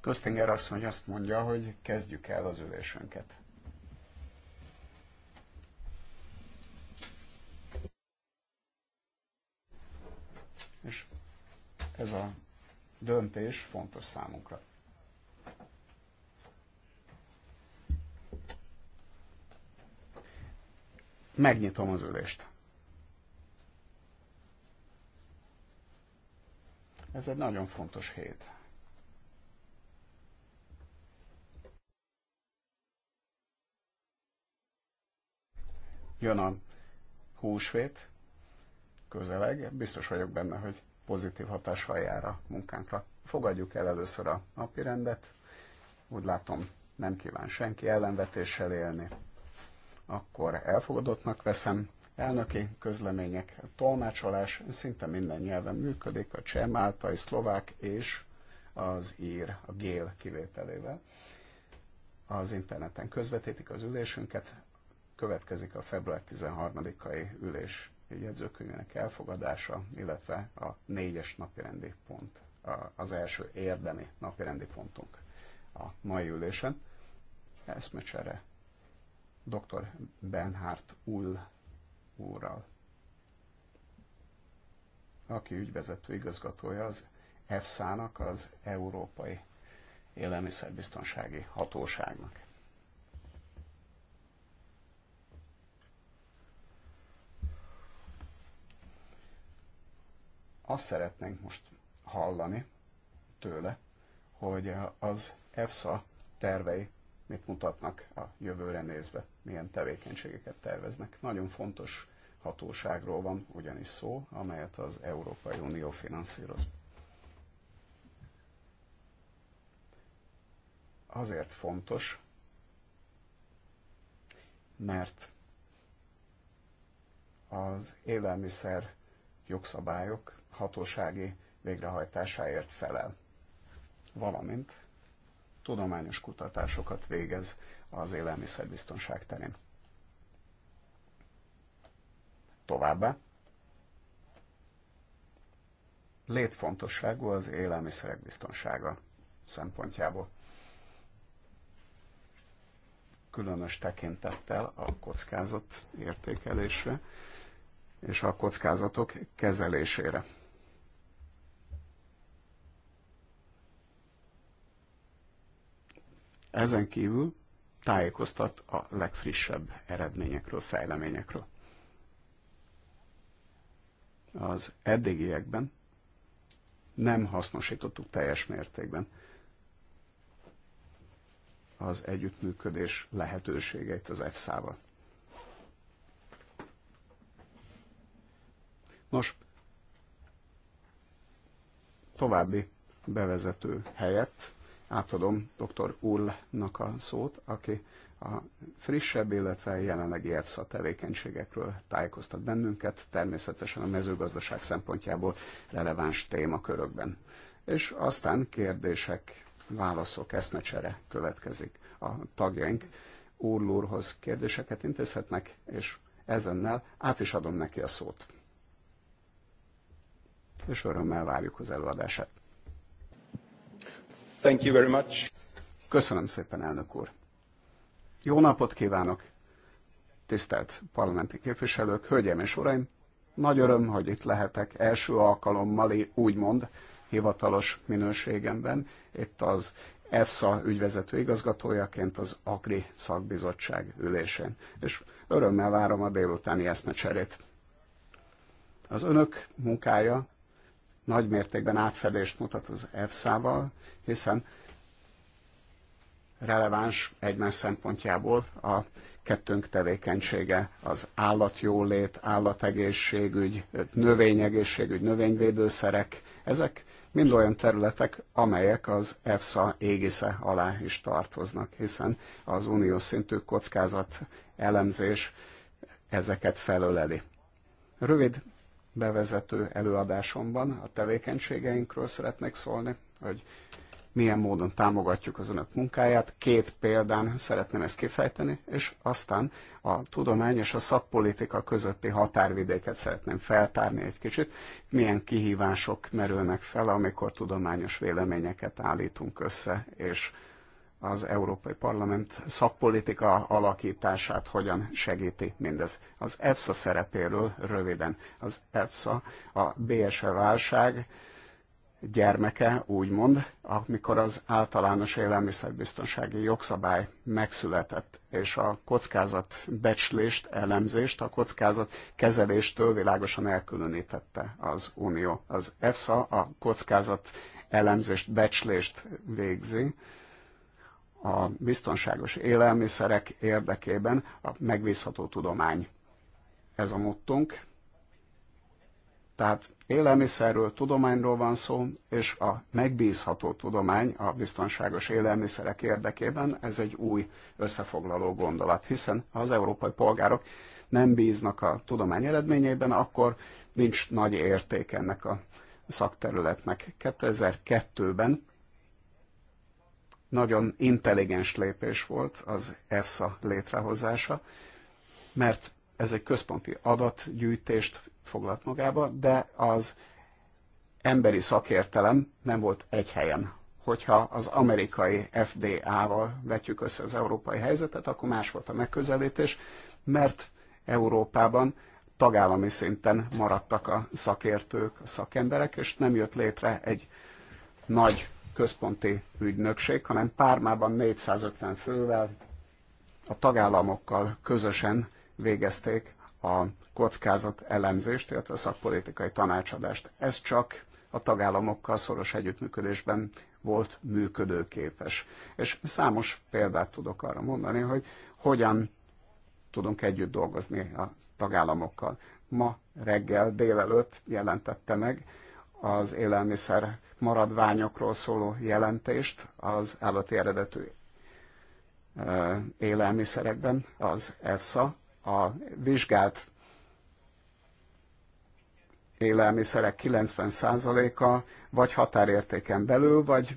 Köstinger asszony azt mondja, hogy kezdjük el az ülésünket. És ez a döntés fontos számunkra. Megnyitom az ülést. Ez egy nagyon fontos hét. Jön a húsvét, közeleg, biztos vagyok benne, hogy pozitív hatással jár a munkánkra. Fogadjuk el először a napi rendet. Úgy látom, nem kíván senki ellenvetéssel élni. Akkor elfogadottnak veszem Elnöki közlemények, tolmácsolás szinte minden nyelven működik, a cseh, máltai, szlovák és az ír, a gél kivételével. Az interneten közvetítik az ülésünket, következik a február 13-ai ülés jegyzőkönyvének elfogadása, illetve a négyes napirendi pont, az első érdemi napirendi pontunk a mai ülésen. Eszmecsere dr. Bernhard Ull úrral, aki ügyvezető igazgatója az EFSA-nak, az Európai Élelmiszerbiztonsági Hatóságnak. Azt szeretnénk most hallani tőle, hogy az EFSA tervei mit mutatnak a jövőre nézve, milyen tevékenységeket terveznek. Nagyon fontos hatóságról van ugyanis szó, amelyet az Európai Unió finanszíroz. Azért fontos, mert az élelmiszer jogszabályok hatósági végrehajtásáért felel, valamint tudományos kutatásokat végez az élelmiszerbiztonság terén. Továbbá létfontosságú az élelmiszerek biztonsága szempontjából. Különös tekintettel a kockázat értékelésre és a kockázatok kezelésére. Ezen kívül tájékoztat a legfrissebb eredményekről, fejleményekről az eddigiekben nem hasznosítottuk teljes mértékben az együttműködés lehetőségeit az EFSA-val. Nos, további bevezető helyett átadom dr. Ullnak a szót, aki a frissebb, illetve jelenlegi EFSA tevékenységekről tájékoztat bennünket, természetesen a mezőgazdaság szempontjából releváns témakörökben. És aztán kérdések, válaszok, eszmecsere következik. A tagjaink úrlúrhoz kérdéseket intézhetnek, és ezennel át is adom neki a szót. És örömmel várjuk az előadását. Thank you very much. Köszönöm szépen, elnök úr. Jó napot kívánok! Tisztelt parlamenti képviselők, hölgyeim és uraim! Nagy öröm, hogy itt lehetek első alkalommal, úgymond hivatalos minőségemben, itt az EFSA ügyvezető igazgatójaként az AKRI szakbizottság ülésén. És örömmel várom a délutáni eszmecserét. Az önök munkája nagy mértékben átfedést mutat az EFSA-val, hiszen releváns egymás szempontjából a kettőnk tevékenysége, az állatjólét, állategészségügy, növényegészségügy, növényvédőszerek, ezek mind olyan területek, amelyek az EFSA égisze alá is tartoznak, hiszen az uniós szintű kockázat elemzés ezeket felöleli. Rövid bevezető előadásomban a tevékenységeinkről szeretnék szólni, hogy milyen módon támogatjuk az önök munkáját. Két példán szeretném ezt kifejteni, és aztán a tudomány és a szakpolitika közötti határvidéket szeretném feltárni egy kicsit, milyen kihívások merülnek fel, amikor tudományos véleményeket állítunk össze, és az Európai Parlament szakpolitika alakítását hogyan segíti mindez. Az EFSA szerepéről röviden. Az EFSA a BSE válság gyermeke, úgymond, amikor az általános élelmiszerbiztonsági jogszabály megszületett, és a kockázat becslést, elemzést, a kockázat kezeléstől világosan elkülönítette az Unió. Az EFSA a kockázat elemzést, becslést végzi, a biztonságos élelmiszerek érdekében a megbízható tudomány. Ez a mottunk, tehát élelmiszerről, tudományról van szó, és a megbízható tudomány a biztonságos élelmiszerek érdekében, ez egy új összefoglaló gondolat, hiszen ha az európai polgárok nem bíznak a tudomány eredményeiben, akkor nincs nagy érték ennek a szakterületnek. 2002-ben nagyon intelligens lépés volt az EFSA létrehozása, mert ez egy központi adatgyűjtést foglalt magába, de az emberi szakértelem nem volt egy helyen. Hogyha az amerikai FDA-val vetjük össze az európai helyzetet, akkor más volt a megközelítés, mert Európában tagállami szinten maradtak a szakértők, a szakemberek, és nem jött létre egy nagy központi ügynökség, hanem Pármában 450 fővel a tagállamokkal közösen végezték a kockázat elemzést, illetve a szakpolitikai tanácsadást. Ez csak a tagállamokkal szoros együttműködésben volt működőképes. És számos példát tudok arra mondani, hogy hogyan tudunk együtt dolgozni a tagállamokkal. Ma reggel délelőtt jelentette meg az élelmiszer maradványokról szóló jelentést az állati eredetű élelmiszerekben az EFSA, a vizsgált élelmiszerek 90%-a vagy határértéken belül, vagy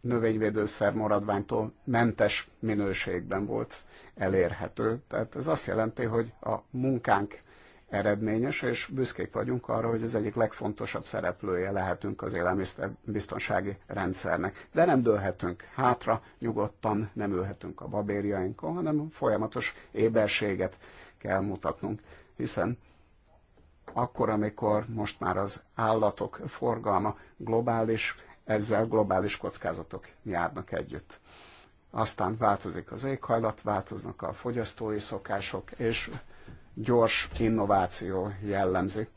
növényvédőszer maradványtól mentes minőségben volt elérhető. Tehát ez azt jelenti, hogy a munkánk eredményes, és büszkék vagyunk arra, hogy az egyik legfontosabb szereplője lehetünk az élelmiszerbiztonsági rendszernek. De nem dőlhetünk hátra, nyugodtan nem ülhetünk a babérjainkon, hanem folyamatos éberséget kell mutatnunk, hiszen akkor, amikor most már az állatok forgalma globális, ezzel globális kockázatok járnak együtt. Aztán változik az éghajlat, változnak a fogyasztói szokások, és gyors innováció jellemzi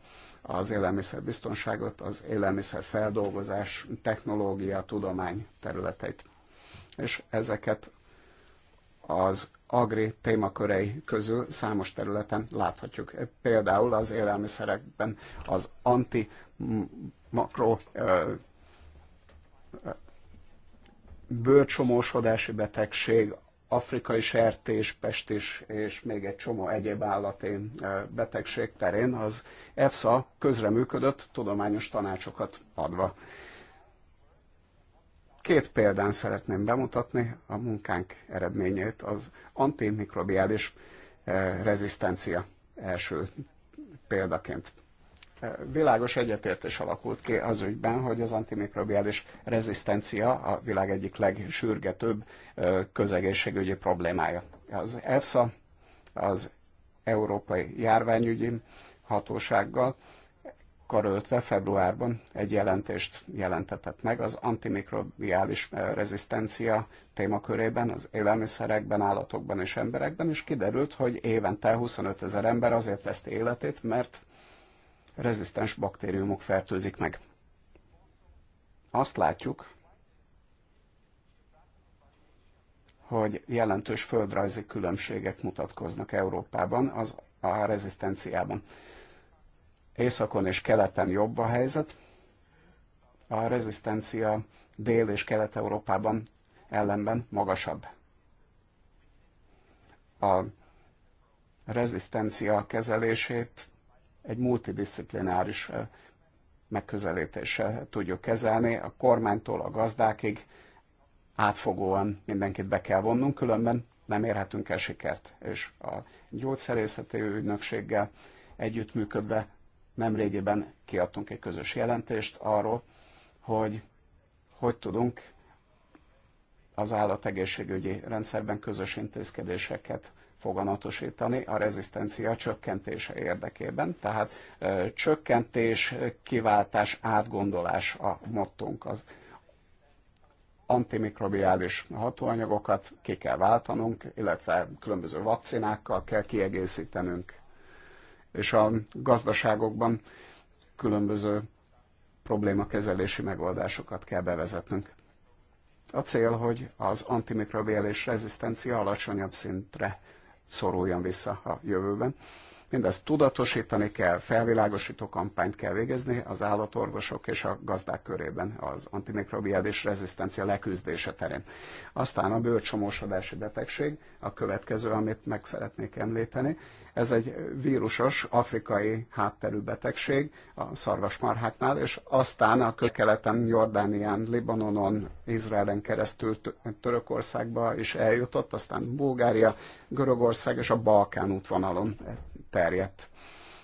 az élelmiszerbiztonságot, az élelmiszerfeldolgozás, technológia, tudomány területeit. És ezeket az agri témakörei közül számos területen láthatjuk. Például az élelmiszerekben az anti-makro bőrcsomósodási betegség, afrikai sertés, pestis és még egy csomó egyéb állati betegség terén az EFSA közreműködött tudományos tanácsokat adva. Két példán szeretném bemutatni a munkánk eredményét, az antimikrobiális rezisztencia első példaként világos egyetértés alakult ki az ügyben, hogy az antimikrobiális rezisztencia a világ egyik legsürgetőbb közegészségügyi problémája. Az EFSA, az Európai Járványügyi Hatósággal karöltve februárban egy jelentést jelentetett meg az antimikrobiális rezisztencia témakörében, az élelmiszerekben, állatokban és emberekben, és kiderült, hogy évente 25 ezer ember azért veszti életét, mert rezisztens baktériumok fertőzik meg. Azt látjuk, hogy jelentős földrajzi különbségek mutatkoznak Európában az a rezisztenciában. Északon és keleten jobb a helyzet. A rezisztencia Dél- és Kelet-Európában ellenben magasabb. A rezisztencia kezelését egy multidisziplináris megközelítéssel tudjuk kezelni, a kormánytól a gazdákig átfogóan mindenkit be kell vonnunk, különben nem érhetünk el sikert. És a gyógyszerészeti ügynökséggel együttműködve nemrégiben kiadtunk egy közös jelentést arról, hogy hogy tudunk az állategészségügyi rendszerben közös intézkedéseket foganatosítani a rezisztencia csökkentése érdekében. Tehát ö, csökkentés, kiváltás, átgondolás a mottunk. Az antimikrobiális hatóanyagokat ki kell váltanunk, illetve különböző vakcinákkal kell kiegészítenünk. És a gazdaságokban különböző problémakezelési megoldásokat kell bevezetnünk. A cél, hogy az antimikrobiális rezisztencia alacsonyabb szintre szoruljon vissza a jövőben, Mindezt tudatosítani kell, felvilágosító kampányt kell végezni az állatorvosok és a gazdák körében az antimikrobiális rezisztencia leküzdése terén. Aztán a bőrcsomósodási betegség, a következő, amit meg szeretnék említeni. Ez egy vírusos, afrikai hátterű betegség a szarvasmarháknál, és aztán a kökeleten Jordánián, Libanonon, Izraelen keresztül Törökországba is eljutott, aztán Bulgária, Görögország és a Balkán útvonalon terjedt.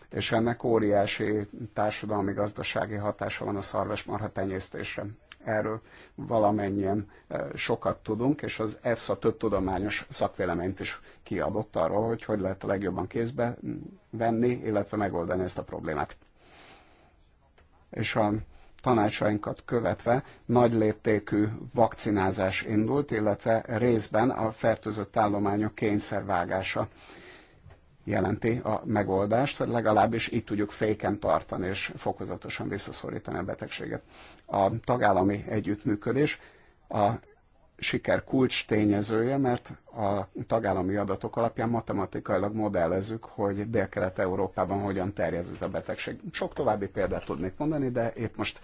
És ennek óriási társadalmi-gazdasági hatása van a szarvasmarha tenyésztésre. Erről valamennyien e, sokat tudunk, és az EFSA több tudományos szakvéleményt is kiadott arról, hogy hogy lehet a legjobban kézbe venni, illetve megoldani ezt a problémát. És a tanácsainkat követve nagy léptékű vakcinázás indult, illetve részben a fertőzött állományok kényszervágása jelenti a megoldást, vagy legalábbis így tudjuk féken tartani és fokozatosan visszaszorítani a betegséget. A tagállami együttműködés a siker kulcs tényezője, mert a tagállami adatok alapján matematikailag modellezzük, hogy Dél-Kelet-Európában hogyan terjed ez a betegség. Sok további példát tudnék mondani, de épp most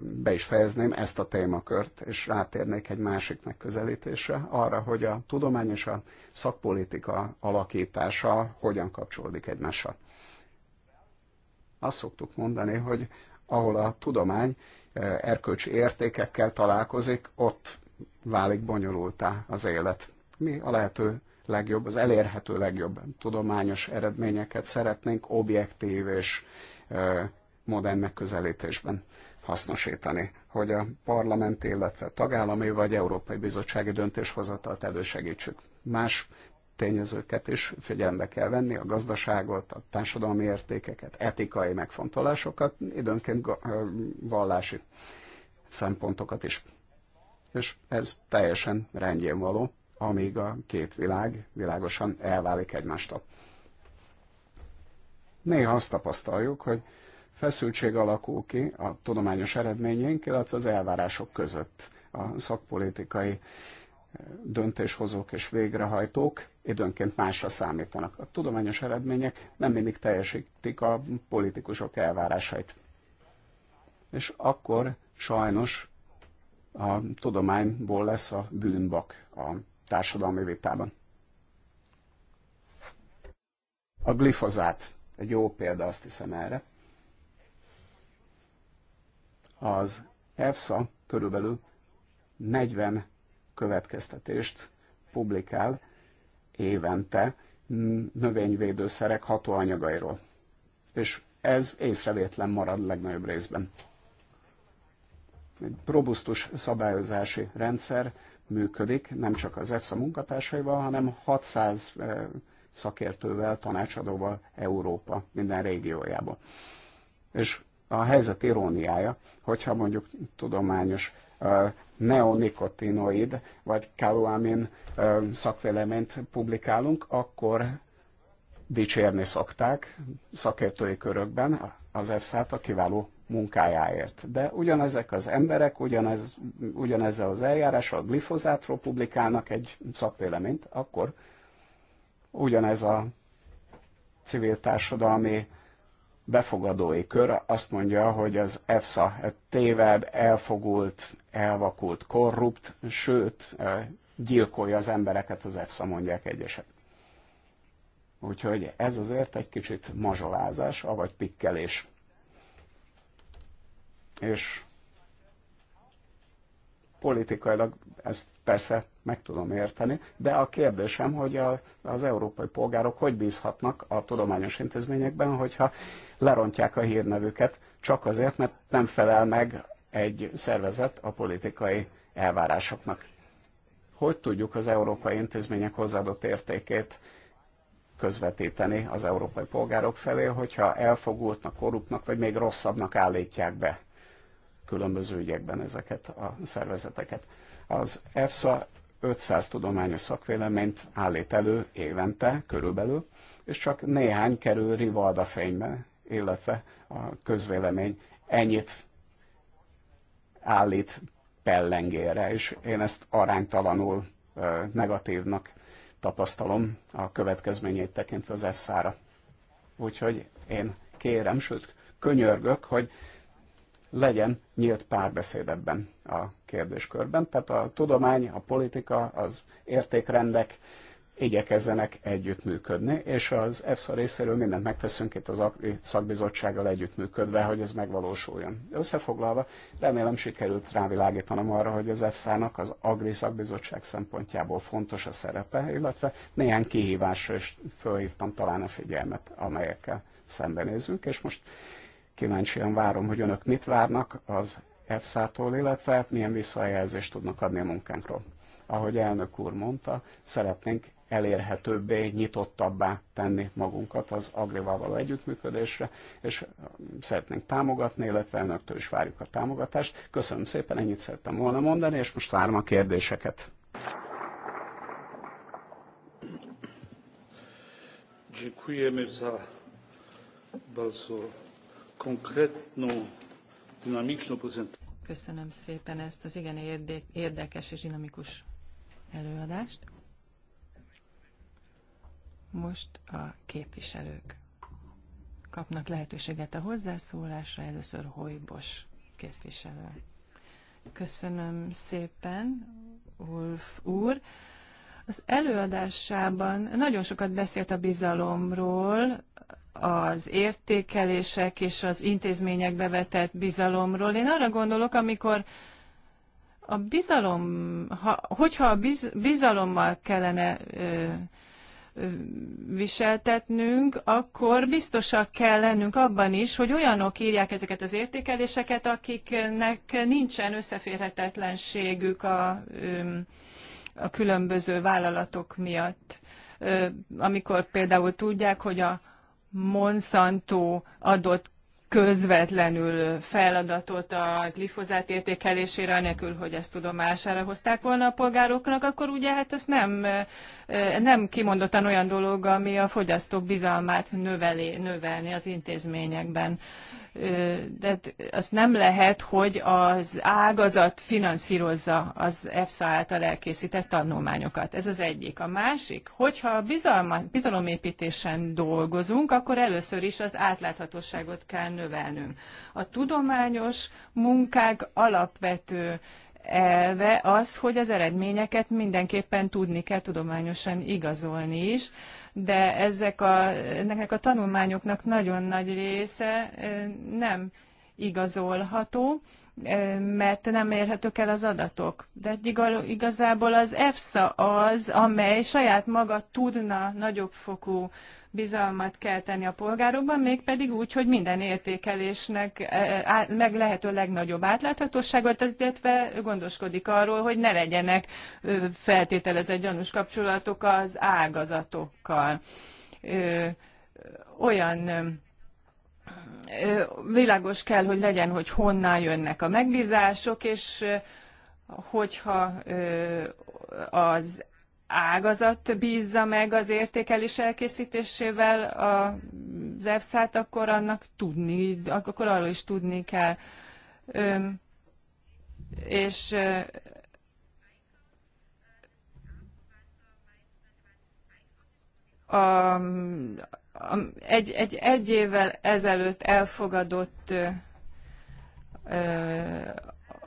be is fejezném ezt a témakört, és rátérnék egy másik megközelítésre, arra, hogy a tudomány és a szakpolitika alakítása hogyan kapcsolódik egymással. Azt szoktuk mondani, hogy ahol a tudomány erkölcsi értékekkel találkozik, ott válik bonyolultá az élet. Mi a lehető legjobb, az elérhető legjobb tudományos eredményeket szeretnénk objektív és modern megközelítésben hasznosítani, hogy a parlament, illetve tagállami vagy európai bizottsági döntéshozatalt elősegítsük. Más tényezőket is figyelembe kell venni, a gazdaságot, a társadalmi értékeket, etikai megfontolásokat, időnként vallási szempontokat is. És ez teljesen rendjén való, amíg a két világ világosan elválik egymástól. Néha azt tapasztaljuk, hogy feszültség alakul ki a tudományos eredményénk illetve az elvárások között a szakpolitikai eh, döntéshozók és végrehajtók időnként másra számítanak. A tudományos eredmények nem mindig teljesítik a politikusok elvárásait. És akkor sajnos a tudományból lesz a bűnbak a társadalmi vitában. A glifozát egy jó példa, azt hiszem erre. Az EFSA körülbelül 40 következtetést publikál évente növényvédőszerek hatóanyagairól. És ez észrevétlen marad legnagyobb részben. Egy robusztus szabályozási rendszer működik, nem csak az EFSA munkatársaival, hanem 600 eh, szakértővel, tanácsadóval Európa minden régiójában. És a helyzet iróniája, hogyha mondjuk tudományos neonikotinoid vagy kaluamin szakvéleményt publikálunk, akkor dicsérni szokták szakértői körökben az EFSA-t a kiváló munkájáért. De ugyanezek az emberek, ugyanez, ugyanezzel az eljárás, a glifozátról publikálnak egy szakvéleményt, akkor ugyanez a civil társadalmi befogadói kör azt mondja, hogy az EFSA téved, elfogult, elvakult, korrupt, sőt, gyilkolja az embereket, az EFSA mondják egyesek. Úgyhogy ez azért egy kicsit mazsolázás, avagy pikkelés. És politikailag ez persze meg tudom érteni, de a kérdésem, hogy a, az európai polgárok hogy bízhatnak a tudományos intézményekben, hogyha lerontják a hírnevüket csak azért, mert nem felel meg egy szervezet a politikai elvárásoknak. Hogy tudjuk az európai intézmények hozzáadott értékét közvetíteni az európai polgárok felé, hogyha elfogultnak, korruptnak, vagy még rosszabbnak állítják be különböző ügyekben ezeket a szervezeteket. Az EFSA 500 tudományos szakvéleményt állít elő évente körülbelül, és csak néhány kerül Rivalda fénybe, illetve a közvélemény ennyit állít pellengére, és én ezt aránytalanul negatívnak tapasztalom a következményeit tekintve az EFSA-ra. Úgyhogy én kérem, sőt könyörgök, hogy legyen nyílt párbeszéd ebben a kérdéskörben. Tehát a tudomány, a politika, az értékrendek igyekezzenek együttműködni, és az EFSA részéről mindent megteszünk itt az AKRI szakbizottsággal együttműködve, hogy ez megvalósuljon. Összefoglalva, remélem sikerült rávilágítanom arra, hogy az EFSA-nak az AGRI szakbizottság szempontjából fontos a szerepe, illetve néhány kihívásra is fölhívtam talán a figyelmet, amelyekkel szembenézünk, és most Kíváncsian várom, hogy önök mit várnak az EFSA-tól, illetve milyen visszajelzést tudnak adni a munkánkról. Ahogy elnök úr mondta, szeretnénk elérhetőbbé, nyitottabbá tenni magunkat az Agrival való együttműködésre, és szeretnénk támogatni, illetve önöktől is várjuk a támogatást. Köszönöm szépen, ennyit szerettem volna mondani, és most várom a kérdéseket. Dziękujemy za bardzo Köszönöm szépen ezt az igen érdekes és dinamikus előadást. Most a képviselők kapnak lehetőséget a hozzászólásra, először Hojbos képviselő. Köszönöm szépen, Ulf úr. Az előadásában nagyon sokat beszélt a bizalomról, az értékelések és az intézményekbe vetett bizalomról. Én arra gondolok, amikor a bizalom, ha, hogyha a biz, bizalommal kellene ö, viseltetnünk, akkor biztosak kell lennünk abban is, hogy olyanok írják ezeket az értékeléseket, akiknek nincsen összeférhetetlenségük a, a különböző vállalatok miatt. Amikor például tudják, hogy a Monsanto adott közvetlenül feladatot a glifozát értékelésére, anélkül, hogy ezt tudomására hozták volna a polgároknak, akkor ugye hát ezt nem nem kimondottan olyan dolog, ami a fogyasztók bizalmát növeli, növelni az intézményekben. De hát az nem lehet, hogy az ágazat finanszírozza az EFSA által elkészített tanulmányokat. Ez az egyik. A másik, hogyha bizalma, bizalomépítésen dolgozunk, akkor először is az átláthatóságot kell növelnünk. A tudományos munkák alapvető elve az, hogy az eredményeket mindenképpen tudni kell tudományosan igazolni is, de ezek a, ennek a tanulmányoknak nagyon nagy része nem igazolható, mert nem érhetők el az adatok. De igazából az EFSA az, amely saját maga tudna nagyobb fokú bizalmat kell tenni a polgárokban, mégpedig úgy, hogy minden értékelésnek e, e, meg lehető legnagyobb átláthatóságot, illetve gondoskodik arról, hogy ne legyenek feltételezett gyanús kapcsolatok az ágazatokkal. Olyan világos kell, hogy legyen, hogy honnan jönnek a megbízások, és hogyha az ágazat bízza meg az értékelés elkészítésével az EFSA-t, akkor annak tudni, akkor arról is tudni kell. Öm, és a, a, egy, egy, egy évvel ezelőtt elfogadott ö,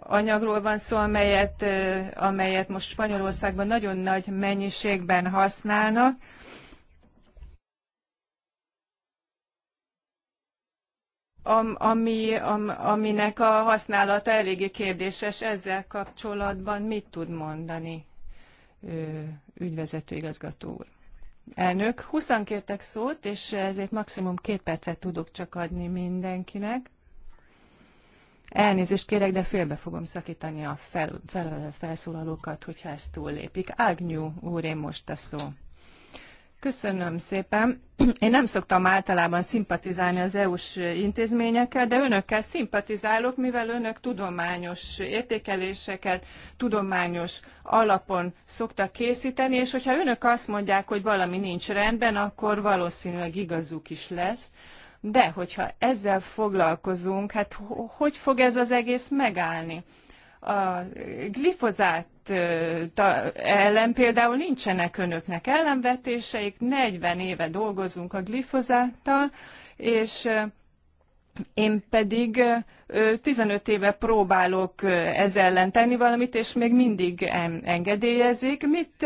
anyagról van szó, amelyet, amelyet most Spanyolországban nagyon nagy mennyiségben használnak. Am, ami, am, aminek a használata eléggé kérdéses ezzel kapcsolatban. Mit tud mondani ügyvezető igazgató úr? Elnök, 20 kértek szót, és ezért maximum két percet tudok csak adni mindenkinek. Elnézést kérek, de félbe fogom szakítani a fel, fel, felszólalókat, hogyha ezt túllépik. Ágnyú úr, én most a szó. Köszönöm szépen. Én nem szoktam általában szimpatizálni az EU-s intézményekkel, de önökkel szimpatizálok, mivel önök tudományos értékeléseket, tudományos alapon szoktak készíteni, és hogyha önök azt mondják, hogy valami nincs rendben, akkor valószínűleg igazuk is lesz de hogyha ezzel foglalkozunk, hát hogy fog ez az egész megállni? a glifozát ellen például nincsenek önöknek ellenvetéseik, 40 éve dolgozunk a glifozáttal, és én pedig 15 éve próbálok ez ellen tenni valamit, és még mindig engedélyezik. Mit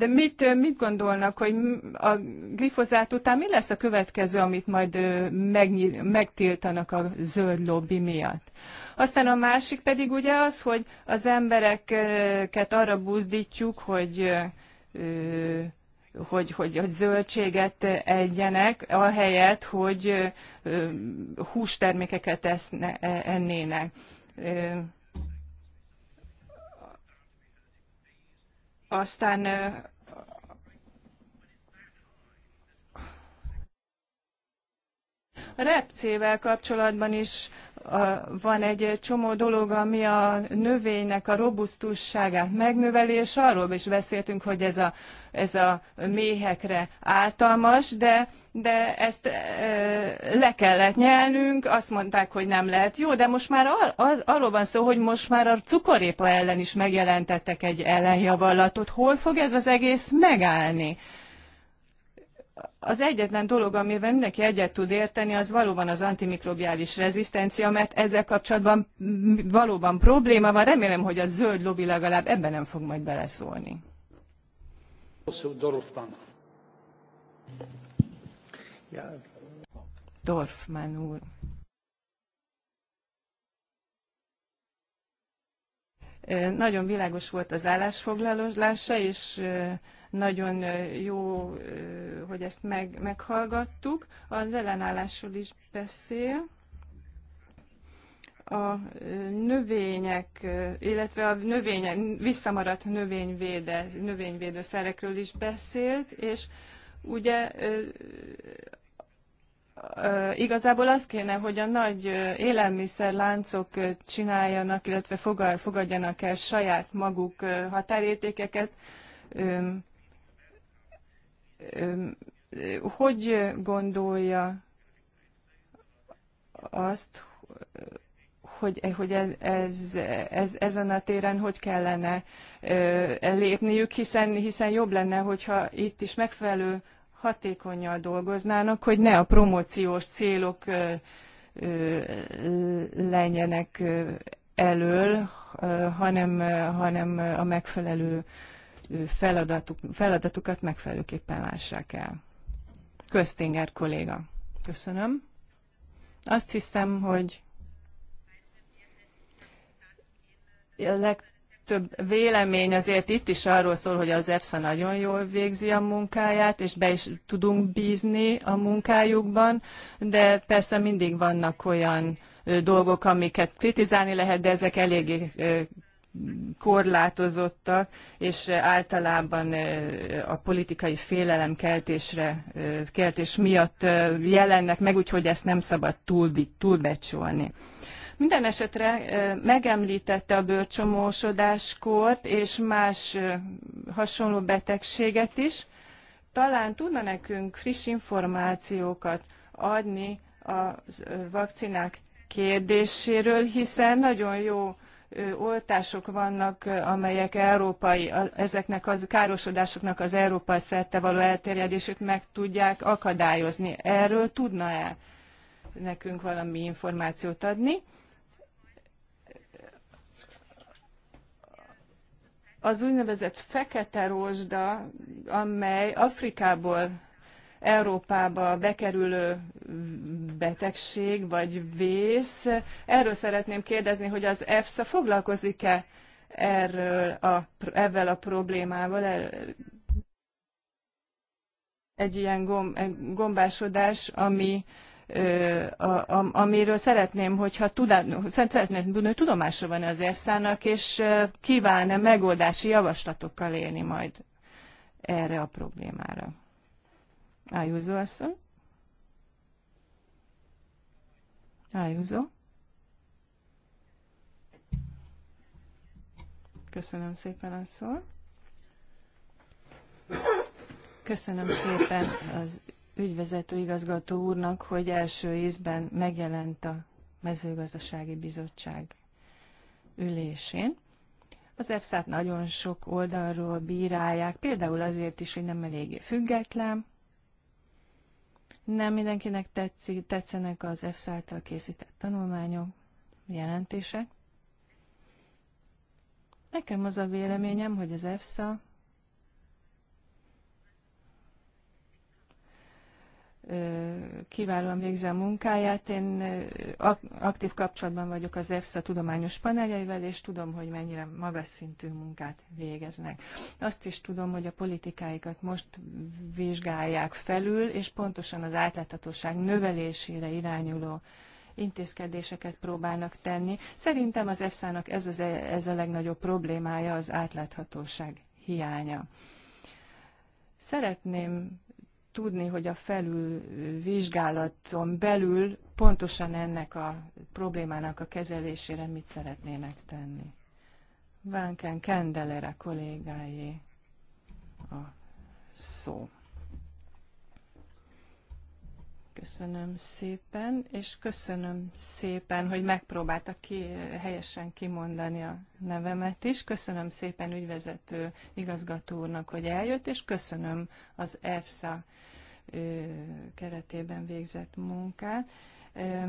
de mit, mit gondolnak, hogy a glifozát után mi lesz a következő, amit majd megnyil, megtiltanak a zöld lobby miatt? Aztán a másik pedig ugye az, hogy az embereket arra buzdítjuk, hogy hogy, hogy, hogy zöldséget egyenek, ahelyett, hogy hústermékeket eszne, e, ennének Aztán a repcével kapcsolatban is van egy csomó dolog, ami a növénynek a robusztusságát megnöveli, és arról is beszéltünk, hogy ez a, ez a méhekre általmas, de, de ezt e, le kellett nyelnünk, azt mondták, hogy nem lehet jó, de most már ar, ar, arról van szó, hogy most már a cukorépa ellen is megjelentettek egy ellenjavallatot. Hol fog ez az egész megállni? az egyetlen dolog, amivel mindenki egyet tud érteni, az valóban az antimikrobiális rezisztencia, mert ezzel kapcsolatban valóban probléma van. Remélem, hogy a zöld lobby legalább ebben nem fog majd beleszólni. Dorfman. Dorfman úr. Nagyon világos volt az állásfoglalása, és nagyon jó, hogy ezt meg, meghallgattuk. Az ellenállásról is beszél a növények, illetve a növények, visszamaradt növényvéde, növényvédőszerekről is beszélt, és ugye igazából az kéne, hogy a nagy élelmiszerláncok csináljanak, illetve fogadjanak el saját maguk határértékeket, hogy gondolja azt, hogy, hogy ez, ez, ez, ezen a téren hogy kellene lépniük, hiszen, hiszen jobb lenne, hogyha itt is megfelelő hatékonyan dolgoznának, hogy ne a promóciós célok lenjenek elől, hanem, hanem a megfelelő feladatuk, feladatukat megfelelőképpen lássák el. Köztinger kolléga. Köszönöm. Azt hiszem, hogy a legtöbb vélemény azért itt is arról szól, hogy az EFSA nagyon jól végzi a munkáját, és be is tudunk bízni a munkájukban, de persze mindig vannak olyan dolgok, amiket kritizálni lehet, de ezek eléggé korlátozottak, és általában a politikai félelem keltésre, keltés miatt jelennek meg, úgyhogy ezt nem szabad túl, túlbecsolni. Minden esetre megemlítette a bőrcsomósodáskort és más hasonló betegséget is. Talán tudna nekünk friss információkat adni a vakcinák kérdéséről, hiszen nagyon jó oltások vannak, amelyek európai, ezeknek az károsodásoknak az európai szerte való elterjedését meg tudják akadályozni. Erről tudna-e nekünk valami információt adni? Az úgynevezett fekete rózsda, amely Afrikából Európába bekerülő betegség vagy vész. Erről szeretném kérdezni, hogy az EFSA foglalkozik-e erről a, ezzel a problémával, egy ilyen gombásodás, ami, a, a, amiről szeretném, hogyha tudá, szeretném tudni, hogy tudomásra van az EFSA-nak, és kíván-e megoldási javaslatokkal élni majd erre a problémára. Ayuso asszony. Ayuso. Köszönöm szépen a szót. Köszönöm szépen az ügyvezető igazgató úrnak, hogy első ízben megjelent a mezőgazdasági bizottság ülésén. Az efsz t nagyon sok oldalról bírálják, például azért is, hogy nem eléggé független, nem mindenkinek tetszik, tetszenek az EFSZ által készített tanulmányok, jelentések. Nekem az a véleményem, hogy az EFSA kiválóan végzi a munkáját. Én aktív kapcsolatban vagyok az EFSA tudományos paneljeivel, és tudom, hogy mennyire magas szintű munkát végeznek. Azt is tudom, hogy a politikáikat most vizsgálják felül, és pontosan az átláthatóság növelésére irányuló intézkedéseket próbálnak tenni. Szerintem az EFSA-nak ez, az, e, ez a legnagyobb problémája, az átláthatóság hiánya. Szeretném tudni, hogy a felülvizsgálaton belül pontosan ennek a problémának a kezelésére mit szeretnének tenni. Vánken Kendelere kollégáé a szó. Köszönöm szépen, és köszönöm szépen, hogy megpróbálta ki, helyesen kimondani a nevemet is. Köszönöm szépen ügyvezető igazgató úrnak, hogy eljött, és köszönöm az EFSA ö, keretében végzett munkát. Ö,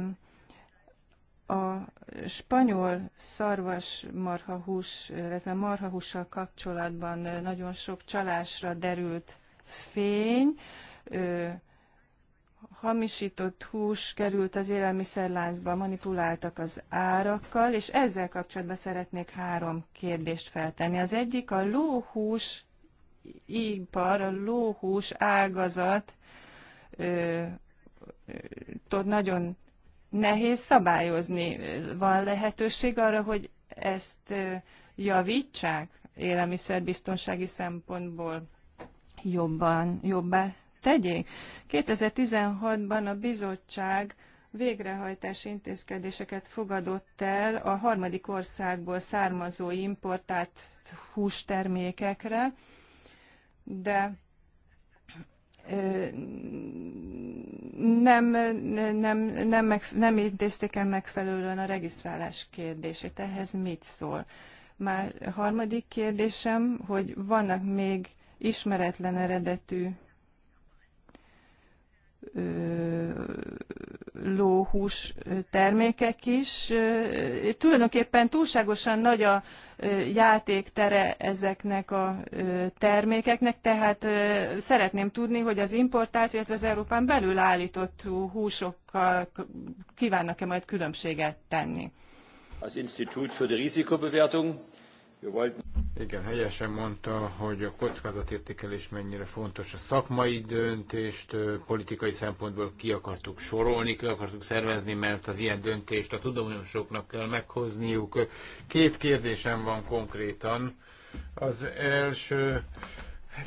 a spanyol szarvas marhahús, illetve marhahússal kapcsolatban nagyon sok csalásra derült fény. Ö, hamisított hús került az élelmiszerláncba, manipuláltak az árakkal, és ezzel kapcsolatban szeretnék három kérdést feltenni. Az egyik a lóhús ipar, a lóhús ágazat ö, ö, nagyon nehéz szabályozni. Van lehetőség arra, hogy ezt ö, javítsák élelmiszerbiztonsági szempontból jobban, jobbá tegyék. 2016-ban a bizottság végrehajtási intézkedéseket fogadott el a harmadik országból származó importált hústermékekre, de nem, nem, nem, meg, nem intézték el megfelelően a regisztrálás kérdését. Ehhez mit szól? Már harmadik kérdésem, hogy vannak még ismeretlen eredetű lóhús termékek is. Tulajdonképpen túlságosan nagy a játéktere ezeknek a termékeknek, tehát szeretném tudni, hogy az importált, illetve az Európán belül állított húsokkal kívánnak-e majd különbséget tenni. Az Institut für die Risikobewertung igen, helyesen mondta, hogy a kockázatértékelés mennyire fontos. A szakmai döntést politikai szempontból ki akartuk sorolni, ki akartuk szervezni, mert az ilyen döntést a tudományosoknak kell meghozniuk. Két kérdésem van konkrétan. Az első,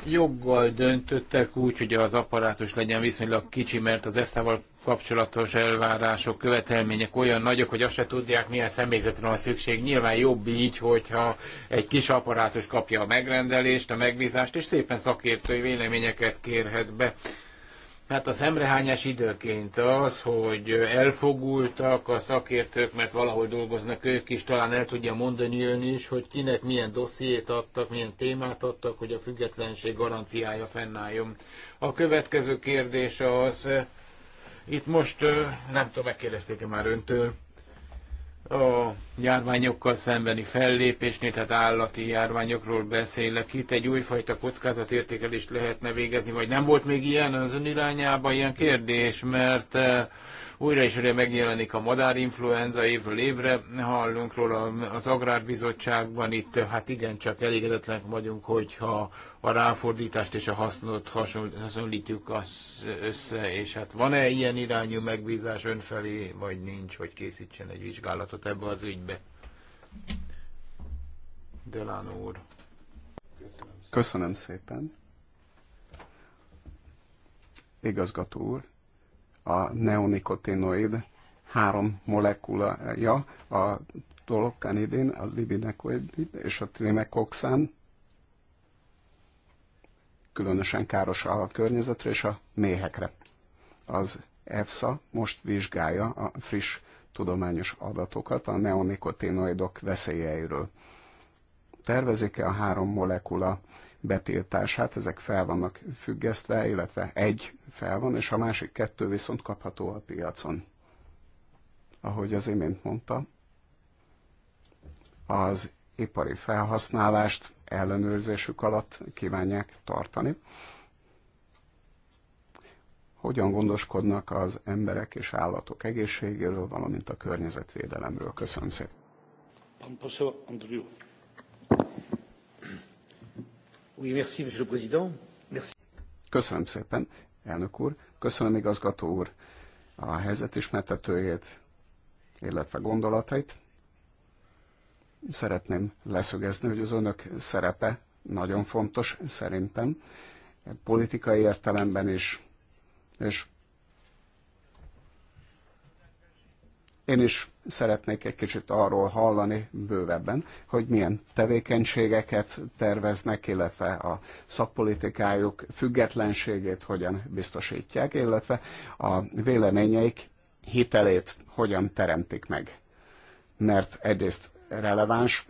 joggal döntöttek úgy, hogy az apparátus legyen viszonylag kicsi, mert az EFSA-val kapcsolatos elvárások, követelmények olyan nagyok, hogy azt se tudják, milyen személyzetre van szükség. Nyilván jobb így, hogyha egy kis apparátus kapja a megrendelést, a megbízást, és szépen szakértői véleményeket kérhet be. Hát a szemrehányás időként az, hogy elfogultak a szakértők, mert valahol dolgoznak ők is, talán el tudja mondani ön is, hogy kinek milyen dossziét adtak, milyen témát adtak, hogy a függetlenség garanciája fennálljon. A következő kérdés az, itt most nem tudom, megkérdezték-e már öntől, a járványokkal szembeni fellépésnél, tehát állati járványokról beszélek. Itt egy újfajta kockázatértékelést lehetne végezni, vagy nem volt még ilyen az ön irányában ilyen kérdés, mert eh, újra és újra megjelenik a madárinfluenza évről évre, hallunk róla az Agrárbizottságban, itt hát igen, csak elégedetlen vagyunk, hogyha a ráfordítást és a hasznot hasonlítjuk az össze, és hát van-e ilyen irányú megbízás önfelé, vagy nincs, hogy készítsen egy vizsgálatot? javaslatot ebbe az ügybe. Delano úr. Köszönöm, Köszönöm szépen. Igazgató úr, a neonikotinoid három molekulája, a dolokkanidin, a libinekoidin és a trimekoxán különösen káros a környezetre és a méhekre. Az EFSA most vizsgálja a friss tudományos adatokat a neonikotinoidok veszélyeiről. Tervezik-e a három molekula betiltását, ezek fel vannak függesztve, illetve egy fel van, és a másik kettő viszont kapható a piacon. Ahogy az imént mondta, az ipari felhasználást ellenőrzésük alatt kívánják tartani, hogyan gondoskodnak az emberek és állatok egészségéről, valamint a környezetvédelemről. Köszönöm szépen. Pan poseł Oui, merci, monsieur le président. Merci. Köszönöm szépen, elnök úr. Köszönöm, igazgató úr, a helyzetismertetőjét, illetve gondolatait. Szeretném leszögezni, hogy az önök szerepe nagyon fontos szerintem, politikai értelemben is, és én is szeretnék egy kicsit arról hallani bővebben, hogy milyen tevékenységeket terveznek, illetve a szakpolitikájuk függetlenségét hogyan biztosítják, illetve a véleményeik hitelét hogyan teremtik meg. Mert egyrészt releváns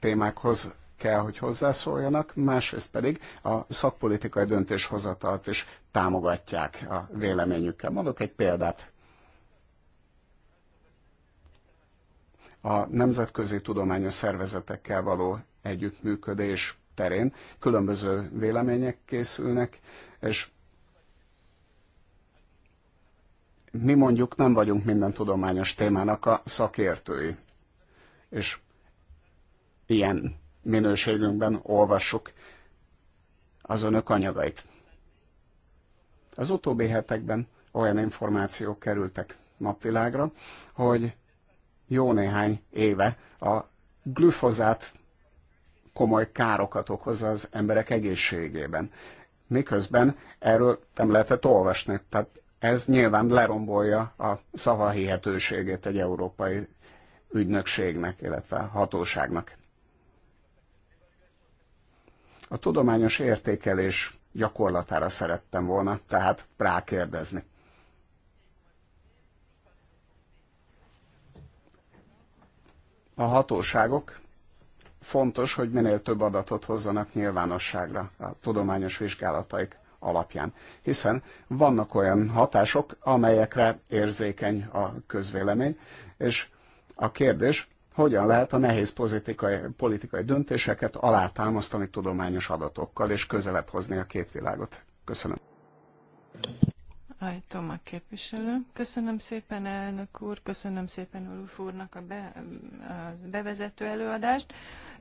témákhoz kell, hogy hozzászóljanak, másrészt pedig a szakpolitikai döntéshozatalt is támogatják a véleményükkel. Mondok egy példát. A nemzetközi tudományos szervezetekkel való együttműködés terén különböző vélemények készülnek, és mi mondjuk nem vagyunk minden tudományos témának a szakértői. És ilyen minőségünkben olvassuk az önök anyagait. Az utóbbi hetekben olyan információk kerültek napvilágra, hogy jó néhány éve a glüfozát komoly károkat okoz az emberek egészségében. Miközben erről nem lehetett olvasni. Tehát ez nyilván lerombolja a szavahihetőségét egy európai ügynökségnek, illetve hatóságnak a tudományos értékelés gyakorlatára szerettem volna, tehát rákérdezni. A hatóságok fontos, hogy minél több adatot hozzanak nyilvánosságra a tudományos vizsgálataik alapján, hiszen vannak olyan hatások, amelyekre érzékeny a közvélemény, és a kérdés, hogyan lehet a nehéz politikai, politikai döntéseket alátámasztani tudományos adatokkal, és közelebb hozni a két világot. Köszönöm. Hajtom a képviselő. Köszönöm szépen, elnök úr, köszönöm szépen Ulf úrnak a be, az bevezető előadást.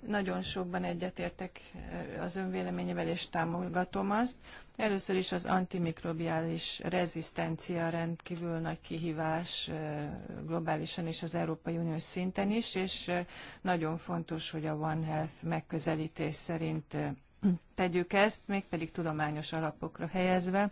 Nagyon sokban egyetértek eh, az ön véleményével, és támogatom azt. Először is az antimikrobiális rezisztencia rendkívül nagy kihívás eh, globálisan és az Európai Uniós szinten is, és eh, nagyon fontos, hogy a One Health megközelítés szerint tegyük ezt, mégpedig tudományos alapokra helyezve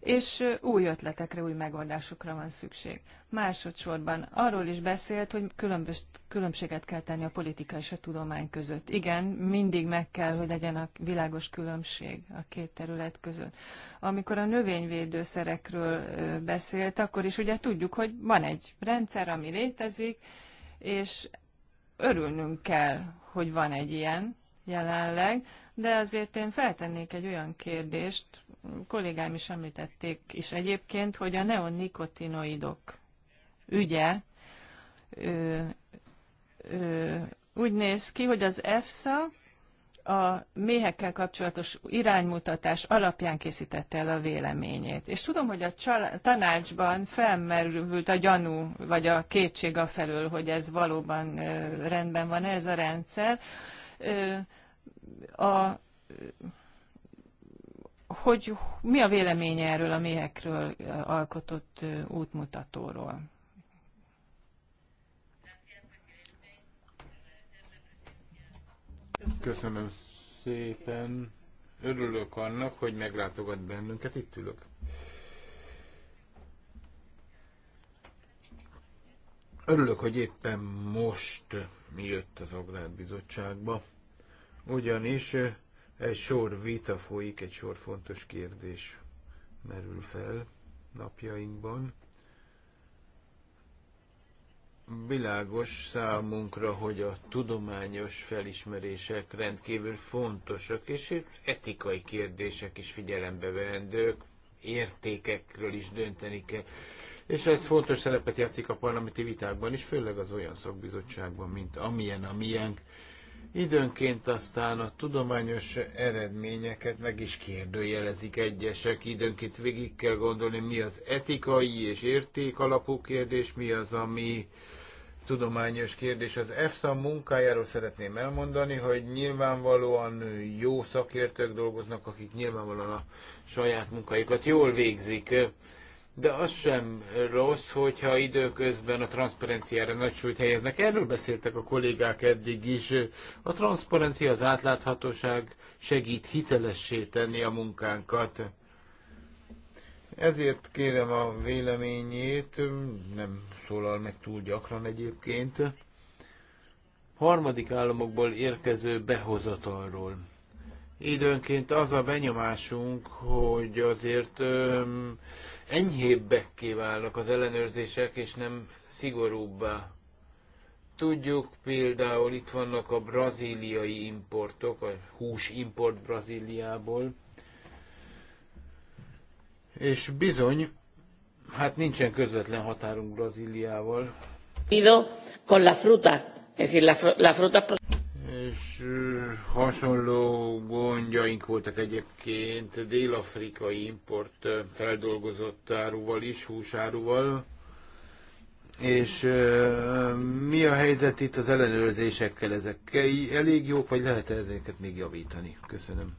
és új ötletekre, új megoldásokra van szükség. Másodszorban arról is beszélt, hogy különbös, különbséget kell tenni a politika és a tudomány között. Igen, mindig meg kell, hogy legyen a világos különbség a két terület között. Amikor a növényvédőszerekről beszélt, akkor is ugye tudjuk, hogy van egy rendszer, ami létezik, és örülnünk kell, hogy van egy ilyen, jelenleg, de azért én feltennék egy olyan kérdést, kollégám is említették is egyébként, hogy a neonikotinoidok ügye ö, ö, úgy néz ki, hogy az EFSA a méhekkel kapcsolatos iránymutatás alapján készítette el a véleményét. És tudom, hogy a tanácsban felmerült a gyanú, vagy a kétség a felől, hogy ez valóban rendben van ez a rendszer a, hogy mi a véleménye erről a méhekről alkotott útmutatóról? Köszönöm szépen. Örülök annak, hogy meglátogat bennünket. Itt ülök. Örülök, hogy éppen most mi jött az Agrárbizottságba ugyanis egy sor vita folyik, egy sor fontos kérdés merül fel napjainkban. Világos számunkra, hogy a tudományos felismerések rendkívül fontosak, és etikai kérdések is figyelembe vendők, értékekről is dönteni kell. És ez fontos szerepet játszik a parlamenti vitákban is, főleg az olyan szakbizottságban, mint amilyen a miénk. Időnként aztán a tudományos eredményeket meg is kérdőjelezik egyesek, időnként végig kell gondolni, mi az etikai és érték alapú kérdés, mi az, ami tudományos kérdés. Az EFSA munkájáról szeretném elmondani, hogy nyilvánvalóan jó szakértők dolgoznak, akik nyilvánvalóan a saját munkáikat jól végzik de az sem rossz, hogyha időközben a transzparenciára nagy súlyt helyeznek. Erről beszéltek a kollégák eddig is. A transzparencia, az átláthatóság segít hitelessé tenni a munkánkat. Ezért kérem a véleményét, nem szólal meg túl gyakran egyébként, harmadik államokból érkező behozatalról időnként az a benyomásunk, hogy azért öm, enyhébbekké válnak az ellenőrzések, és nem szigorúbbá. Tudjuk például, itt vannak a braziliai importok, a import Brazíliából, és bizony, hát nincsen közvetlen határunk Brazíliával. Con la fruta, es decir, la, la fruta... És hasonló gondjaink voltak egyébként dél-afrikai import feldolgozott áruval is, húsáruval. És mi a helyzet itt az ellenőrzésekkel? Ezek elég jók, vagy lehet -e ezeket még javítani? Köszönöm.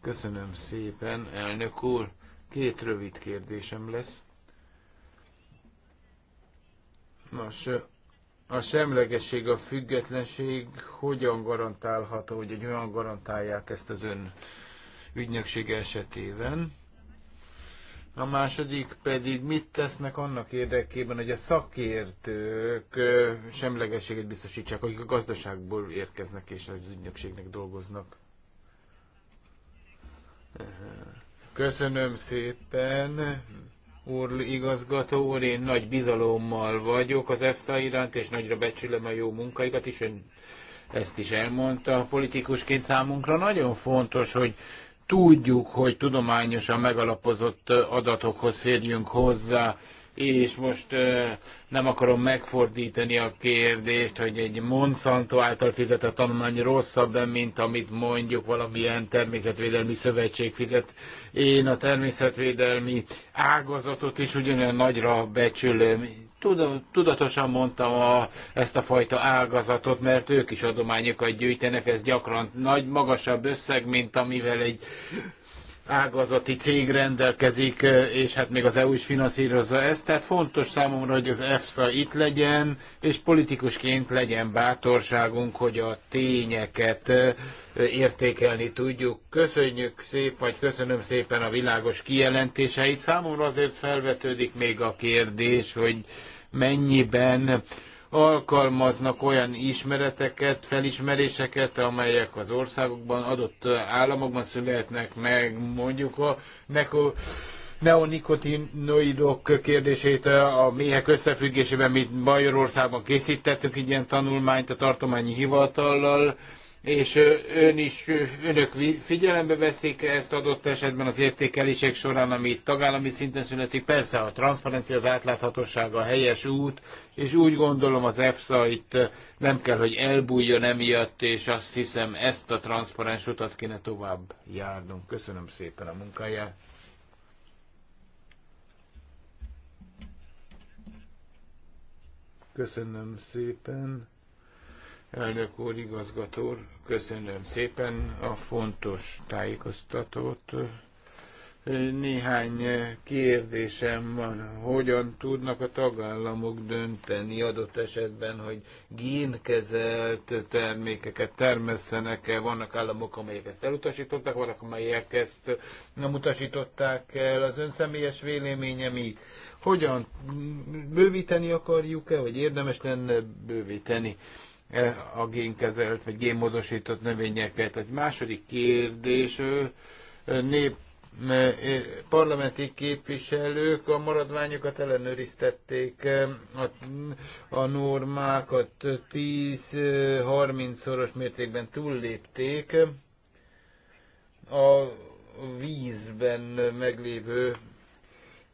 Köszönöm szépen, elnök úr. Két rövid kérdésem lesz. Nos, a semlegesség, a függetlenség hogyan garantálható, hogy egy olyan garantálják ezt az ön ügynökség esetében? A második pedig mit tesznek annak érdekében, hogy a szakértők semlegességet biztosítsák, akik a gazdaságból érkeznek és az ügynökségnek dolgoznak? Köszönöm szépen úr, igazgató úr, én nagy bizalommal vagyok az EFSA iránt, és nagyra becsülöm a jó munkáikat is. Ön ezt is elmondta politikusként számunkra. Nagyon fontos, hogy tudjuk, hogy tudományosan megalapozott adatokhoz férjünk hozzá, és most nem akarom megfordítani a kérdést, hogy egy Monsanto által fizetett tanulmány rosszabb, mint amit mondjuk valamilyen természetvédelmi szövetség fizet. Én a természetvédelmi ágazatot is ugyanolyan nagyra becsülöm. Tudatosan mondtam a, ezt a fajta ágazatot, mert ők is adományokat gyűjtenek, ez gyakran nagy, magasabb összeg, mint amivel egy ágazati cég rendelkezik, és hát még az EU is finanszírozza ezt, tehát fontos számomra, hogy az EFSA itt legyen, és politikusként legyen bátorságunk, hogy a tényeket értékelni tudjuk. Köszönjük szép, vagy köszönöm szépen a világos kijelentéseit. Számomra azért felvetődik még a kérdés, hogy mennyiben alkalmaznak olyan ismereteket, felismeréseket, amelyek az országokban, adott államokban születnek meg, mondjuk a neko, neonikotinoidok kérdését a méhek összefüggésében, mi Magyarországon készítettük ilyen tanulmányt a tartományi hivatallal, és ön is, önök figyelembe veszik ezt adott esetben az értékelések során, ami itt tagállami szinten születik. Persze a transzparencia, az átláthatóság a helyes út, és úgy gondolom az EFSA itt nem kell, hogy elbújjon emiatt, és azt hiszem ezt a transzparens utat kéne tovább járnunk. Köszönöm szépen a munkáját. Köszönöm szépen. Elnök úr, igazgató úr, köszönöm szépen a fontos tájékoztatót. Néhány kérdésem van. Hogyan tudnak a tagállamok dönteni adott esetben, hogy génkezelt termékeket termesszenek-e? Vannak államok, amelyek ezt elutasították, vannak, amelyek ezt nem utasították el. Az ön személyes véleménye mi? Hogyan bővíteni akarjuk-e, vagy érdemes lenne bővíteni? E, a génkezelt vagy génmódosított növényeket. Egy második kérdés, nép parlamenti képviselők a maradványokat ellenőriztették, a, a normákat 10-30-szoros mértékben túllépték. A vízben meglévő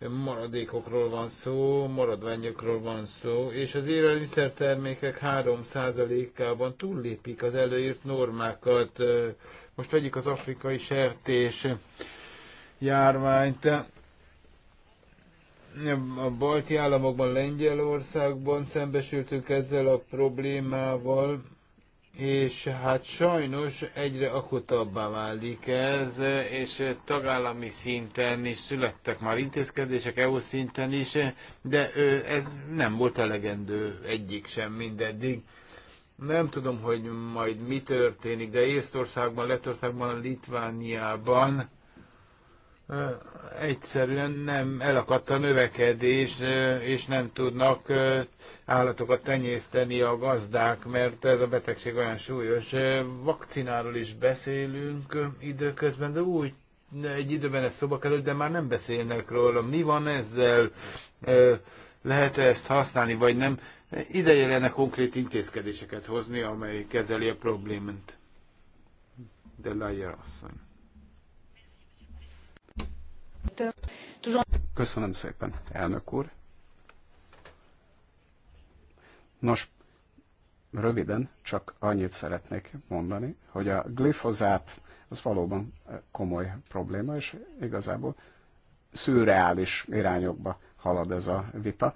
maradékokról van szó, maradványokról van szó, és az élelmiszertermékek 3%-ában túllépik az előírt normákat. Most vegyük az afrikai sertés járványt. A balti államokban, Lengyelországban szembesültünk ezzel a problémával, és hát sajnos egyre akutabbá válik ez, és tagállami szinten is születtek már intézkedések, EU szinten is, de ez nem volt elegendő egyik sem mindeddig. Nem tudom, hogy majd mi történik, de Észtországban, Lettországban, Litvániában egyszerűen nem elakadt a növekedés, és nem tudnak állatokat tenyészteni a gazdák, mert ez a betegség olyan súlyos. Vakcináról is beszélünk időközben, de úgy egy időben ez szóba került, de már nem beszélnek róla. Mi van ezzel? lehet -e ezt használni, vagy nem? Ideje lenne konkrét intézkedéseket hozni, amely kezeli a problémát. De Lajer asszony. Köszönöm szépen, elnök úr. Nos, röviden csak annyit szeretnék mondani, hogy a glifozát az valóban eh, komoly probléma, és igazából szürreális irányokba halad ez a vita.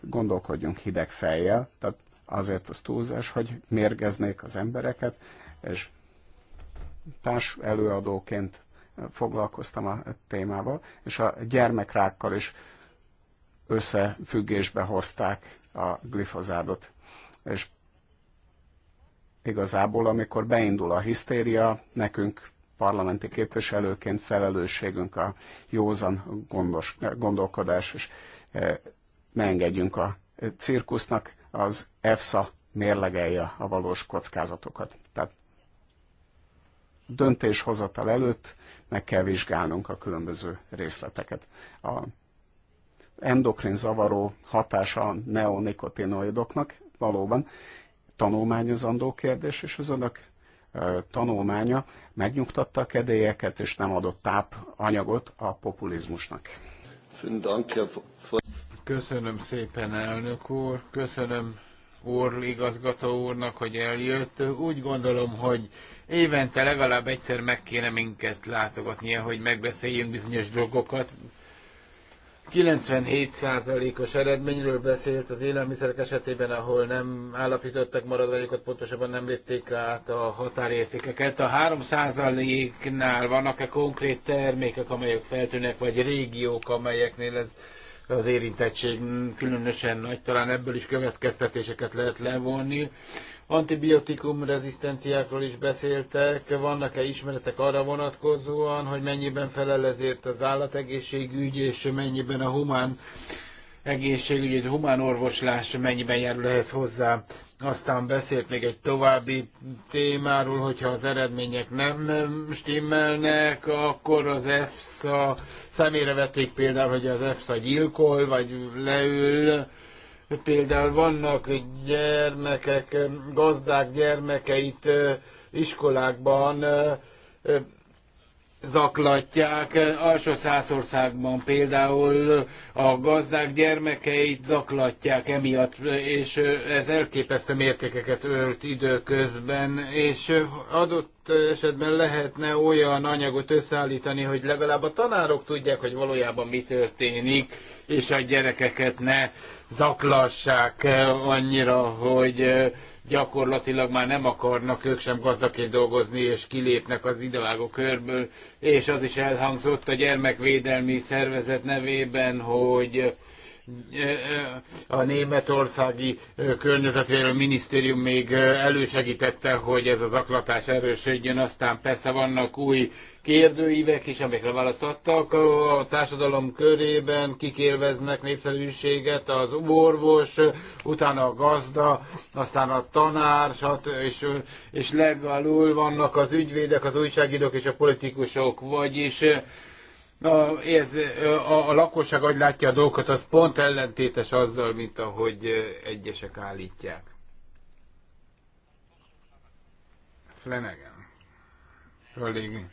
Gondolkodjunk hideg fejjel, tehát azért az túlzás, hogy mérgeznék az embereket, és társ előadóként foglalkoztam a témával, és a gyermekrákkal is összefüggésbe hozták a glifozádot. És igazából, amikor beindul a hisztéria, nekünk parlamenti képviselőként felelősségünk a józan gondos, gondolkodás, és ne engedjünk a cirkusznak, az EFSA mérlegelje a valós kockázatokat döntéshozatal előtt meg kell vizsgálnunk a különböző részleteket. A endokrin zavaró hatása a neonikotinoidoknak valóban tanulmányozandó kérdés, és az önök tanulmánya megnyugtatta a kedélyeket, és nem adott tápanyagot a populizmusnak. Köszönöm szépen, elnök úr. Köszönöm Orl igazgató úrnak, hogy eljött. Úgy gondolom, hogy évente legalább egyszer meg kéne minket látogatnia, hogy megbeszéljünk bizonyos dolgokat. 97%-os eredményről beszélt az élelmiszerek esetében, ahol nem állapítottak maradványokat, pontosabban nem lépték át a határértékeket. A 3%-nál vannak-e konkrét termékek, amelyek feltűnnek, vagy régiók, amelyeknél ez az érintettség különösen nagy, talán ebből is következtetéseket lehet levonni. Antibiotikum rezisztenciákról is beszéltek, vannak-e ismeretek arra vonatkozóan, hogy mennyiben felel ezért az állategészségügy, és mennyiben a humán egészségügy, a humán orvoslás mennyiben járul ehhez hozzá. Aztán beszélt még egy további témáról, hogyha az eredmények nem, nem stimmelnek, akkor az EFSA, személyre vették például, hogy az EFSA gyilkol, vagy leül, Például vannak gyermekek, gazdák gyermekeit iskolákban zaklatják. Alsó Szászországban például a gazdák gyermekeit zaklatják emiatt, és ez elképesztő mértékeket ölt időközben, és adott esetben lehetne olyan anyagot összeállítani, hogy legalább a tanárok tudják, hogy valójában mi történik, és a gyerekeket ne zaklassák annyira, hogy gyakorlatilag már nem akarnak ők sem gazdaként dolgozni, és kilépnek az idevágó körből, és az is elhangzott a gyermekvédelmi szervezet nevében, hogy a németországi környezetvédelmi minisztérium még elősegítette, hogy ez az aklatás erősödjön, aztán persze vannak új kérdőívek is, amikre választottak a társadalom körében, kikérveznek népszerűséget, az orvos, utána a gazda, aztán a tanár, és, és legalul vannak az ügyvédek, az újságírók és a politikusok, vagyis Na, ez, a, a lakosság, ahogy látja a dolgokat, az pont ellentétes azzal, mint ahogy egyesek állítják. Flanagan. Kollégi.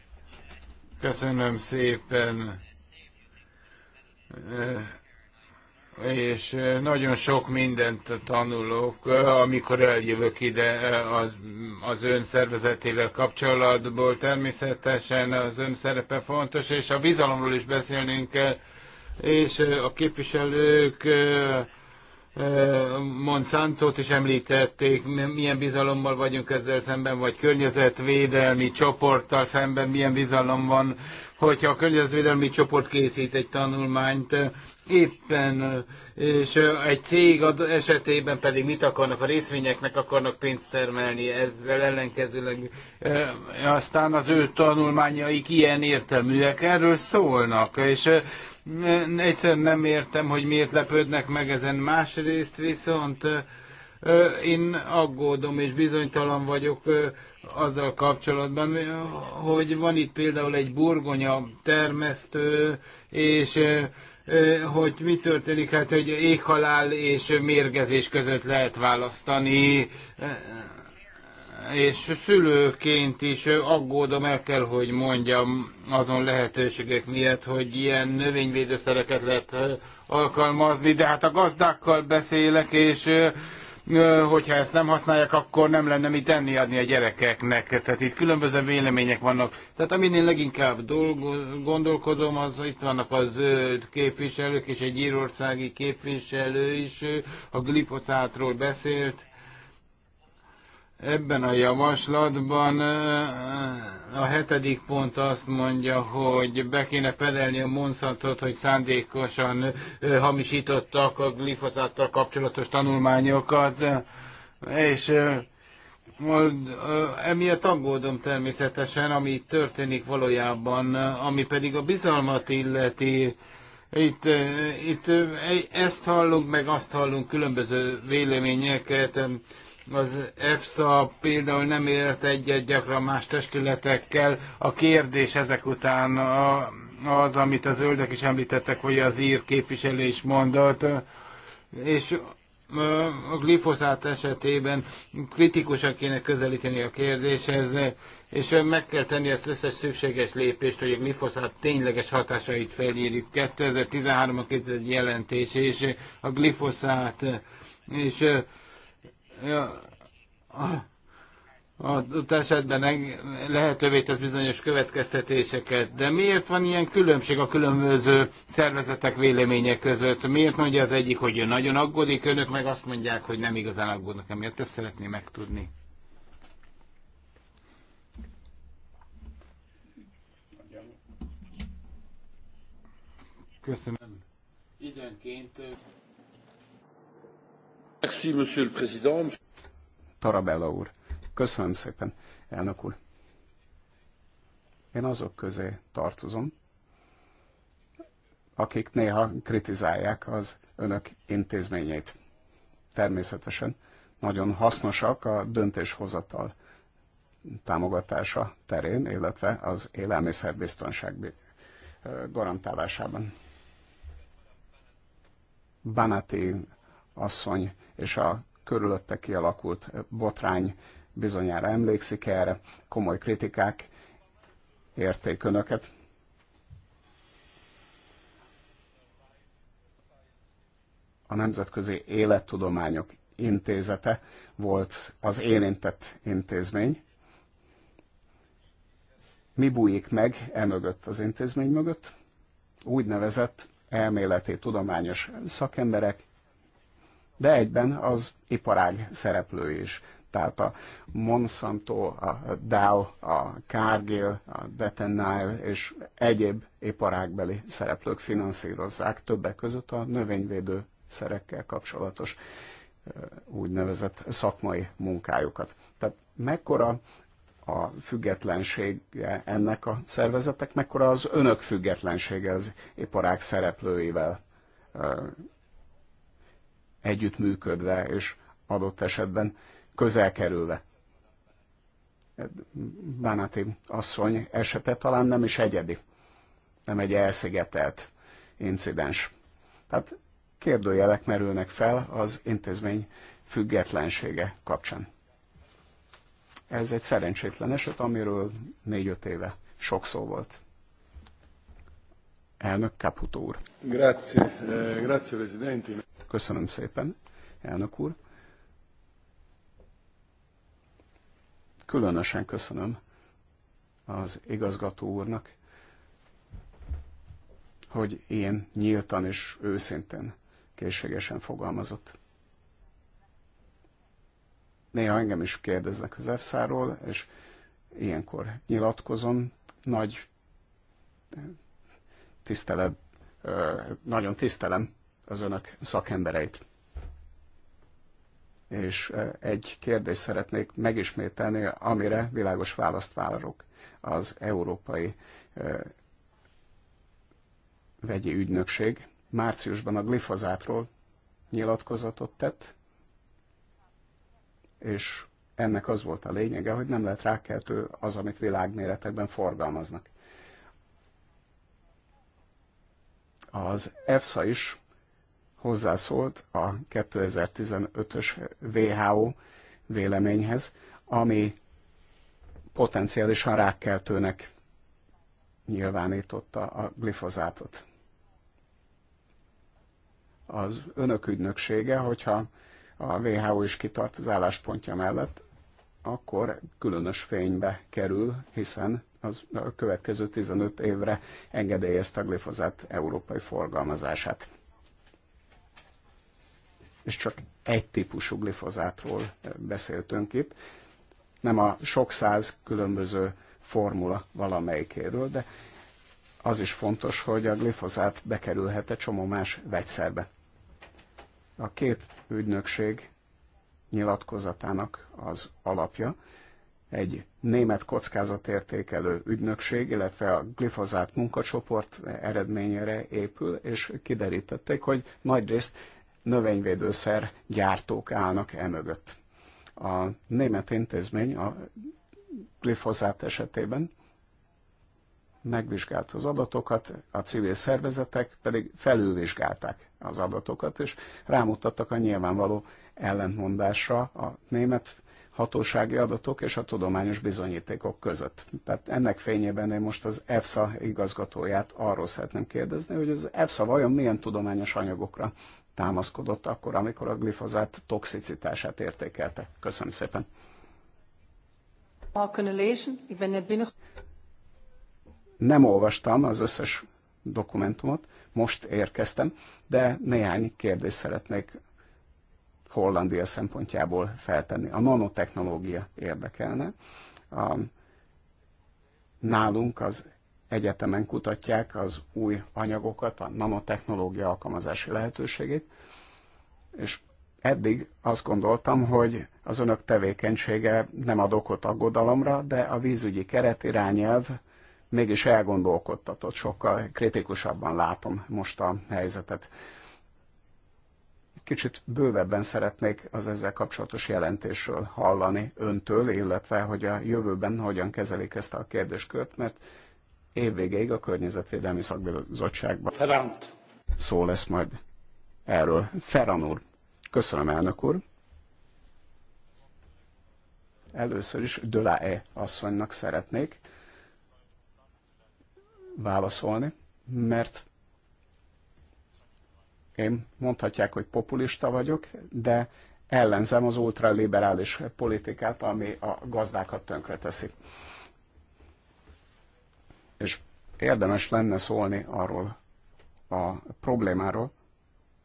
Köszönöm szépen és nagyon sok mindent tanulok, amikor eljövök ide az, ön szervezetével kapcsolatból. Természetesen az ön szerepe fontos, és a bizalomról is beszélnénk kell, és a képviselők Monsantot is említették, milyen bizalommal vagyunk ezzel szemben, vagy környezetvédelmi csoporttal szemben milyen bizalom van, hogyha a környezetvédelmi csoport készít egy tanulmányt, Éppen, és egy cég esetében pedig mit akarnak, a részvényeknek akarnak pénzt termelni, ezzel ellenkezőleg aztán az ő tanulmányaik ilyen értelműek erről szólnak, és egyszerűen nem értem, hogy miért lepődnek meg ezen másrészt, viszont én aggódom és bizonytalan vagyok azzal kapcsolatban, hogy van itt például egy burgonya termesztő, és hogy mi történik, hát hogy éghalál és mérgezés között lehet választani, és szülőként is aggódom, el kell, hogy mondjam azon lehetőségek miatt, hogy ilyen növényvédőszereket lehet alkalmazni, de hát a gazdákkal beszélek, és hogyha ezt nem használják, akkor nem lenne mit enni adni a gyerekeknek. Tehát itt különböző vélemények vannak. Tehát amin én leginkább gondolkodom, az itt vannak a zöld képviselők, és egy írországi képviselő is a glifocátról beszélt Ebben a javaslatban a hetedik pont azt mondja, hogy be kéne pedelni a Monsantot, hogy szándékosan hamisítottak a glifozáttal kapcsolatos tanulmányokat, és Emiatt aggódom természetesen, ami történik valójában, ami pedig a bizalmat illeti. Itt, itt ezt hallunk, meg azt hallunk, különböző véleményeket. Az EFSA például nem ért egyet gyakran más testületekkel. A kérdés ezek után a, az, amit az öldök is említettek, vagy az ír képviselő is mondott, és a glifoszát esetében kritikusan kéne közelíteni a kérdéshez, és meg kell tenni ezt összes szükséges lépést, hogy a glifoszát tényleges hatásait felírjuk. 2013 ban egy jelentés, és a glifoszát, és adott esetben lehetővé tesz bizonyos következtetéseket. De miért van ilyen különbség a különböző szervezetek véleménye között? Miért mondja az egyik, hogy ő nagyon aggódik, önök meg azt mondják, hogy nem igazán aggódnak emiatt? Ezt szeretném megtudni. Köszönöm. Időnként Merci, monsieur le président. Tarabella úr. Köszönöm szépen, elnök úr. Én azok közé tartozom, akik néha kritizálják az önök intézményeit. Természetesen nagyon hasznosak a döntéshozatal támogatása terén, illetve az élelmiszerbiztonság eh, garantálásában. Banati asszony és a körülötte kialakult botrány bizonyára emlékszik erre, komoly kritikák érték önöket. A Nemzetközi Élettudományok Intézete volt az érintett intézmény. Mi bújik meg e mögött az intézmény mögött? Úgynevezett elméleti tudományos szakemberek, de egyben az iparág szereplő is. Tehát a Monsanto, a Dow, a Cargill, a Detenile és egyéb iparágbeli szereplők finanszírozzák többek között a növényvédő szerekkel kapcsolatos úgynevezett szakmai munkájukat. Tehát mekkora a függetlensége ennek a szervezetek, mekkora az önök függetlensége az iparág szereplőivel együttműködve és adott esetben közel kerülve. Bánáti asszony esete talán nem is egyedi, nem egy elszigetelt incidens. Tehát kérdőjelek merülnek fel az intézmény függetlensége kapcsán. Ez egy szerencsétlen eset, amiről négy-öt éve sok szó volt. Elnök Caputo úr. Grazie, eh, grazie Presidente. Köszönöm szépen, elnök úr. Különösen köszönöm az igazgató úrnak, hogy én nyíltan és őszintén, készségesen fogalmazott. Néha engem is kérdeznek az efszá ról és ilyenkor nyilatkozom, nagy tisztelet, nagyon tisztelem az önök szakembereit. És egy kérdést szeretnék megismételni, amire világos választ várok az Európai Vegyi Ügynökség márciusban a glifozátról nyilatkozatot tett, és ennek az volt a lényege, hogy nem lehet rákeltő az, amit világméretekben forgalmaznak. Az EFSA is hozzászólt a 2015-ös WHO véleményhez, ami potenciálisan rákkeltőnek nyilvánította a glifozátot. Az önök ügynöksége, hogyha a WHO is kitart az álláspontja mellett, akkor különös fénybe kerül, hiszen az a következő 15 évre engedélyezte a glifozát európai forgalmazását és csak egy típusú glifozátról beszéltünk itt, nem a sok száz különböző formula valamelyikéről, de az is fontos, hogy a glifozát bekerülhet egy csomó más vegyszerbe. A két ügynökség nyilatkozatának az alapja egy német kockázatértékelő ügynökség, illetve a glifozát munkacsoport eredményére épül, és kiderítették, hogy nagyrészt növényvédőszer gyártók állnak emögött. A német intézmény a glifozát esetében megvizsgált az adatokat, a civil szervezetek pedig felülvizsgálták az adatokat, és rámutattak a nyilvánvaló ellentmondásra a német hatósági adatok és a tudományos bizonyítékok között. Tehát ennek fényében én most az EFSA igazgatóját arról szeretném kérdezni, hogy az EFSA vajon milyen tudományos anyagokra támaszkodott akkor, amikor a glifozát toxicitását értékelte. Köszönöm szépen. Nem olvastam az összes dokumentumot, most érkeztem, de néhány kérdést szeretnék Hollandia szempontjából feltenni. A nanotechnológia érdekelne. A, nálunk az egyetemen kutatják az új anyagokat, a nanotechnológia alkalmazási lehetőségét, és eddig azt gondoltam, hogy az önök tevékenysége nem ad okot aggodalomra, de a vízügyi irányelv mégis elgondolkodtatott, sokkal kritikusabban látom most a helyzetet. Kicsit bővebben szeretnék az ezzel kapcsolatos jelentésről hallani öntől, illetve hogy a jövőben hogyan kezelik ezt a kérdéskört, mert évvégéig a Környezetvédelmi Szakbizottságban Ferant. szó lesz majd erről. Ferran úr, köszönöm elnök úr. Először is Dölae asszonynak szeretnék válaszolni, mert én mondhatják, hogy populista vagyok, de ellenzem az ultraliberális politikát, ami a gazdákat tönkreteszi. teszi és érdemes lenne szólni arról a problémáról,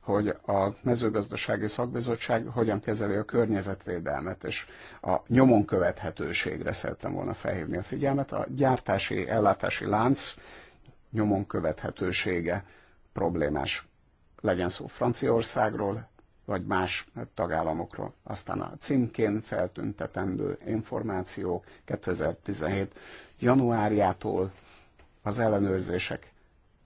hogy a mezőgazdasági szakbizottság hogyan kezeli a környezetvédelmet, és a nyomon követhetőségre szerettem volna felhívni a figyelmet. A gyártási, ellátási lánc nyomon követhetősége problémás. Legyen szó Franciaországról, vagy más tagállamokról. Aztán a címkén feltüntetendő információk 2017. januárjától az ellenőrzések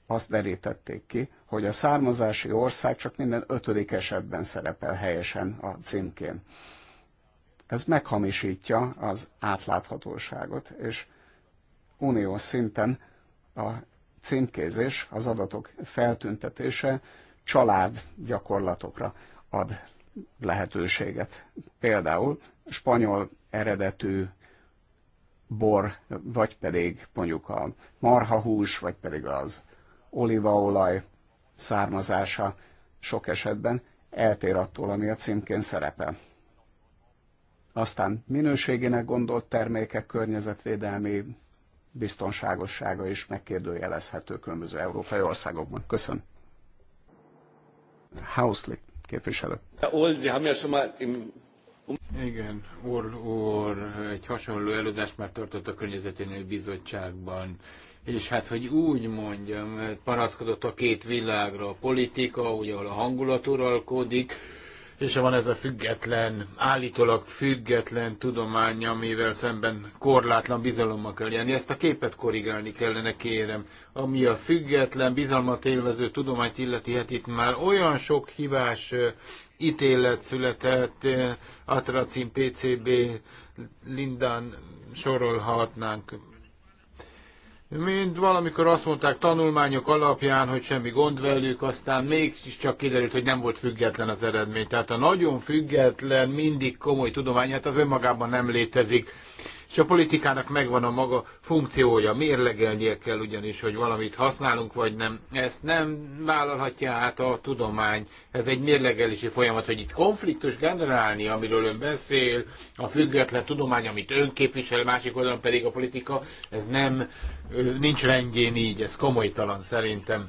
azt derítették ki, hogy a származási ország csak minden ötödik esetben szerepel helyesen a címkén. Ez meghamisítja az átláthatóságot, és uniós szinten a címkézés, az adatok feltüntetése család gyakorlatokra ad lehetőséget. Például spanyol eredetű bor, vagy pedig mondjuk a marhahús, vagy pedig az olívaolaj származása sok esetben eltér attól, ami a címkén szerepel. Aztán minőségének gondolt termékek környezetvédelmi biztonságossága is megkérdőjelezhető különböző európai országokban. Köszönöm. Hausley képviselő. Igen, úr, úr, egy hasonló előadást már tartott a Környezetvédelmi Bizottságban, és hát, hogy úgy mondjam, hát panaszkodott a két világra, a politika, ugye ahol a hangulat uralkodik, és van ez a független, állítólag független tudomány, amivel szemben korlátlan bizalommal kell jelni. Ezt a képet korrigálni kellene, kérem. Ami a független, bizalmat élvező tudományt illeti, hát itt már olyan sok hibás ítélet született, Atracin, PCB, Lindan sorolhatnánk Mind valamikor azt mondták tanulmányok alapján, hogy semmi gond velük, aztán mégis csak kiderült, hogy nem volt független az eredmény. Tehát a nagyon független, mindig komoly tudomány, hát az önmagában nem létezik. És a politikának megvan a maga funkciója, mérlegelnie kell ugyanis, hogy valamit használunk vagy nem. Ezt nem vállalhatja át a tudomány. Ez egy mérlegelési folyamat, hogy itt konfliktus generálni, amiről ön beszél, a független tudomány, amit ön képvisel, másik oldalon pedig a politika, ez nem, nincs rendjén így, ez komolytalan szerintem.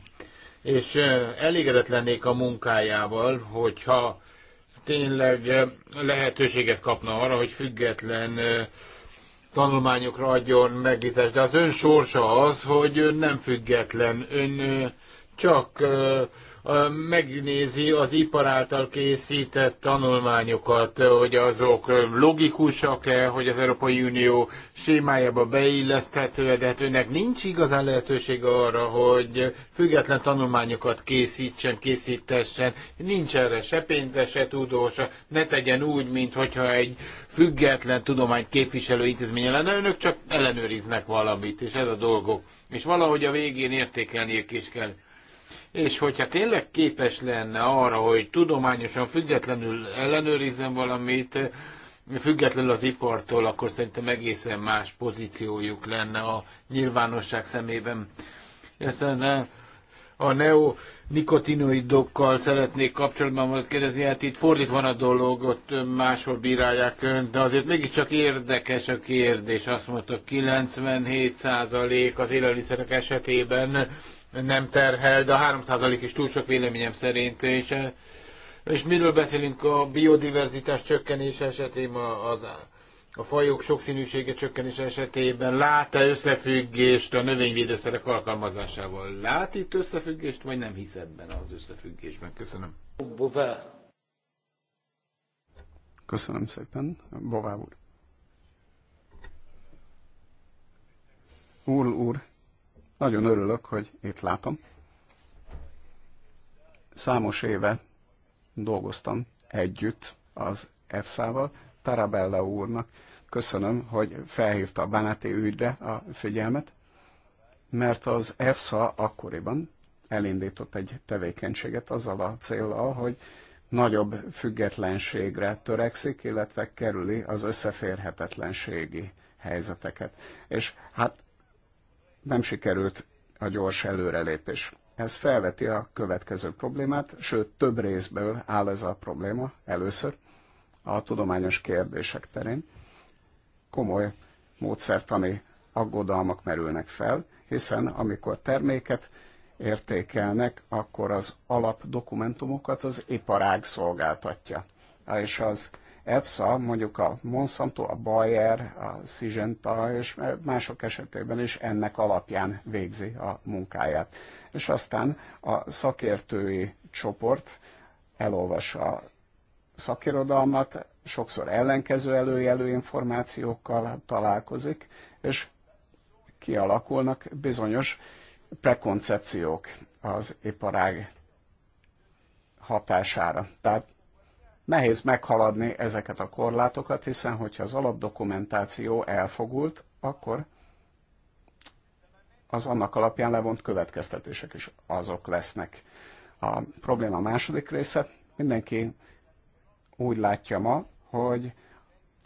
És elégedetlennék a munkájával, hogyha tényleg lehetőséget kapna arra, hogy független tanulmányokra adjon megítést, de az ön sorsa az, hogy ön nem független, ön csak megnézi az ipar által készített tanulmányokat, hogy azok logikusak-e, hogy az Európai Unió sémájába beilleszthető -e, de hát önnek nincs igazán lehetőség arra, hogy független tanulmányokat készítsen, készítessen. Nincs erre se pénze, se tudósa. Ne tegyen úgy, mintha egy független tudományt képviselő intézménye lenne. Önök csak ellenőriznek valamit, és ez a dolgok. És valahogy a végén értékelniük is kell és hogyha tényleg képes lenne arra, hogy tudományosan függetlenül ellenőrizzen valamit, függetlenül az ipartól, akkor szerintem egészen más pozíciójuk lenne a nyilvánosság szemében. Hiszen eh, a neonikotinoidokkal szeretnék kapcsolatban most kérdezni, hát itt fordít van a dolog, ott máshol bírálják önt, de azért mégiscsak érdekes a kérdés. Azt mondta, 97% az élelmiszerek esetében nem terhel, de a 3% is túl sok véleményem szerint. És, és miről beszélünk a biodiverzitás csökkenése esetében, az, a fajok sokszínűsége csökkenése esetében? Lát-e összefüggést a növényvédőszerek alkalmazásával? Lát itt összefüggést, vagy nem hisz ebben az összefüggésben? Köszönöm. Bová. Köszönöm szépen, Bová úr. Úr, úr, nagyon örülök, hogy itt látom. Számos éve dolgoztam együtt az EFSA-val, Tarabella úrnak. Köszönöm, hogy felhívta a Bánáti ügyre a figyelmet, mert az EFSA akkoriban elindított egy tevékenységet azzal a célral, hogy nagyobb függetlenségre törekszik, illetve kerüli az összeférhetetlenségi helyzeteket. És hát nem sikerült a gyors előrelépés. Ez felveti a következő problémát, sőt több részből áll ez a probléma először a tudományos kérdések terén. Komoly módszertani aggodalmak merülnek fel, hiszen amikor terméket értékelnek, akkor az alapdokumentumokat az iparág szolgáltatja. És az EFSA, mondjuk a Monsanto, a Bayer, a Syngenta és mások esetében is ennek alapján végzi a munkáját. És aztán a szakértői csoport elolvassa a szakirodalmat, sokszor ellenkező előjelő információkkal találkozik, és kialakulnak bizonyos prekoncepciók az iparág hatására. Tehát Nehéz meghaladni ezeket a korlátokat, hiszen hogyha az alapdokumentáció elfogult, akkor az annak alapján levont következtetések is azok lesznek. A probléma második része, mindenki úgy látja ma, hogy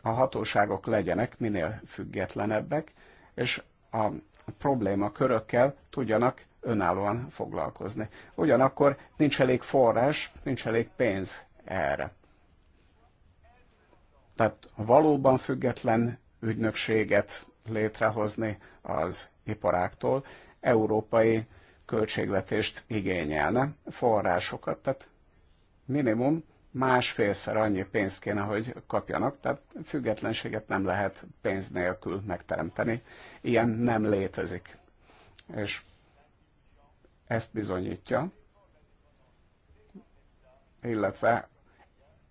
a hatóságok legyenek minél függetlenebbek, és a probléma körökkel tudjanak önállóan foglalkozni. Ugyanakkor nincs elég forrás, nincs elég pénz erre. Tehát valóban független ügynökséget létrehozni az iparáktól európai költségvetést igényelne, forrásokat, tehát minimum másfélszer annyi pénzt kéne, hogy kapjanak, tehát függetlenséget nem lehet pénz nélkül megteremteni. Ilyen nem létezik. És ezt bizonyítja, illetve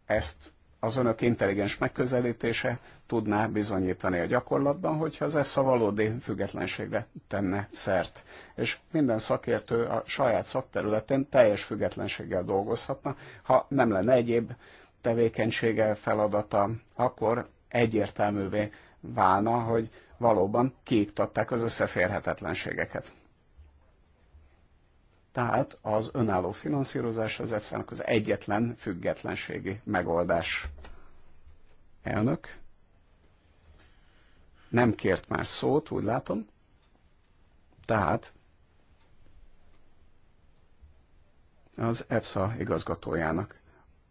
ezt az önök intelligens megközelítése tudná bizonyítani a gyakorlatban, hogyha az a valódi függetlenségre tenne szert. És minden szakértő a saját szakterületén teljes függetlenséggel dolgozhatna. Ha nem lenne egyéb tevékenysége, feladata, akkor egyértelművé válna, hogy valóban kiiktatták az összeférhetetlenségeket. Tehát az önálló finanszírozás az efsa az egyetlen függetlenségi megoldás. Elnök, nem kért már szót, úgy látom. Tehát az EFSA igazgatójának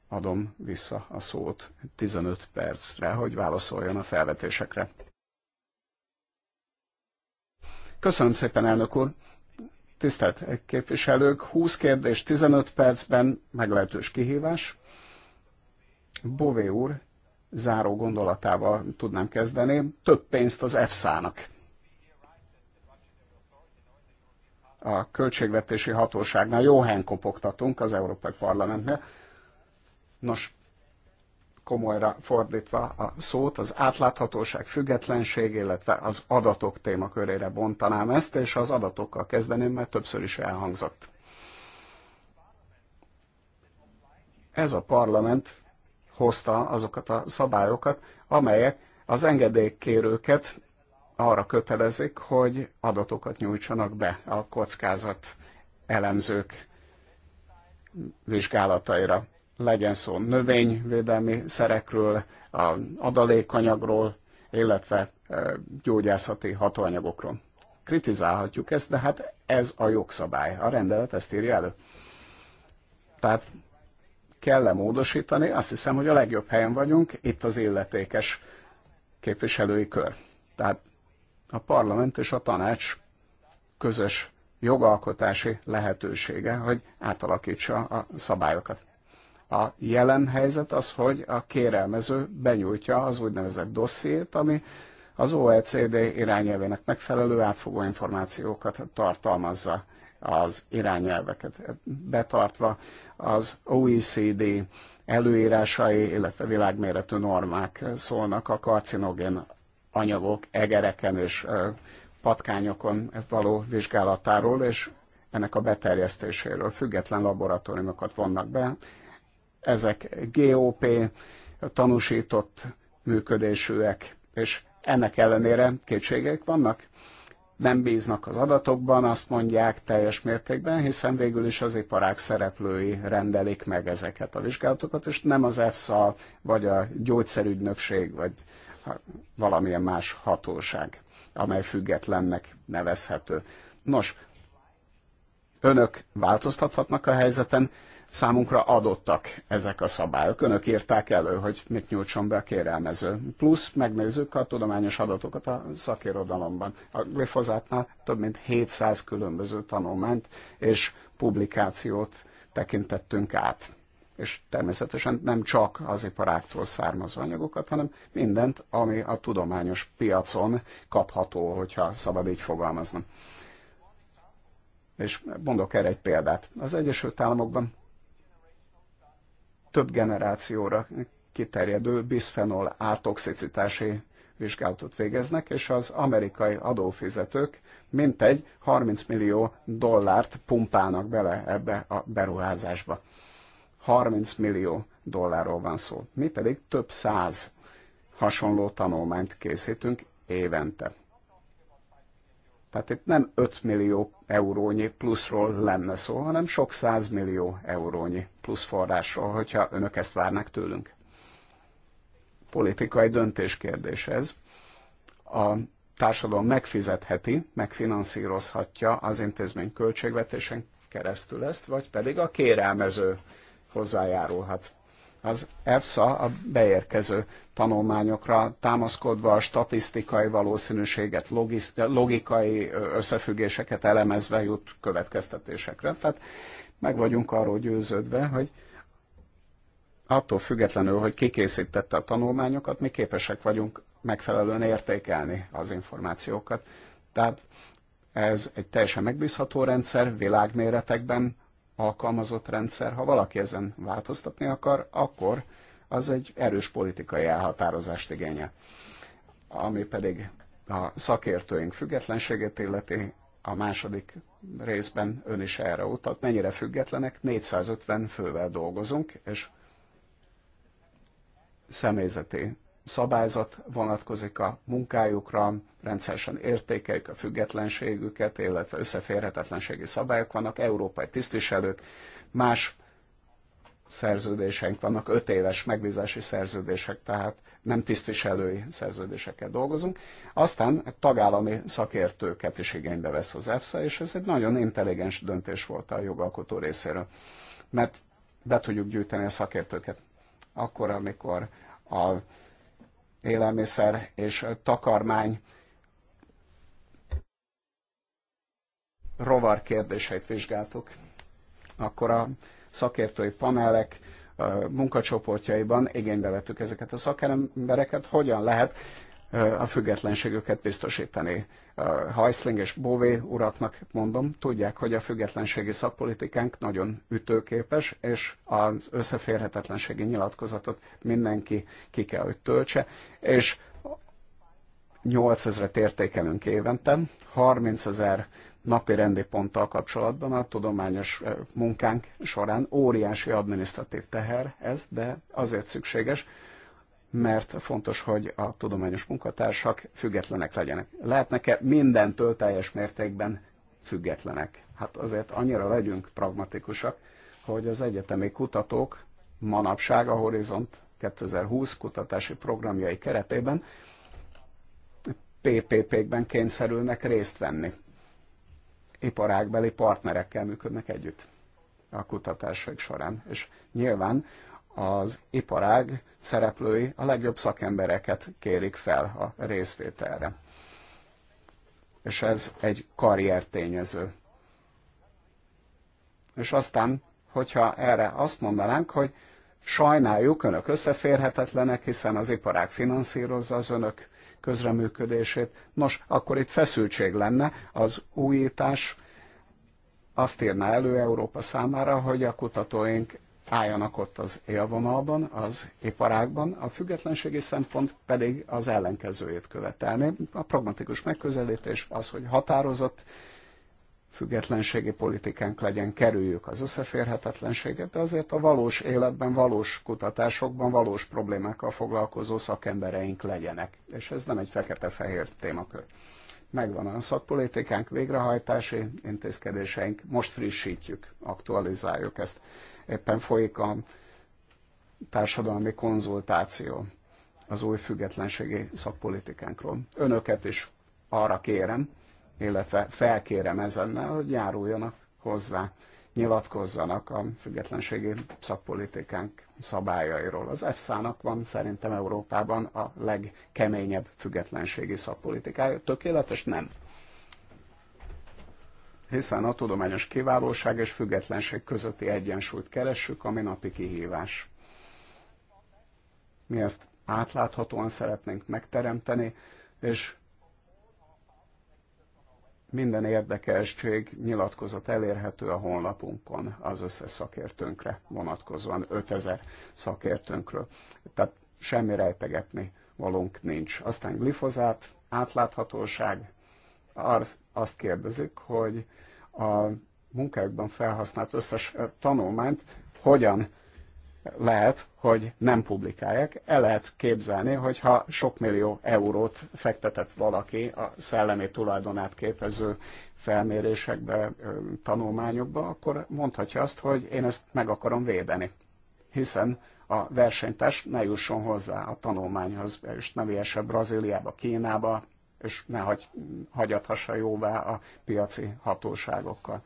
adom vissza a szót 15 percre, hogy válaszoljon a felvetésekre. Köszönöm szépen, elnök úr! Tisztelt képviselők, 20 kérdés 15 percben meglehetős kihívás. Bové úr záró gondolatával tudnám kezdeni. Több pénzt az EFSA-nak. A költségvetési hatóságnál jó helyen kopogtatunk az Európai Parlamentnél. Nos, komolyra fordítva a szót, az átláthatóság, függetlenség, illetve az adatok témakörére bontanám ezt, és az adatokkal kezdeném, mert többször is elhangzott. Ez a parlament hozta azokat a szabályokat, amelyek az engedélykérőket arra kötelezik, hogy adatokat nyújtsanak be a kockázat elemzők vizsgálataira legyen szó növényvédelmi szerekről, adalékanyagról, illetve gyógyászati hatóanyagokról. Kritizálhatjuk ezt, de hát ez a jogszabály. A rendelet ezt írja elő. Tehát kell-e módosítani? Azt hiszem, hogy a legjobb helyen vagyunk, itt az illetékes képviselői kör. Tehát a parlament és a tanács közös jogalkotási lehetősége, hogy átalakítsa a szabályokat. A jelen helyzet az, hogy a kérelmező benyújtja az úgynevezett dossziét, ami az OECD irányelvének megfelelő átfogó információkat tartalmazza az irányelveket, betartva az OECD előírásai, illetve világméretű normák szólnak a karcinogén anyagok egereken és patkányokon való vizsgálatáról, és ennek a beterjesztéséről. Független laboratóriumokat vonnak be, ezek GOP tanúsított működésűek, és ennek ellenére kétségek vannak. Nem bíznak az adatokban, azt mondják teljes mértékben, hiszen végül is az iparák szereplői rendelik meg ezeket a vizsgálatokat, és nem az EFSA, vagy a gyógyszerügynökség, vagy valamilyen más hatóság, amely függetlennek nevezhető. Nos, önök változtathatnak a helyzeten, számunkra adottak ezek a szabályok. Önök írták elő, hogy mit nyújtson be a kérelmező. Plusz megnézzük a tudományos adatokat a szakirodalomban. A glifozátnál több mint 700 különböző tanulmányt és publikációt tekintettünk át. És természetesen nem csak az iparáktól származó anyagokat, hanem mindent, ami a tudományos piacon kapható, hogyha szabad így fogalmaznom. És mondok erre egy példát. Az Egyesült Államokban több generációra kiterjedő bisphenol A toxicitási vizsgálatot végeznek, és az amerikai adófizetők mintegy 30 millió dollárt pumpálnak bele ebbe a beruházásba. 30 millió dollárról van szó. Mi pedig több száz hasonló tanulmányt készítünk évente. Tehát itt nem 5 millió eurónyi pluszról lenne szó, hanem sok 100 millió eurónyi plusz forrásról, hogyha önök ezt várnak tőlünk. Politikai döntés kérdés ez. A társadalom megfizetheti, megfinanszírozhatja az intézmény költségvetésen keresztül ezt, vagy pedig a kérelmező hozzájárulhat. Az EFSA a beérkező tanulmányokra támaszkodva a statisztikai valószínűséget, logikai összefüggéseket elemezve jut következtetésekre. Tehát meg vagyunk arról győződve, hogy attól függetlenül, hogy ki készítette a tanulmányokat, mi képesek vagyunk megfelelően értékelni az információkat. Tehát ez egy teljesen megbízható rendszer, világméretekben alkalmazott rendszer. Ha valaki ezen változtatni akar, akkor az egy erős politikai elhatározást igénye. Ami pedig a szakértőink függetlenségét illeti, a második részben ön is erre utalt, mennyire függetlenek, 450 fővel dolgozunk, és személyzeti szabályzat vonatkozik a munkájukra, rendszeresen értékeljük a függetlenségüket, illetve összeférhetetlenségi szabályok vannak, európai tisztviselők, más szerződéseink vannak, öt éves megbízási szerződések, tehát nem tisztviselői szerződéseket dolgozunk. Aztán tagállami szakértőket is igénybe vesz az EFSA, és ez egy nagyon intelligens döntés volt a jogalkotó részéről. Mert be tudjuk gyűjteni a szakértőket akkor, amikor az élelmiszer és takarmány rovar kérdéseit vizsgáltuk, akkor a szakértői panelek munkacsoportjaiban igénybe vettük ezeket a szakembereket, hogyan lehet a függetlenségüket biztosítani. Heisling és Bové uraknak mondom, tudják, hogy a függetlenségi szakpolitikánk nagyon ütőképes, és az összeférhetetlenségi nyilatkozatot mindenki ki kell, hogy töltse, és 8000-et értékelünk évente, 30 ezer napi rendi ponttal kapcsolatban a tudományos munkánk során óriási adminisztratív teher ez, de azért szükséges, mert fontos, hogy a tudományos munkatársak függetlenek legyenek. Lehetnek-e mindentől teljes mértékben függetlenek? Hát azért annyira legyünk pragmatikusak, hogy az egyetemi kutatók manapság a Horizont 2020 kutatási programjai keretében PPP-kben kényszerülnek részt venni iparágbeli partnerekkel működnek együtt a kutatások során. És nyilván az iparág szereplői a legjobb szakembereket kérik fel a részvételre. És ez egy karriertényező. És aztán, hogyha erre azt mondanánk, hogy sajnáljuk, önök összeférhetetlenek, hiszen az iparág finanszírozza az önök közreműködését. Nos, akkor itt feszültség lenne, az újítás azt írná elő Európa számára, hogy a kutatóink álljanak ott az élvonalban, az iparákban, a függetlenségi szempont pedig az ellenkezőjét követelni. A pragmatikus megközelítés az, hogy határozott, függetlenségi politikánk legyen, kerüljük az összeférhetetlenséget, de azért a valós életben, valós kutatásokban, valós problémákkal foglalkozó szakembereink legyenek. És ez nem egy fekete-fehér témakör. Megvan a szakpolitikánk, végrehajtási intézkedéseink, most frissítjük, aktualizáljuk ezt. Éppen folyik a társadalmi konzultáció az új függetlenségi szakpolitikánkról. Önöket is arra kérem, illetve felkérem ezennel, hogy járuljanak hozzá, nyilatkozzanak a függetlenségi szakpolitikánk szabályairól. Az EFSA-nak van szerintem Európában a legkeményebb függetlenségi szakpolitikája. Tökéletes? Nem hiszen a tudományos kiválóság és függetlenség közötti egyensúlyt keressük, ami napi kihívás. Mi ezt átláthatóan szeretnénk megteremteni, és minden érdekesség nyilatkozat elérhető a honlapunkon az összes szakértőnkre vonatkozóan, 5000 szakértőnkről. Tehát semmi rejtegetni valunk nincs. Aztán glifozát, átláthatóság, azt kérdezik, hogy a munkákban felhasznált összes eh, tanulmányt hogyan lehet, hogy nem publikálják. El lehet képzelni, hogyha sok millió eurót fektetett valaki a szellemi tulajdonát képező felmérésekbe, tanulmányokba, akkor mondhatja azt, hogy én ezt meg akarom védeni. Hiszen a versenytárs ne jusson hozzá a tanulmányhoz, és ne viesse Brazíliába, Kínába, és ne hagy, hagyathassa jóvá a piaci hatóságokkal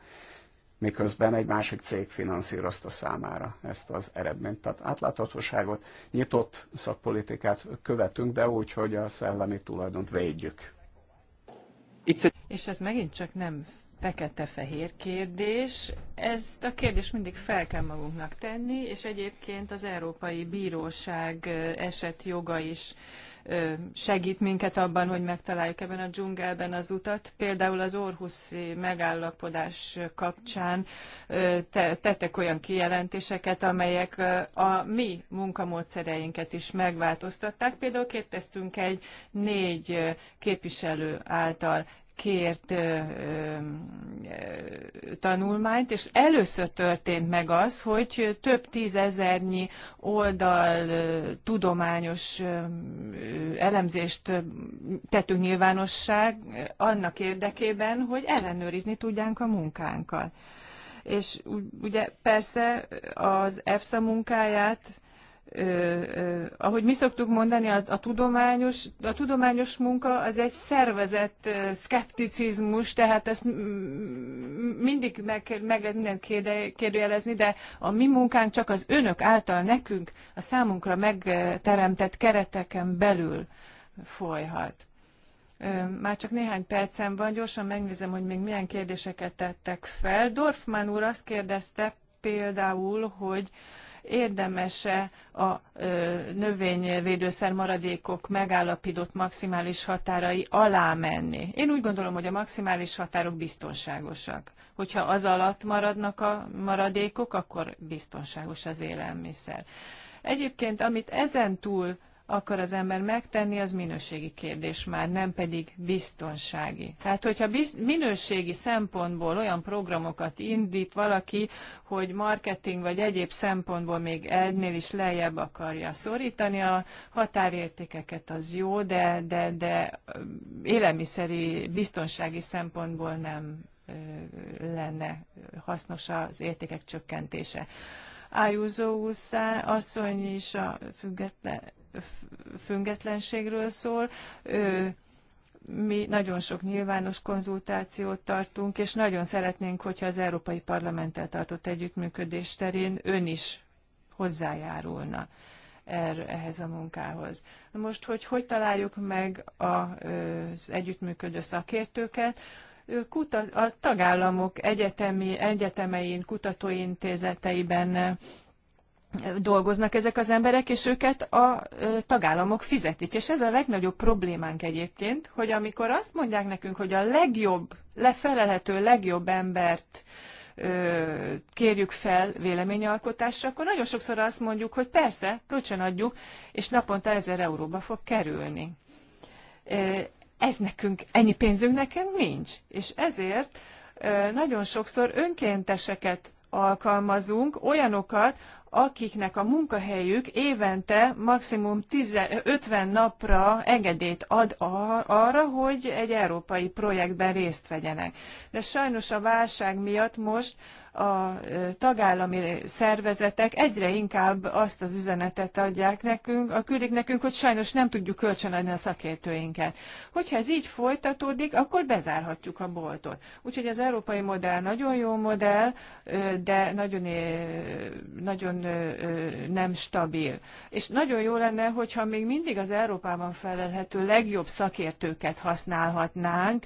miközben egy másik cég finanszírozta számára ezt az eredményt. Tehát átláthatóságot, nyitott szakpolitikát követünk, de úgy, hogy a szellemi tulajdont védjük. És ez megint csak nem fekete-fehér kérdés. Ezt a kérdést mindig fel kell magunknak tenni, és egyébként az Európai Bíróság eset joga is segít minket abban, hogy megtaláljuk ebben a dzsungelben az utat. Például az Orhuszi megállapodás kapcsán tettek olyan kijelentéseket, amelyek a mi munkamódszereinket is megváltoztatták. Például kérdeztünk egy négy képviselő által kért tanulmányt, és először történt meg az, hogy több tízezernyi oldal tudományos elemzést tettünk nyilvánosság annak érdekében, hogy ellenőrizni tudjánk a munkánkat. És ugye persze az EFSA munkáját ö, ö, ahogy mi szoktuk mondani, a, a, tudományos, a tudományos munka az egy szervezett ö, szkepticizmus, tehát ezt mindig meg, meg lehet mindent kérde, kérdőjelezni, de a mi munkánk csak az önök által nekünk, a számunkra megteremtett kereteken belül folyhat. Már csak néhány percem van, gyorsan megnézem, hogy még milyen kérdéseket tettek fel. Dorfman úr azt kérdezte például, hogy érdemese a növényvédőszer maradékok megállapított maximális határai alá menni. Én úgy gondolom, hogy a maximális határok biztonságosak. Hogyha az alatt maradnak a maradékok, akkor biztonságos az élelmiszer. Egyébként, amit ezen túl akar az ember megtenni, az minőségi kérdés már, nem pedig biztonsági. Tehát, hogyha biz- minőségi szempontból olyan programokat indít valaki, hogy marketing vagy egyéb szempontból még ennél is lejjebb akarja szorítani a határértékeket, az jó, de, de, de élelmiszeri biztonsági szempontból nem lenne hasznos az értékek csökkentése. Ájúzó asszony is a független függetlenségről szól. Mi nagyon sok nyilvános konzultációt tartunk, és nagyon szeretnénk, hogyha az Európai Parlamenttel tartott együttműködés terén ön is hozzájárulna er, ehhez a munkához. Most, hogy hogy találjuk meg az együttműködő szakértőket, a tagállamok egyetemi, egyetemein, kutatóintézeteiben dolgoznak ezek az emberek, és őket a tagállamok fizetik. És ez a legnagyobb problémánk egyébként, hogy amikor azt mondják nekünk, hogy a legjobb, lefelelhető legjobb embert kérjük fel véleményalkotásra, akkor nagyon sokszor azt mondjuk, hogy persze, kölcsönadjuk, és naponta ezer euróba fog kerülni. Ez nekünk, ennyi pénzünk nekem nincs. És ezért nagyon sokszor önkénteseket alkalmazunk, olyanokat, akiknek a munkahelyük évente maximum 50 napra engedélyt ad arra, hogy egy európai projektben részt vegyenek. De sajnos a válság miatt most a tagállami szervezetek egyre inkább azt az üzenetet adják nekünk, a küldik nekünk, hogy sajnos nem tudjuk kölcsönadni a szakértőinket. Hogyha ez így folytatódik, akkor bezárhatjuk a boltot. Úgyhogy az európai modell nagyon jó modell, de nagyon, nagyon nem stabil. És nagyon jó lenne, hogyha még mindig az Európában felelhető legjobb szakértőket használhatnánk,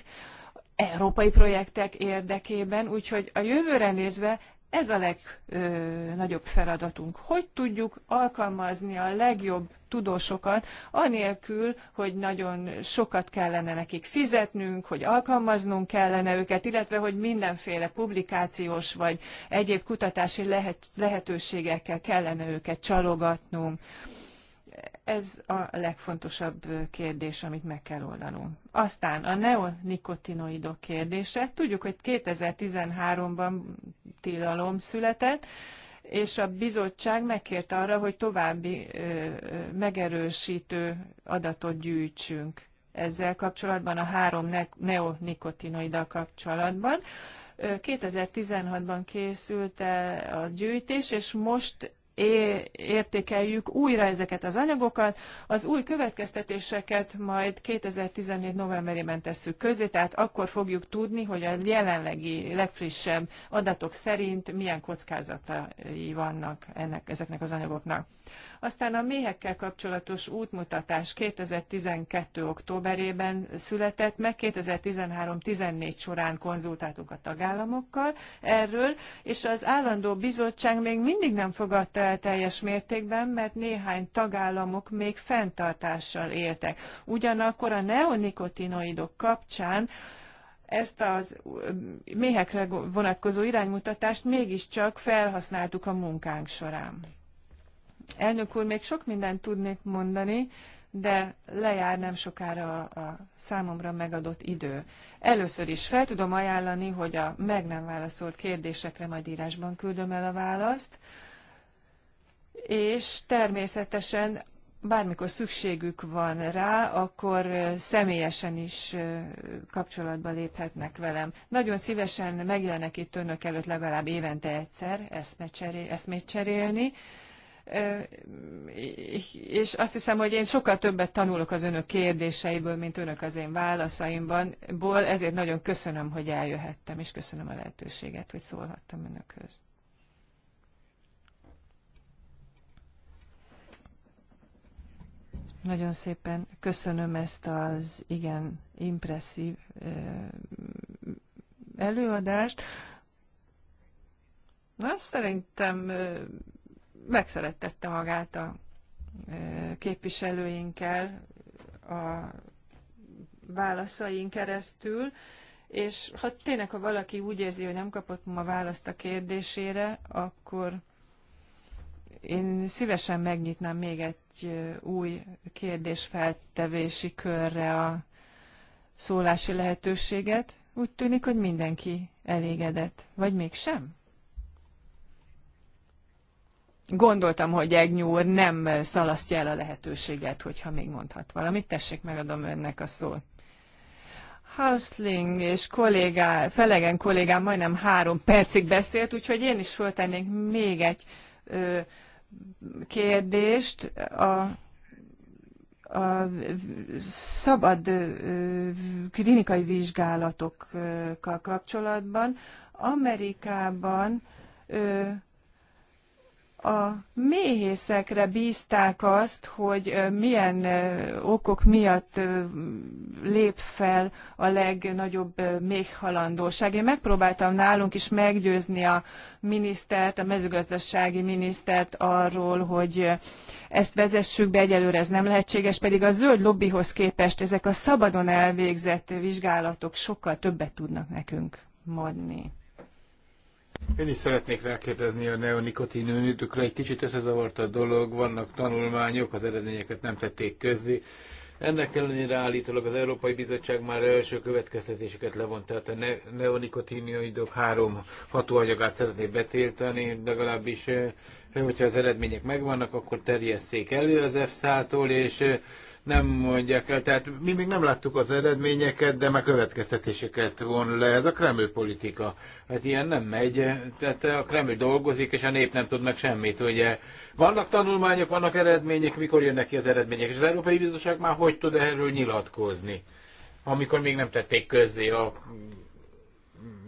európai projektek érdekében, úgyhogy a jövőre nézve ez a legnagyobb feladatunk. Hogy tudjuk alkalmazni a legjobb tudósokat, anélkül, hogy nagyon sokat kellene nekik fizetnünk, hogy alkalmaznunk kellene őket, illetve hogy mindenféle publikációs vagy egyéb kutatási lehet, lehetőségekkel kellene őket csalogatnunk ez a legfontosabb kérdés, amit meg kell oldanunk. Aztán a neonikotinoidok kérdése. Tudjuk, hogy 2013-ban tilalom született, és a bizottság megkért arra, hogy további ö, megerősítő adatot gyűjtsünk ezzel kapcsolatban, a három ne- neonikotinoiddal kapcsolatban. 2016-ban készült el a gyűjtés, és most értékeljük újra ezeket az anyagokat, az új következtetéseket majd 2014 novemberében tesszük közé, tehát akkor fogjuk tudni, hogy a jelenlegi legfrissebb adatok szerint milyen kockázatai vannak ennek, ezeknek az anyagoknak. Aztán a méhekkel kapcsolatos útmutatás 2012. októberében született meg, 2013-14 során konzultáltunk a tagállamokkal erről, és az állandó bizottság még mindig nem fogadta fel teljes mértékben, mert néhány tagállamok még fenntartással éltek. Ugyanakkor a neonikotinoidok kapcsán ezt az méhekre vonatkozó iránymutatást mégiscsak felhasználtuk a munkánk során. Elnök úr, még sok mindent tudnék mondani, de lejár nem sokára a, a számomra megadott idő. Először is fel tudom ajánlani, hogy a meg nem válaszolt kérdésekre majd írásban küldöm el a választ és természetesen bármikor szükségük van rá, akkor személyesen is kapcsolatba léphetnek velem. Nagyon szívesen megjelenek itt önök előtt legalább évente egyszer eszmét cserélni, és azt hiszem, hogy én sokkal többet tanulok az önök kérdéseiből, mint önök az én válaszaimban. ból, ezért nagyon köszönöm, hogy eljöhettem, és köszönöm a lehetőséget, hogy szólhattam önökhöz. Nagyon szépen köszönöm ezt az igen impresszív előadást. Na, szerintem megszerettette magát a képviselőinkkel a válaszaink keresztül, és ha tényleg, ha valaki úgy érzi, hogy nem kapott ma választ a kérdésére, akkor én szívesen megnyitnám még egy új kérdésfeltevési körre a szólási lehetőséget. Úgy tűnik, hogy mindenki elégedett, vagy mégsem? Gondoltam, hogy egy nyúr nem szalasztja el a lehetőséget, hogyha még mondhat valamit. Tessék, megadom önnek a szót. Hausling és kollégá, Felegen kollégám majdnem három percig beszélt, úgyhogy én is föltennék még egy ö, kérdést a a szabad klinikai vizsgálatokkal kapcsolatban. Amerikában a méhészekre bízták azt, hogy milyen okok miatt lép fel a legnagyobb méhhalandóság. Én megpróbáltam nálunk is meggyőzni a minisztert, a mezőgazdasági minisztert arról, hogy ezt vezessük be, egyelőre ez nem lehetséges, pedig a zöld lobbyhoz képest ezek a szabadon elvégzett vizsgálatok sokkal többet tudnak nekünk mondni. Én is szeretnék rákérdezni a neonikotinőnökre. Egy kicsit összezavart a dolog, vannak tanulmányok, az eredményeket nem tették közzé. Ennek ellenére állítólag az Európai Bizottság már első következtetéseket levont, tehát a ne- neonikotinioidok három hatóanyagát szeretné betiltani, legalábbis eh, hogyha az eredmények megvannak, akkor terjesszék elő az EFSA-tól, és eh, nem mondják el. Tehát mi még nem láttuk az eredményeket, de már következtetéseket von le. Ez a Kreml politika. Hát ilyen nem megy. Tehát a Kreml dolgozik, és a nép nem tud meg semmit. Ugye vannak tanulmányok, vannak eredmények, mikor jönnek ki az eredmények. És az Európai Bizottság már hogy tud erről nyilatkozni, amikor még nem tették közzé a,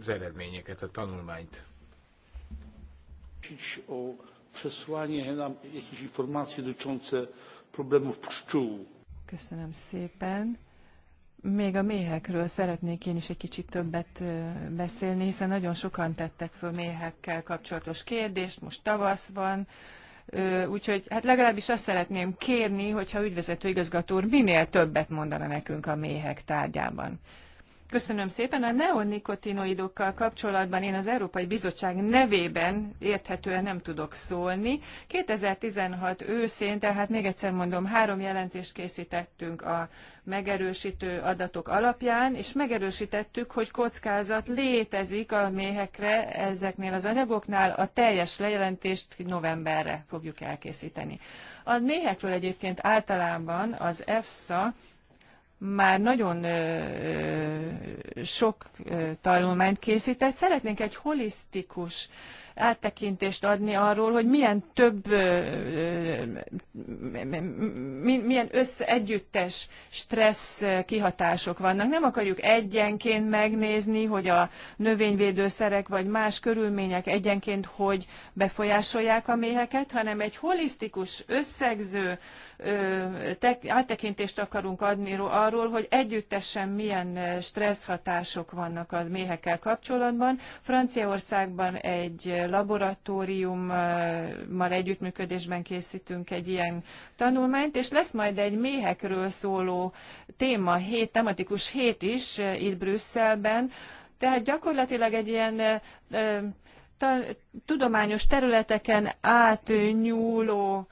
az eredményeket, a tanulmányt. O przesłanie nam jakichś informacji problemów pszczół. Köszönöm szépen. Még a méhekről szeretnék én is egy kicsit többet beszélni, hiszen nagyon sokan tettek föl méhekkel kapcsolatos kérdést, most tavasz van, úgyhogy hát legalábbis azt szeretném kérni, hogyha ügyvezető igazgató úr minél többet mondana nekünk a méhek tárgyában. Köszönöm szépen. A neonikotinoidokkal kapcsolatban én az Európai Bizottság nevében érthetően nem tudok szólni. 2016 őszén, tehát még egyszer mondom, három jelentést készítettünk a megerősítő adatok alapján, és megerősítettük, hogy kockázat létezik a méhekre ezeknél az anyagoknál. A teljes lejelentést novemberre fogjuk elkészíteni. A méhekről egyébként általában az EFSA már nagyon sok tanulmányt készített. Szeretnénk egy holisztikus áttekintést adni arról, hogy milyen több, milyen összeegyüttes stressz kihatások vannak. Nem akarjuk egyenként megnézni, hogy a növényvédőszerek vagy más körülmények egyenként hogy befolyásolják a méheket, hanem egy holisztikus, összegző, áttekintést akarunk adni arról, hogy együttesen milyen stressz hatások vannak a méhekkel kapcsolatban. Franciaországban egy laboratóriummal együttműködésben készítünk egy ilyen tanulmányt, és lesz majd egy méhekről szóló téma hét, tematikus hét is itt Brüsszelben, tehát gyakorlatilag egy ilyen tudományos területeken átnyúló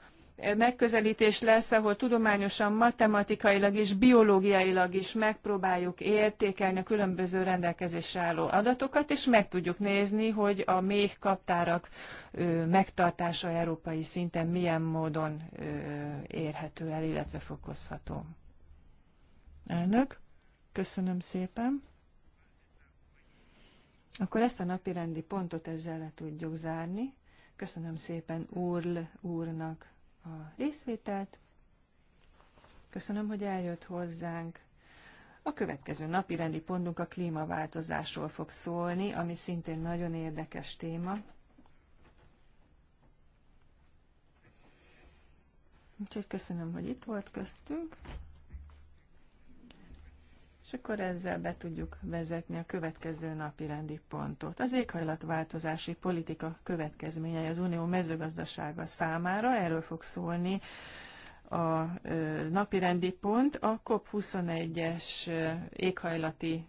megközelítés lesz, ahol tudományosan, matematikailag és biológiailag is megpróbáljuk értékelni a különböző rendelkezésre álló adatokat, és meg tudjuk nézni, hogy a méh kaptárak megtartása európai szinten milyen módon érhető el, illetve fokozható. Elnök, köszönöm szépen. Akkor ezt a napirendi pontot ezzel le tudjuk zárni. Köszönöm szépen Úrl úrnak a részvételt. Köszönöm, hogy eljött hozzánk. A következő napi rendi pontunk a klímaváltozásról fog szólni, ami szintén nagyon érdekes téma. Úgyhogy köszönöm, hogy itt volt köztünk és akkor ezzel be tudjuk vezetni a következő napi rendi pontot. Az éghajlatváltozási politika következményei az Unió mezőgazdasága számára, erről fog szólni a rendi pont. A COP21-es éghajlati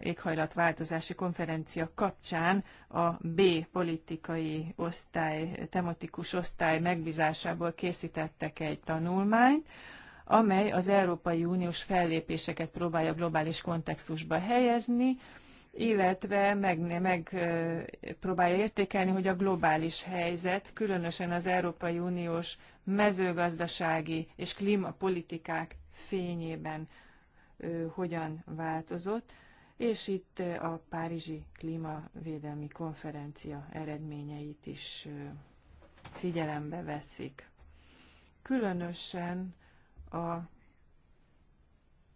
éghajlatváltozási konferencia kapcsán a B politikai osztály, tematikus osztály megbízásából készítettek egy tanulmányt, amely az Európai Uniós fellépéseket próbálja globális kontextusba helyezni, illetve megpróbálja meg értékelni, hogy a globális helyzet, különösen az Európai Uniós mezőgazdasági és klímapolitikák fényében ö, hogyan változott, és itt a Párizsi Klímavédelmi Konferencia eredményeit is ö, figyelembe veszik. Különösen a,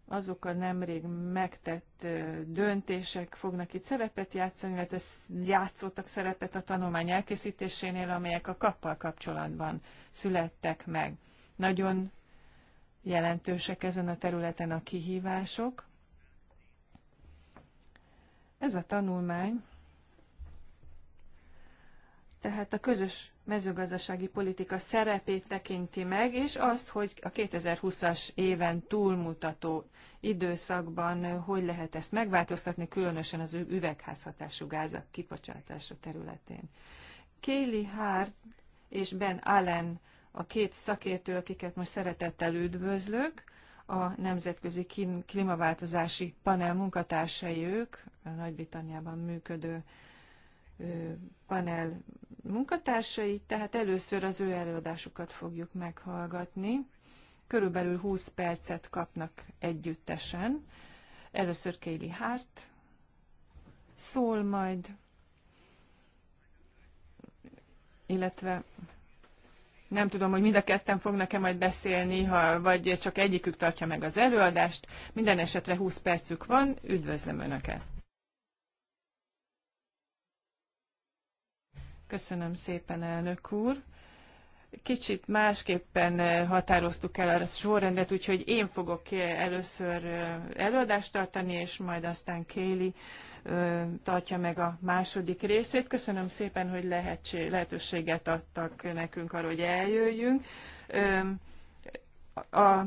azok a nemrég megtett döntések fognak itt szerepet játszani, illetve játszottak szerepet a tanulmány elkészítésénél, amelyek a kappal kapcsolatban születtek meg. Nagyon jelentősek ezen a területen a kihívások. Ez a tanulmány tehát a közös mezőgazdasági politika szerepét tekinti meg, és azt, hogy a 2020-as éven túlmutató időszakban hogy lehet ezt megváltoztatni, különösen az üvegházhatású gázak kipocsátása területén. Kéli Hart és Ben Allen a két szakértő, akiket most szeretettel üdvözlök, a Nemzetközi Klímaváltozási Panel munkatársai ők, a Nagy-Britanniában működő panel munkatársai, tehát először az ő előadásukat fogjuk meghallgatni. Körülbelül 20 percet kapnak együttesen. Először Kéli Hárt szól majd, illetve nem tudom, hogy mind a ketten fognak-e majd beszélni, ha, vagy csak egyikük tartja meg az előadást. Minden esetre 20 percük van, üdvözlöm Önöket! Köszönöm szépen, elnök úr. Kicsit másképpen eh, határoztuk el a sorrendet, úgyhogy én fogok eh, először eh, előadást tartani, és majd aztán Kéli tartja meg a második részét. Köszönöm szépen, hogy lehetőséget adtak nekünk arra, hogy eljöjjünk a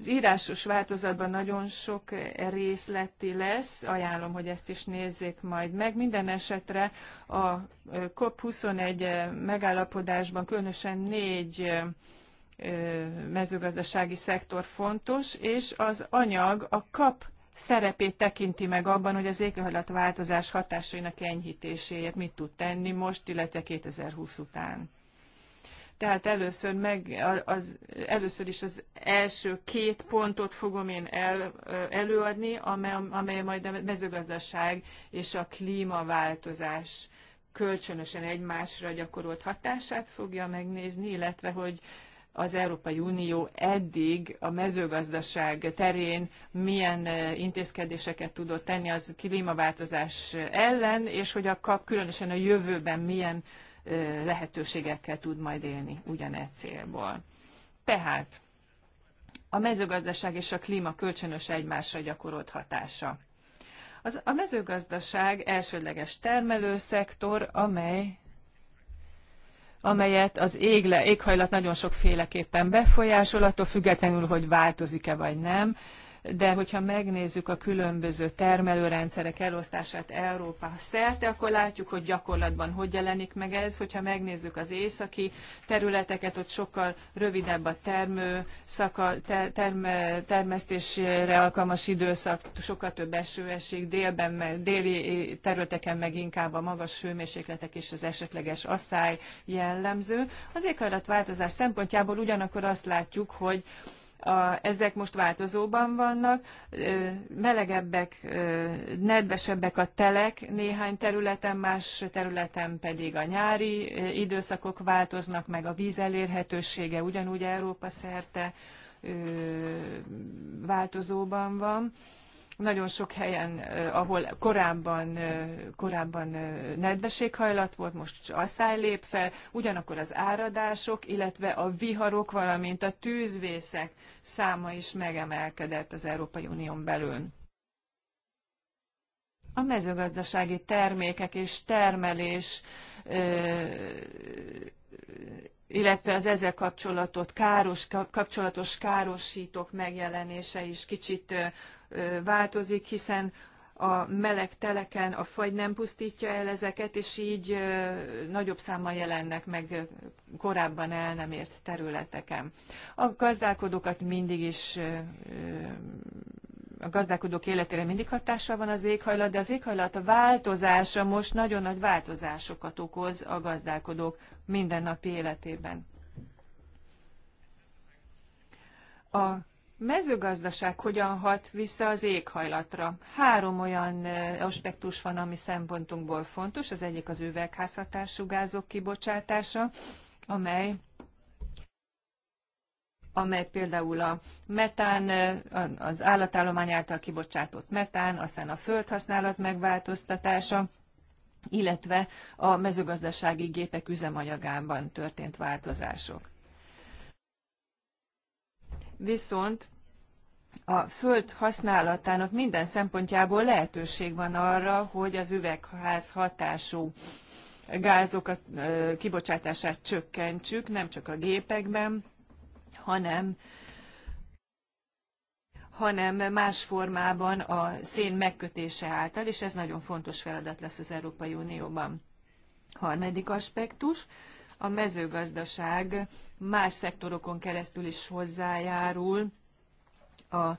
az írásos változatban nagyon sok részleti lesz, ajánlom, hogy ezt is nézzék majd meg. Minden esetre a COP21 megállapodásban különösen négy mezőgazdasági szektor fontos, és az anyag a kap szerepét tekinti meg abban, hogy az éghajlatváltozás hatásainak enyhítéséért mit tud tenni most, illetve 2020 után. Tehát először, meg, az, először is az első két pontot fogom én el, előadni, amely, amely majd a mezőgazdaság és a klímaváltozás kölcsönösen egymásra gyakorolt hatását fogja megnézni, illetve hogy az Európai Unió eddig a mezőgazdaság terén milyen intézkedéseket tudott tenni az klímaváltozás ellen, és hogy a kap különösen a jövőben milyen lehetőségekkel tud majd élni ugyane célból. Tehát a mezőgazdaság és a klíma kölcsönös egymásra gyakorolt hatása. Az, a mezőgazdaság elsődleges termelőszektor, amely amelyet az égle, éghajlat nagyon sokféleképpen befolyásol, attól függetlenül, hogy változik-e vagy nem de hogyha megnézzük a különböző termelőrendszerek elosztását Európa szerte, akkor látjuk, hogy gyakorlatban hogy jelenik meg ez. Hogyha megnézzük az északi területeket, ott sokkal rövidebb a termő szaka, terme, termesztésre alkalmas időszak, sokkal több eső esik, délben, déli területeken meg inkább a magas hőmérsékletek és az esetleges asszály jellemző. Az éghajlatváltozás szempontjából ugyanakkor azt látjuk, hogy a, ezek most változóban vannak, melegebbek, nedvesebbek a telek néhány területen, más területen pedig a nyári időszakok változnak, meg a víz elérhetősége ugyanúgy Európa szerte változóban van nagyon sok helyen, eh, ahol korábban, eh, korábban eh, nedvességhajlat volt, most asszály lép fel, ugyanakkor az áradások, illetve a viharok, valamint a tűzvészek száma is megemelkedett az Európai Unión belül. A mezőgazdasági termékek és termelés illetve az ezzel kapcsolatot káros, kapcsolatos károsítók megjelenése is kicsit változik, hiszen a meleg teleken a fagy nem pusztítja el ezeket, és így nagyobb száma jelennek meg korábban el nem ért területeken. A gazdálkodókat mindig is a gazdálkodók életére mindig hatással van az éghajlat, de az éghajlat a változása most nagyon nagy változásokat okoz a gazdálkodók mindennapi életében. A mezőgazdaság hogyan hat vissza az éghajlatra? Három olyan aspektus van, ami szempontunkból fontos. Az egyik az üvegházhatású gázok kibocsátása, amely amely például a metán, eh, az állatállomány által kibocsátott metán, aztán a földhasználat megváltoztatása, illetve a mezőgazdasági gépek üzemanyagában történt változások. Viszont a föld használatának minden szempontjából lehetőség van arra, hogy az üvegház hatású gázok eh, kibocsátását csökkentsük, nem csak a gépekben, hanem hanem más formában a szén megkötése által, és ez nagyon fontos feladat lesz az Európai Unióban. Harmadik aspektus, a mezőgazdaság más szektorokon keresztül is hozzájárul a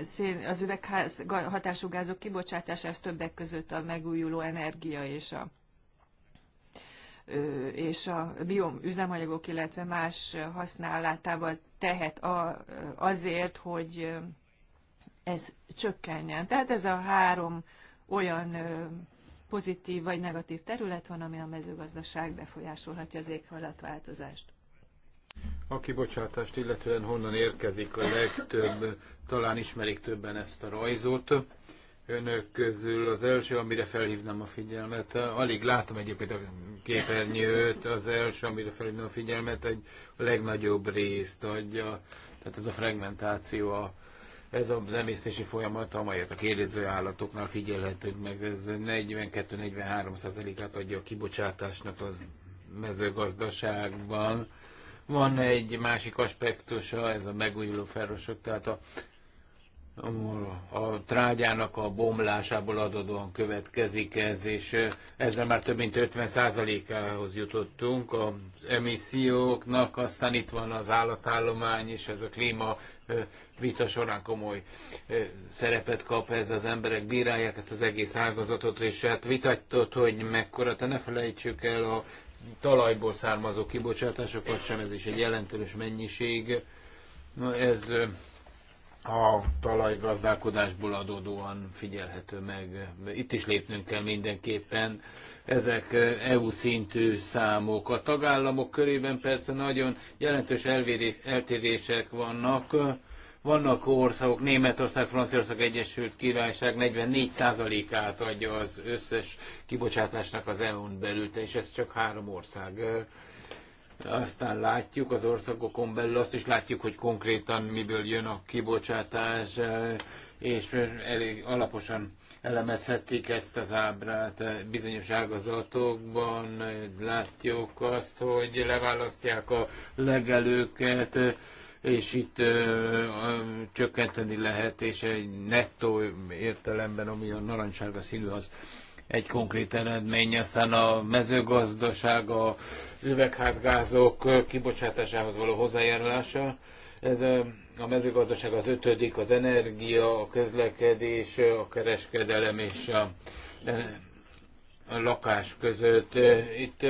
szén, az üvegház hatású gázok kibocsátásához többek között a megújuló energia és a és a biom üzemanyagok illetve más használatával tehet a, azért, hogy ez csökkenjen. Tehát ez a három olyan pozitív vagy negatív terület van, ami a mezőgazdaság befolyásolhatja az éghajlatváltozást. A kibocsátást illetően honnan érkezik a legtöbb, talán ismerik többen ezt a rajzot önök közül az első, amire felhívnám a figyelmet, alig látom egyébként a képernyőt, az első, amire felhívnám a figyelmet, hogy a legnagyobb részt adja, tehát ez a fragmentáció, a, ez a emésztési folyamat, amelyet a kérdező állatoknál figyelhetünk meg, ez 42-43%-át adja a kibocsátásnak a mezőgazdaságban. Van egy másik aspektusa, ez a megújuló ferosok, tehát a a trágyának a bomlásából adódóan következik ez, és ezzel már több mint 50%-ához jutottunk az emisszióknak, aztán itt van az állatállomány, és ez a klíma vita során komoly szerepet kap ez, az emberek bírálják ezt az egész ágazatot, és hát vitatott, hogy mekkora, te ne felejtsük el a talajból származó kibocsátásokat sem, ez is egy jelentős mennyiség. Na ez a talajgazdálkodásból adódóan figyelhető meg. Itt is lépnünk kell mindenképpen. Ezek eh, EU szintű számok. A tagállamok körében persze nagyon jelentős eltérések vannak. Vannak országok, Németország, Franciaország, Egyesült Királyság 44%-át adja az összes kibocsátásnak az EU-n belül, és ez csak három ország. Aztán látjuk az országokon belül azt is látjuk, hogy konkrétan miből jön a kibocsátás, eh, és elég alaposan elemezhetik ezt az ábrát. Bizonyos ágazatokban látjuk azt, hogy leválasztják a legelőket, és itt ö, eh, ö, csökkenteni lehet, és egy nettó értelemben, ami a narancsárga színű, az egy konkrét eredmény, aztán a mezőgazdaság, a üvegházgázok kibocsátásához való hozzájárulása. Ez a, a mezőgazdaság az ötödik, az energia, a közlekedés, a kereskedelem és a, a lakás között. Itt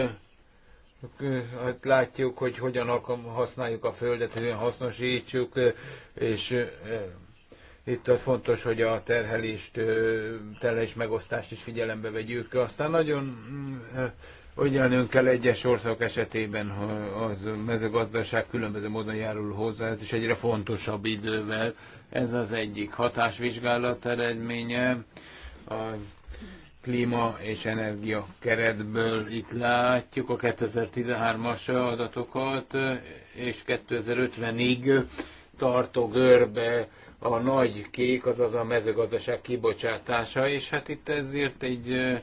hát látjuk, hogy hogyan használjuk a földet, hogyan hasznosítsuk, és itt az fontos, hogy a terhelést, terhelés megosztást is figyelembe vegyük. Aztán nagyon ügyelnünk mm, kell egyes országok esetében, az mezőgazdaság különböző módon járul hozzá, ez is egyre fontosabb idővel. Ez az egyik hatásvizsgálat eredménye. A klíma és energia keretből itt látjuk a 2013-as adatokat, és 2050-ig tartó görbe a nagy kék, azaz a mezőgazdaság kibocsátása, és hát itt ezért egy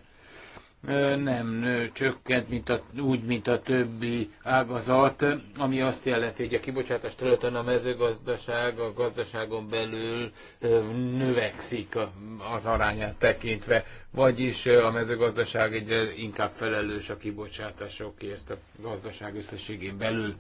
nem csökkent, mint a, úgy, mint a többi ágazat, ami azt jelenti, hogy a kibocsátás területen a mezőgazdaság a gazdaságon belül növekszik az arányát tekintve, vagyis a mezőgazdaság egyre inkább felelős a kibocsátásokért a gazdaság összességén belül.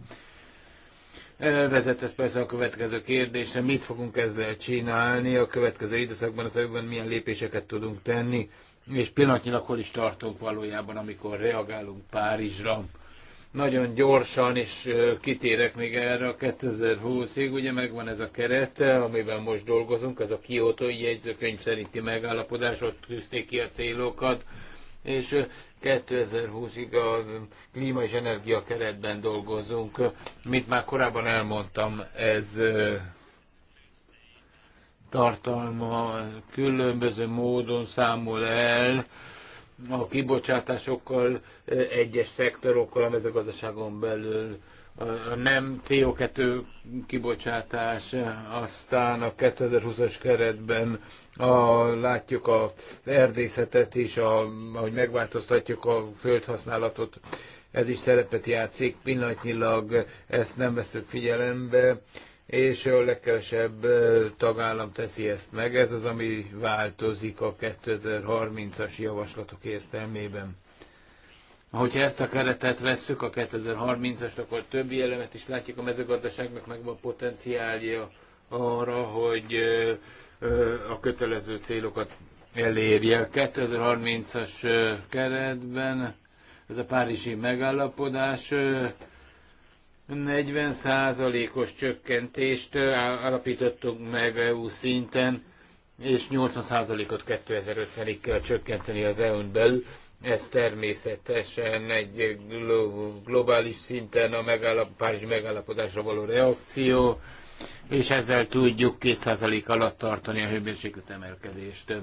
Vezet ez persze a következő kérdésre, mit fogunk ezzel csinálni a következő időszakban, az ebben milyen lépéseket tudunk tenni, és pillanatnyilag hol is tartunk valójában, amikor reagálunk Párizsra. Nagyon gyorsan, és kitérek még erre a 2020-ig, ugye megvan ez a keret, amiben most dolgozunk, ez a Kyoto jegyzőkönyv szerinti megállapodás, ott tűzték ki a célokat, és 2020-ig a klíma és energia keretben dolgozunk. Mint már korábban elmondtam, ez tartalma különböző módon számol el a kibocsátásokkal, egyes szektorokkal a mezőgazdaságon belül nem CO2 kibocsátás, aztán a 2020-as keretben a, látjuk a erdészetet is, a, ahogy megváltoztatjuk a földhasználatot, ez is szerepet játszik, pillanatnyilag ezt nem veszük figyelembe, és a legkevesebb tagállam teszi ezt meg, ez az, ami változik a 2030-as javaslatok értelmében. Hogyha ezt a keretet vesszük, a 2030-ast, akkor a többi elemet is látjuk, a mezőgazdaságnak megvan potenciálja arra, hogy a kötelező célokat elérje. A 2030-as keretben ez a párizsi megállapodás 40%-os csökkentést alapítottunk meg EU szinten, és 80%-ot 2050-ig kell csökkenteni az EU-n belül. Ez természetesen egy globális szinten a megállap, Párizsi megállapodásra való reakció, és ezzel tudjuk 2% alatt tartani a hőmérséklet emelkedést,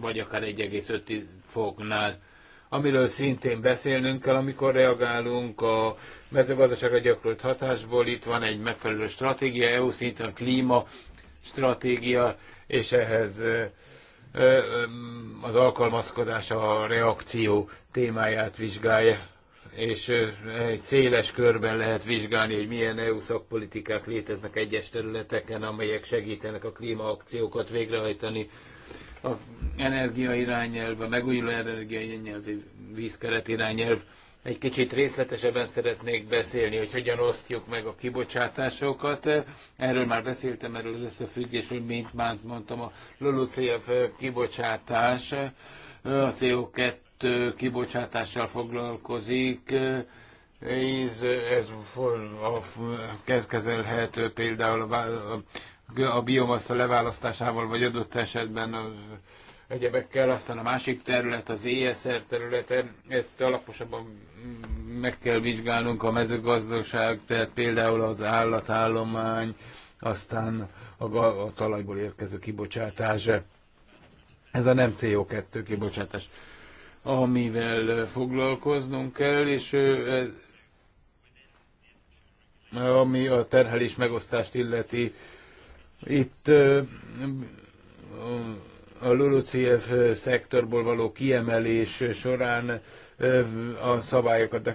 vagy akár 1,5 foknál amiről szintén beszélnünk kell, amikor reagálunk a mezőgazdaságra gyakorolt hatásból. Itt van egy megfelelő stratégia, EU szinten a klíma stratégia, és ehhez az alkalmazkodás a reakció témáját vizsgálja, és egy széles körben lehet vizsgálni, hogy milyen EU szakpolitikák léteznek egyes területeken, amelyek segítenek a klímaakciókat végrehajtani. A energia irányelv, a megújuló energia irányelv, vízkeret irányelv, egy kicsit részletesebben szeretnék beszélni, hogy hogyan osztjuk meg a kibocsátásokat. Erről már beszéltem, erről az összefüggésről, mint már mondtam, a LULUCF kibocsátás a CO2 kibocsátással foglalkozik, ez, ez kezelhető például a, a biomassa leválasztásával, vagy adott esetben az egyebekkel, aztán a másik terület, az ESR területe, ezt alaposabban meg kell vizsgálnunk a mezőgazdaság, tehát például az állatállomány, aztán a, a talajból érkező kibocsátás, ez a nem CO2 kibocsátás, amivel foglalkoznunk kell, és e, ami a terhelés megosztást illeti, itt a LULUCF szektorból való kiemelés során a szabályokat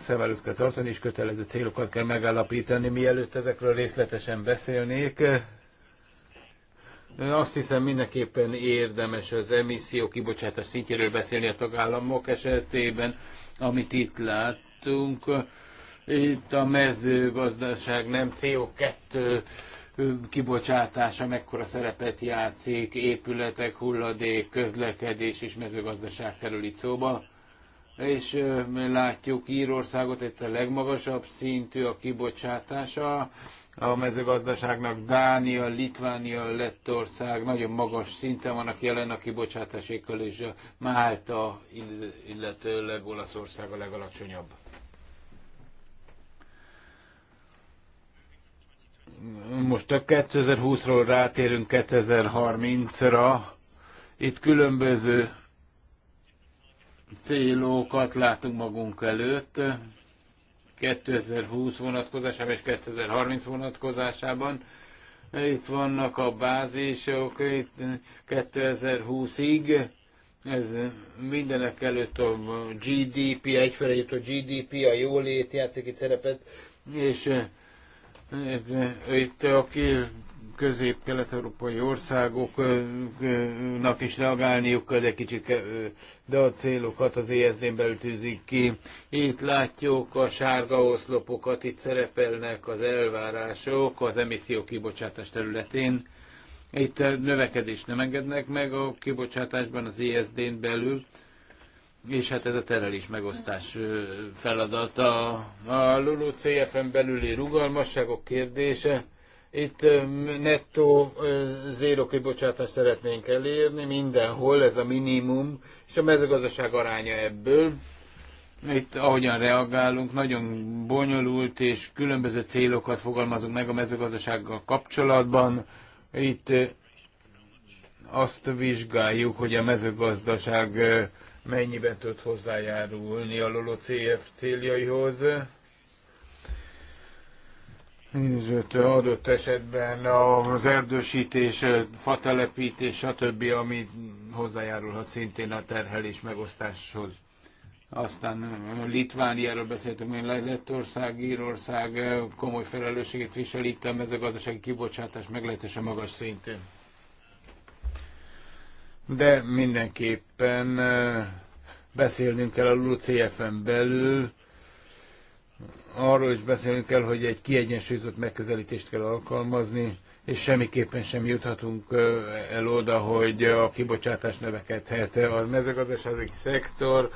szem előtt kell tartani, és kötelező célokat kell megállapítani. Mielőtt ezekről részletesen beszélnék, azt hiszem mindenképpen érdemes az emisszió kibocsátás szintjéről beszélni a tagállamok esetében, amit itt láttunk. Itt a mezőgazdaság nem CO2 kibocsátása mekkora szerepet játszik, épületek, hulladék, közlekedés és mezőgazdaság kerül itt szóba. És látjuk Írországot, itt a legmagasabb szintű a kibocsátása a mezőgazdaságnak. Dánia, Litvánia, Lettország nagyon magas szinten vannak jelen a kibocsátásékkal, és Málta, illetőleg Olaszország a legalacsonyabb. most a 2020-ról rátérünk 2030-ra. Itt különböző célokat látunk magunk előtt. 2020 vonatkozásában és 2030 vonatkozásában. Itt vannak a bázisok, itt 2020-ig, ez mindenek előtt a GDP, egyfelé a GDP, a jólét játszik itt szerepet, és itt a közép-kelet-európai országoknak is reagálniuk kell, de kicsit de a célokat az ESD-n belül tűzik ki. Itt látjuk a sárga oszlopokat, itt szerepelnek az elvárások az emisszió kibocsátás területén. Itt növekedést nem engednek meg a kibocsátásban az ESD-n belül és hát ez a terelés megosztás feladata, a Lulu CFM belüli rugalmasságok kérdése. Itt nettó zéro kibocsátást szeretnénk elérni, mindenhol ez a minimum, és a mezőgazdaság aránya ebből. Itt ahogyan reagálunk, nagyon bonyolult és különböző célokat fogalmazunk meg a mezőgazdasággal kapcsolatban. Itt azt vizsgáljuk, hogy a mezőgazdaság mennyiben tud hozzájárulni a CF céljaihoz. Nézőt adott esetben az erdősítés, fatelepítés, stb., ami hozzájárulhat szintén a terhelés megosztáshoz. Aztán Litvániáról beszéltünk, mint Lettország, Írország komoly felelősségét viselít, itt a mezőgazdasági kibocsátás meglehetősen magas szintén de mindenképpen beszélnünk kell a LUCFM belül, arról is beszélnünk kell, hogy egy kiegyensúlyozott megközelítést kell alkalmazni, és semmiképpen sem juthatunk el oda, hogy a kibocsátás növekedhet. A mezőgazdasági szektor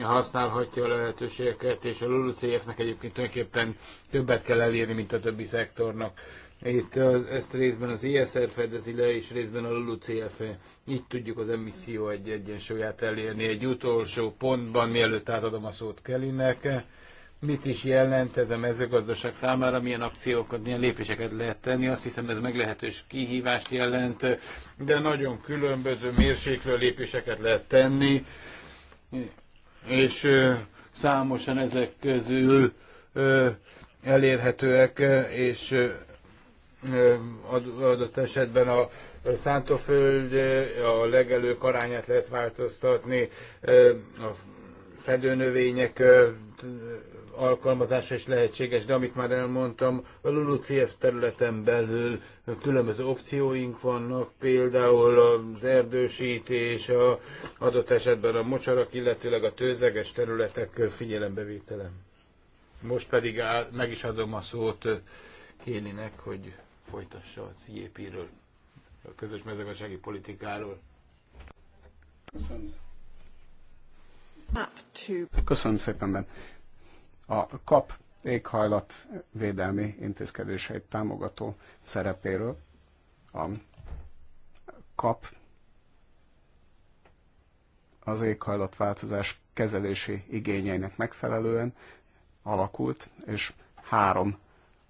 használhatja a lehetőségeket, és a LULUCF-nek egyébként tulajdonképpen többet kell elérni, mint a többi szektornak. Itt az, ezt részben az ISR fedezi le, és részben a LULUCF. Így tudjuk az emisszió egy egyensúlyát elérni. Egy utolsó pontban, mielőtt átadom a szót Kelinek, mit is jelent ez a mezőgazdaság számára, milyen akciókat, milyen lépéseket lehet tenni. Azt hiszem ez meglehetős kihívást jelent, de nagyon különböző mérséklő lépéseket lehet tenni, és számosan ezek közül elérhetőek, és adott esetben a szántóföld a legelő arányát lehet változtatni, a fedőnövények alkalmazása is lehetséges, de amit már elmondtam, a LULUCF területen belül különböző opcióink vannak, például az erdősítés, a adott esetben a mocsarak, illetőleg a tőzeges területek figyelembevétele. Most pedig meg is adom a szót Kélinek, hogy folytassa a CEP-ről, a közös mezőgazdasági politikáról. Köszönöm. Köszönöm szépen, Ben. A KAP éghajlat védelmi intézkedéseit támogató szerepéről a KAP az éghajlatváltozás kezelési igényeinek megfelelően alakult, és három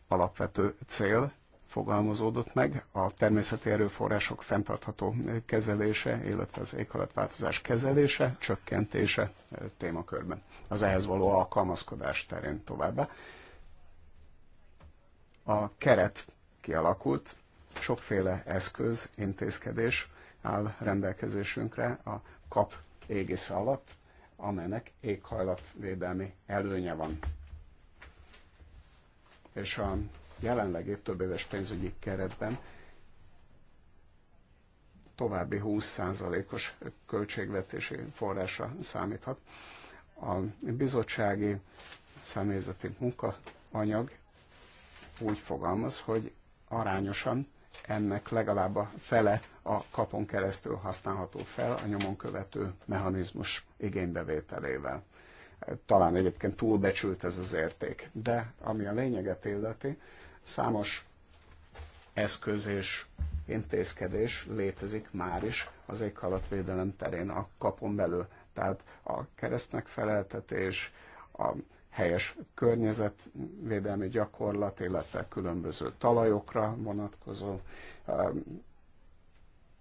alapvető cél fogalmazódott meg a természeti erőforrások fenntartható kezelése, illetve az éghajlatváltozás kezelése, csökkentése témakörben. Az ehhez való alkalmazkodás terén továbbá. A keret kialakult, sokféle eszköz, intézkedés áll rendelkezésünkre a kap égisze alatt, amelynek éghajlatvédelmi előnye van. És a jelenlegi több éves pénzügyi keretben további 20%-os költségvetési forrásra számíthat. A bizottsági személyzeti munkaanyag úgy fogalmaz, hogy arányosan ennek legalább a fele a kapon keresztül használható fel a nyomon követő mechanizmus igénybevételével. Talán egyébként túlbecsült ez az érték, de ami a lényeget illeti, Számos eszköz és intézkedés létezik már is az éghalatvédelem terén a kapon belül. Tehát a keresztnek feleltetés, a helyes környezetvédelmi gyakorlat, illetve különböző talajokra vonatkozó um,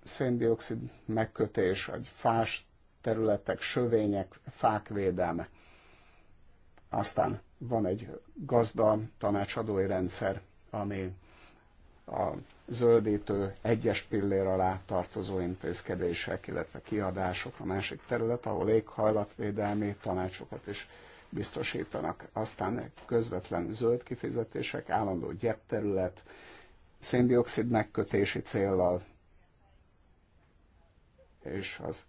széndiokszid megkötés, vagy fás területek, sövények, fák védelme. Aztán van egy gazda tanácsadói rendszer, ami a zöldítő egyes pillér alá tartozó intézkedések, illetve kiadások a másik terület, ahol éghajlatvédelmi tanácsokat is biztosítanak. Aztán közvetlen zöld kifizetések, állandó gyepterület, széndiokszid megkötési céllal, és az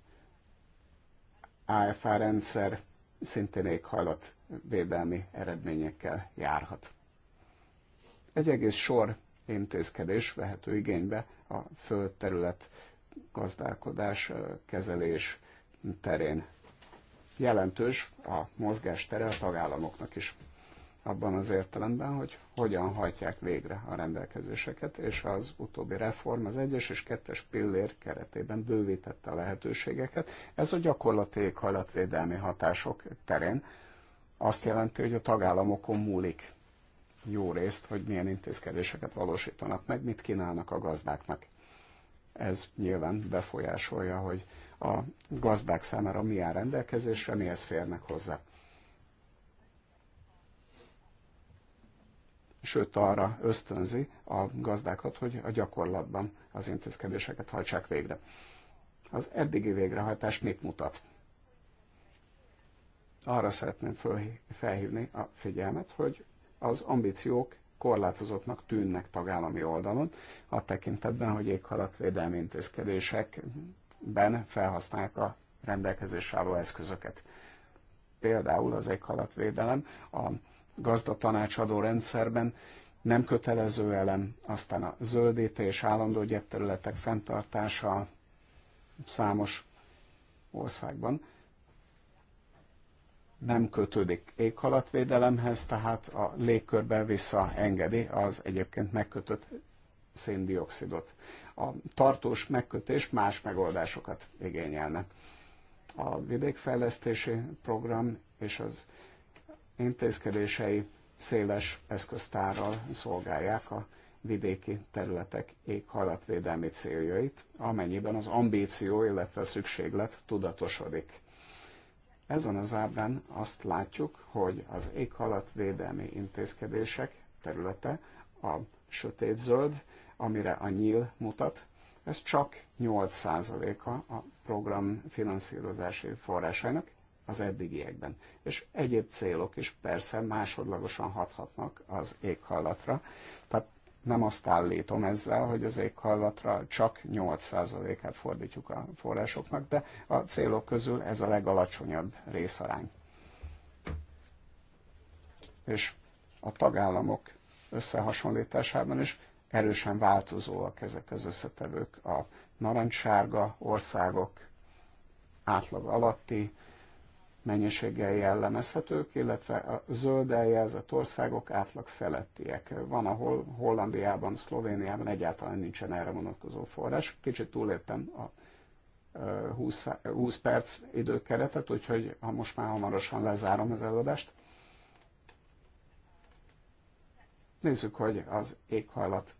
AFA rendszer szintén éghajlatvédelmi eredményekkel járhat. Egy egész sor intézkedés vehető igénybe a földterület gazdálkodás, kezelés terén. Jelentős a mozgástere a tagállamoknak is abban az értelemben, hogy hogyan hajtják végre a rendelkezéseket, és az utóbbi reform az egyes és kettes pillér keretében bővítette a lehetőségeket. Ez a gyakorlati éghajlatvédelmi hatások terén azt jelenti, hogy a tagállamokon múlik jó részt, hogy milyen intézkedéseket valósítanak meg, mit kínálnak a gazdáknak. Ez nyilván befolyásolja, hogy a gazdák számára mi áll rendelkezésre, mihez férnek hozzá. Sőt, arra ösztönzi a gazdákat, hogy a gyakorlatban az intézkedéseket hajtsák végre. Az eddigi végrehajtás mit mutat? arra szeretném felhívni a figyelmet, hogy az ambíciók korlátozottnak tűnnek tagállami oldalon, a tekintetben, hogy éghalatvédelmi intézkedésekben felhasználják a rendelkezés álló eszközöket. Például az éghalatvédelem a gazdatanácsadó rendszerben nem kötelező elem, aztán a zöldítés, állandó gyepterületek fenntartása számos országban nem kötődik éghalatvédelemhez, tehát a légkörben visszaengedi az egyébként megkötött széndiokszidot. A tartós megkötés más megoldásokat igényelne. A vidékfejlesztési program és az intézkedései széles eszköztárral szolgálják a vidéki területek éghajlatvédelmi céljait, amennyiben az ambíció, illetve szükséglet tudatosodik ezen az ábrán azt látjuk, hogy az éghalatvédelmi intézkedések területe a zöld, amire a nyíl mutat, ez csak 8%-a a program finanszírozási forrásainak az eddigiekben. És egyéb célok is persze másodlagosan hathatnak az éghajlatra. Tehát nem azt állítom ezzel, hogy az éghajlatra csak 8%-át fordítjuk a forrásoknak, de a célok közül ez a legalacsonyabb részarány. És a tagállamok összehasonlításában is erősen változóak ezek az összetevők. A narancssárga országok átlag alatti mennyiséggel jellemezhetők, illetve a zöld eljelzett országok átlag felettiek. Van, ahol Hollandiában, Szlovéniában egyáltalán nincsen erre vonatkozó forrás. Kicsit túléptem a 20, 20 perc időkeretet, úgyhogy ha most már hamarosan lezárom az előadást. Nézzük, hogy az éghajlat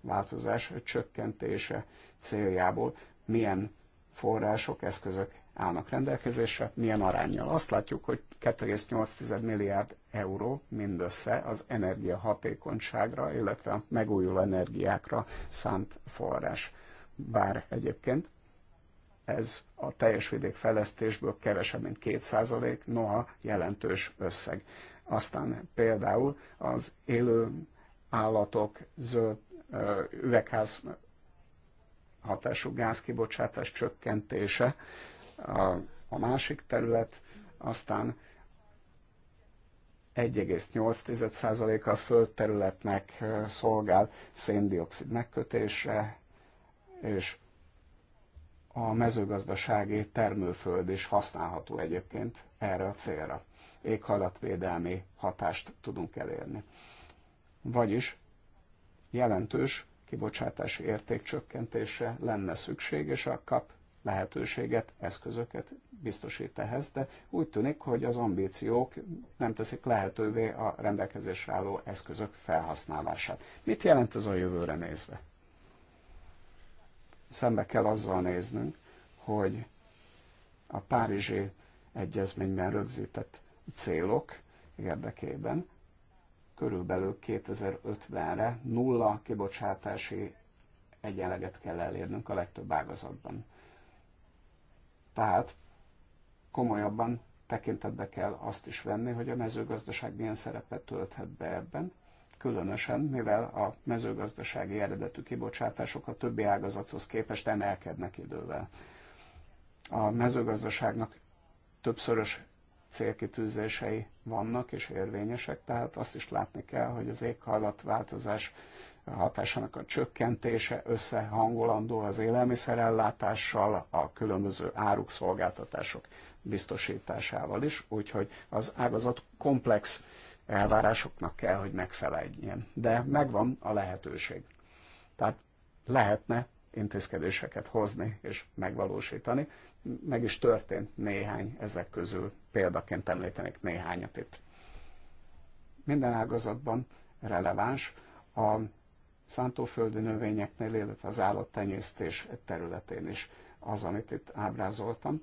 változás csökkentése céljából milyen források, eszközök állnak rendelkezésre, milyen arányjal. Azt látjuk, hogy 2,8 milliárd euró mindössze az energiahatékonyságra, illetve a megújuló energiákra szánt forrás. Bár egyébként ez a teljes vidék fejlesztésből kevesebb, mint 2%, noha jelentős összeg. Aztán például az élő állatok zöld üvegház hatású gázkibocsátás csökkentése a, a másik terület aztán 1,8%-a a földterületnek szolgál széndiokszid megkötésre, és a mezőgazdasági termőföld is használható egyébként erre a célra. Éghajlatvédelmi hatást tudunk elérni. Vagyis jelentős kibocsátási értékcsökkentésre lenne szükség, és a kap lehetőséget, eszközöket biztosít ehhez, de úgy tűnik, hogy az ambíciók nem teszik lehetővé a rendelkezésre álló eszközök felhasználását. Mit jelent ez a jövőre nézve? Szembe kell azzal néznünk, hogy a Párizsi Egyezményben rögzített célok érdekében körülbelül 2050-re nulla kibocsátási egyenleget kell elérnünk a legtöbb ágazatban. Tehát komolyabban tekintetbe kell azt is venni, hogy a mezőgazdaság milyen szerepet tölthet be ebben, különösen, mivel a mezőgazdasági eredetű kibocsátások a többi ágazathoz képest emelkednek idővel. A mezőgazdaságnak többszörös célkitűzései vannak és érvényesek, tehát azt is látni kell, hogy az éghajlatváltozás hatásának a csökkentése összehangolandó az élelmiszerellátással, a különböző áruk, szolgáltatások biztosításával is, úgyhogy az ágazat komplex elvárásoknak kell, hogy megfeleljen. De megvan a lehetőség. Tehát lehetne intézkedéseket hozni és megvalósítani. Meg is történt néhány ezek közül, példaként említenek néhányat itt. Minden ágazatban releváns a szántóföldi növényeknél, illetve az állattenyésztés területén is az, amit itt ábrázoltam.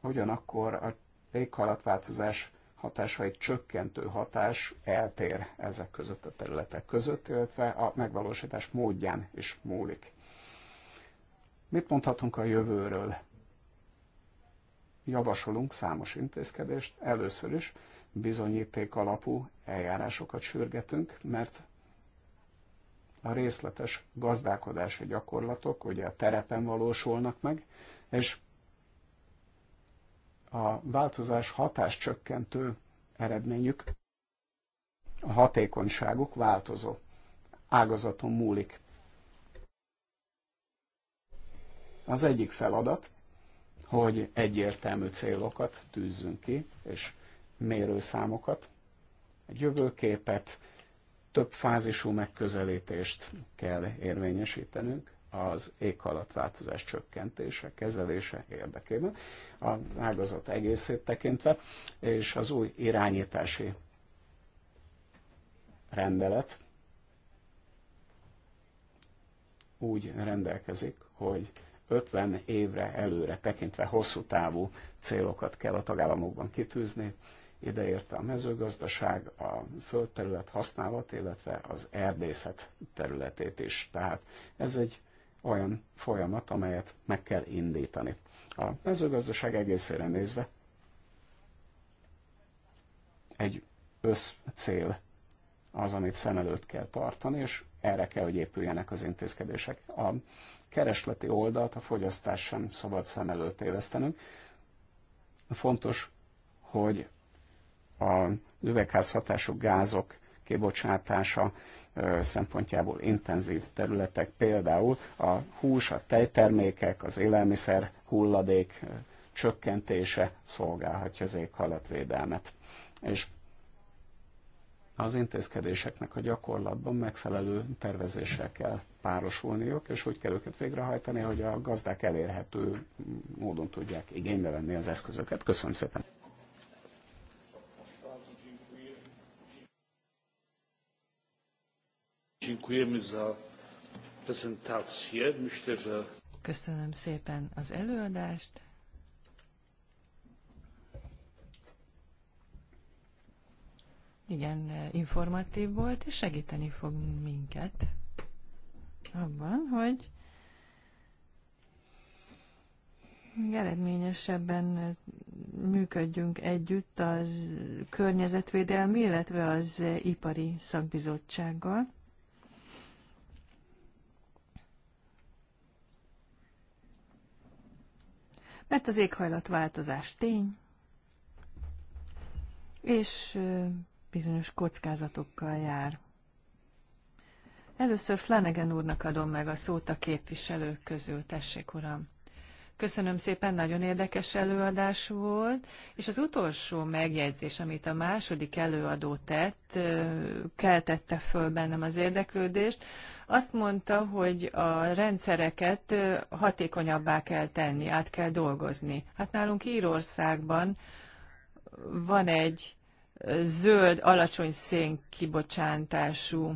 Ugyanakkor a éghajlatváltozás hatása egy csökkentő hatás eltér ezek között a területek között, illetve a megvalósítás módján is múlik. Mit mondhatunk a jövőről? Javasolunk számos intézkedést, először is bizonyíték alapú eljárásokat sürgetünk, mert a részletes gazdálkodási gyakorlatok ugye a terepen valósulnak meg, és a változás hatáscsökkentő eredményük, a hatékonyságuk változó. Ágazaton múlik. Az egyik feladat, hogy egyértelmű célokat tűzzünk ki, és mérőszámokat, egy jövőképet, több fázisú megközelítést kell érvényesítenünk az éghalatváltozás csökkentése, kezelése érdekében, a ágazat egészét tekintve, és az új irányítási rendelet úgy rendelkezik, hogy 50 évre előre tekintve hosszú távú célokat kell a tagállamokban kitűzni, ideérte a mezőgazdaság, a földterület használat, illetve az erdészet területét is. Tehát ez egy olyan folyamat, amelyet meg kell indítani. A mezőgazdaság egészére nézve egy összcél az, amit szem előtt kell tartani, és erre kell, hogy épüljenek az intézkedések. A keresleti oldalt, a fogyasztás sem szabad szem előtt évesztenünk. Fontos, hogy a üvegházhatású gázok kibocsátása szempontjából intenzív területek, például a hús, a tejtermékek, az élelmiszer hulladék csökkentése szolgálhatja az éghajlatvédelmet. És az intézkedéseknek a gyakorlatban megfelelő tervezéssel kell párosulniuk, és úgy kell őket végrehajtani, hogy a gazdák elérhető módon tudják igénybe venni az eszközöket. Köszönöm szépen! Köszönöm szépen az előadást. Igen, informatív volt, és segíteni fog minket abban, hogy eredményesebben működjünk együtt az környezetvédelmi, illetve az ipari szakbizottsággal. mert az éghajlatváltozás tény, és bizonyos kockázatokkal jár. Először Flanagan úrnak adom meg a szót a képviselők közül. Tessék, uram! Köszönöm szépen, nagyon érdekes előadás volt. És az utolsó megjegyzés, amit a második előadó tett, keltette föl bennem az érdeklődést, azt mondta, hogy a rendszereket hatékonyabbá kell tenni, át kell dolgozni. Hát nálunk Írországban van egy zöld, alacsony szénkibocsátású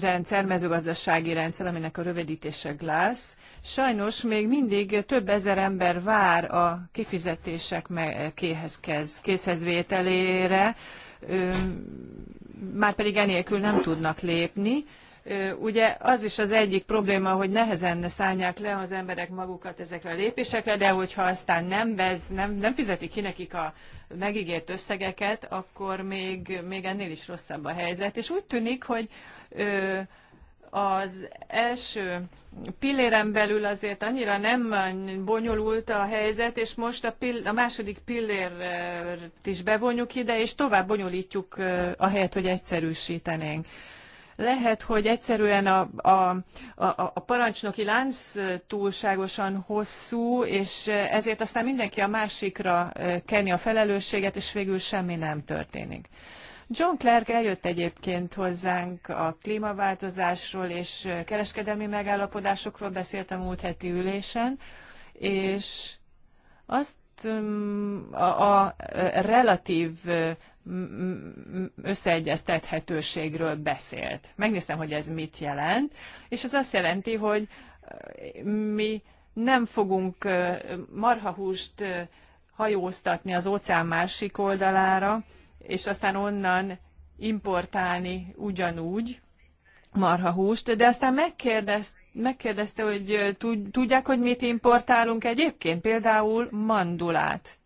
rendszer, mezőgazdasági rendszer, aminek a rövidítése GLASS. Sajnos még mindig több ezer ember vár a kifizetések kéhez, vételére, már pedig enélkül nem tudnak lépni Ugye az is az egyik probléma, hogy nehezen szállják le az emberek magukat ezekre a lépésekre, de hogyha aztán nem, vez, nem, nem fizeti ki nekik a megígért összegeket, akkor még, még ennél is rosszabb a helyzet. És úgy tűnik, hogy ö, az első pilléren belül azért annyira nem bonyolult a helyzet, és most a, pill- a második pillért is bevonjuk ide, és tovább bonyolítjuk a helyet, hogy egyszerűsítenénk. Lehet, hogy egyszerűen a, a, a, a parancsnoki lánc túlságosan hosszú, és ezért aztán mindenki a másikra keni a felelősséget, és végül semmi nem történik. John Clark eljött egyébként hozzánk a klímaváltozásról és kereskedelmi megállapodásokról beszélt a múlt heti ülésen, és azt mm, a, a relatív összeegyeztethetőségről beszélt. Megnéztem, hogy ez mit jelent, és ez azt jelenti, hogy mi nem fogunk marhahúst hajóztatni az óceán másik oldalára, és aztán onnan importálni ugyanúgy marhahúst, de aztán megkérdezt, megkérdezte, hogy tudják, hogy mit importálunk egyébként, például mandulát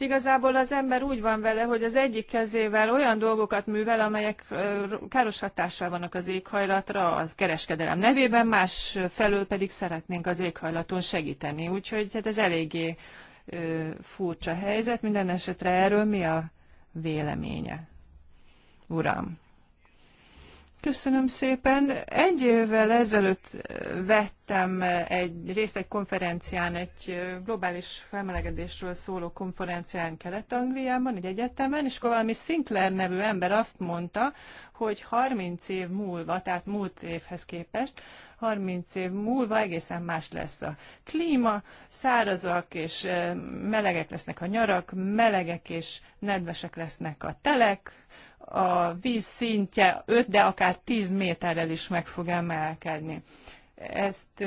Igazából az ember úgy van vele, hogy az egyik kezével olyan dolgokat művel, amelyek káros hatással vannak az éghajlatra, a kereskedelem nevében, más felől pedig szeretnénk az éghajlaton segíteni. Úgyhogy hát ez eléggé furcsa helyzet. Minden esetre erről mi a véleménye? Uram. Köszönöm szépen. Egy évvel ezelőtt eh, vettem eh, egy részt egy konferencián, egy eh, globális felmelegedésről szóló konferencián Kelet-Angliában, egy egyetemen, és akkor valami Sinclair nevű ember azt mondta, hogy 30 év múlva, tehát múlt évhez képest, 30 év múlva egészen más lesz a klíma, szárazak és melegek lesznek a nyarak, melegek és nedvesek lesznek a telek, a víz szintje 5, de akár 10 méterrel is meg fog emelkedni. Ezt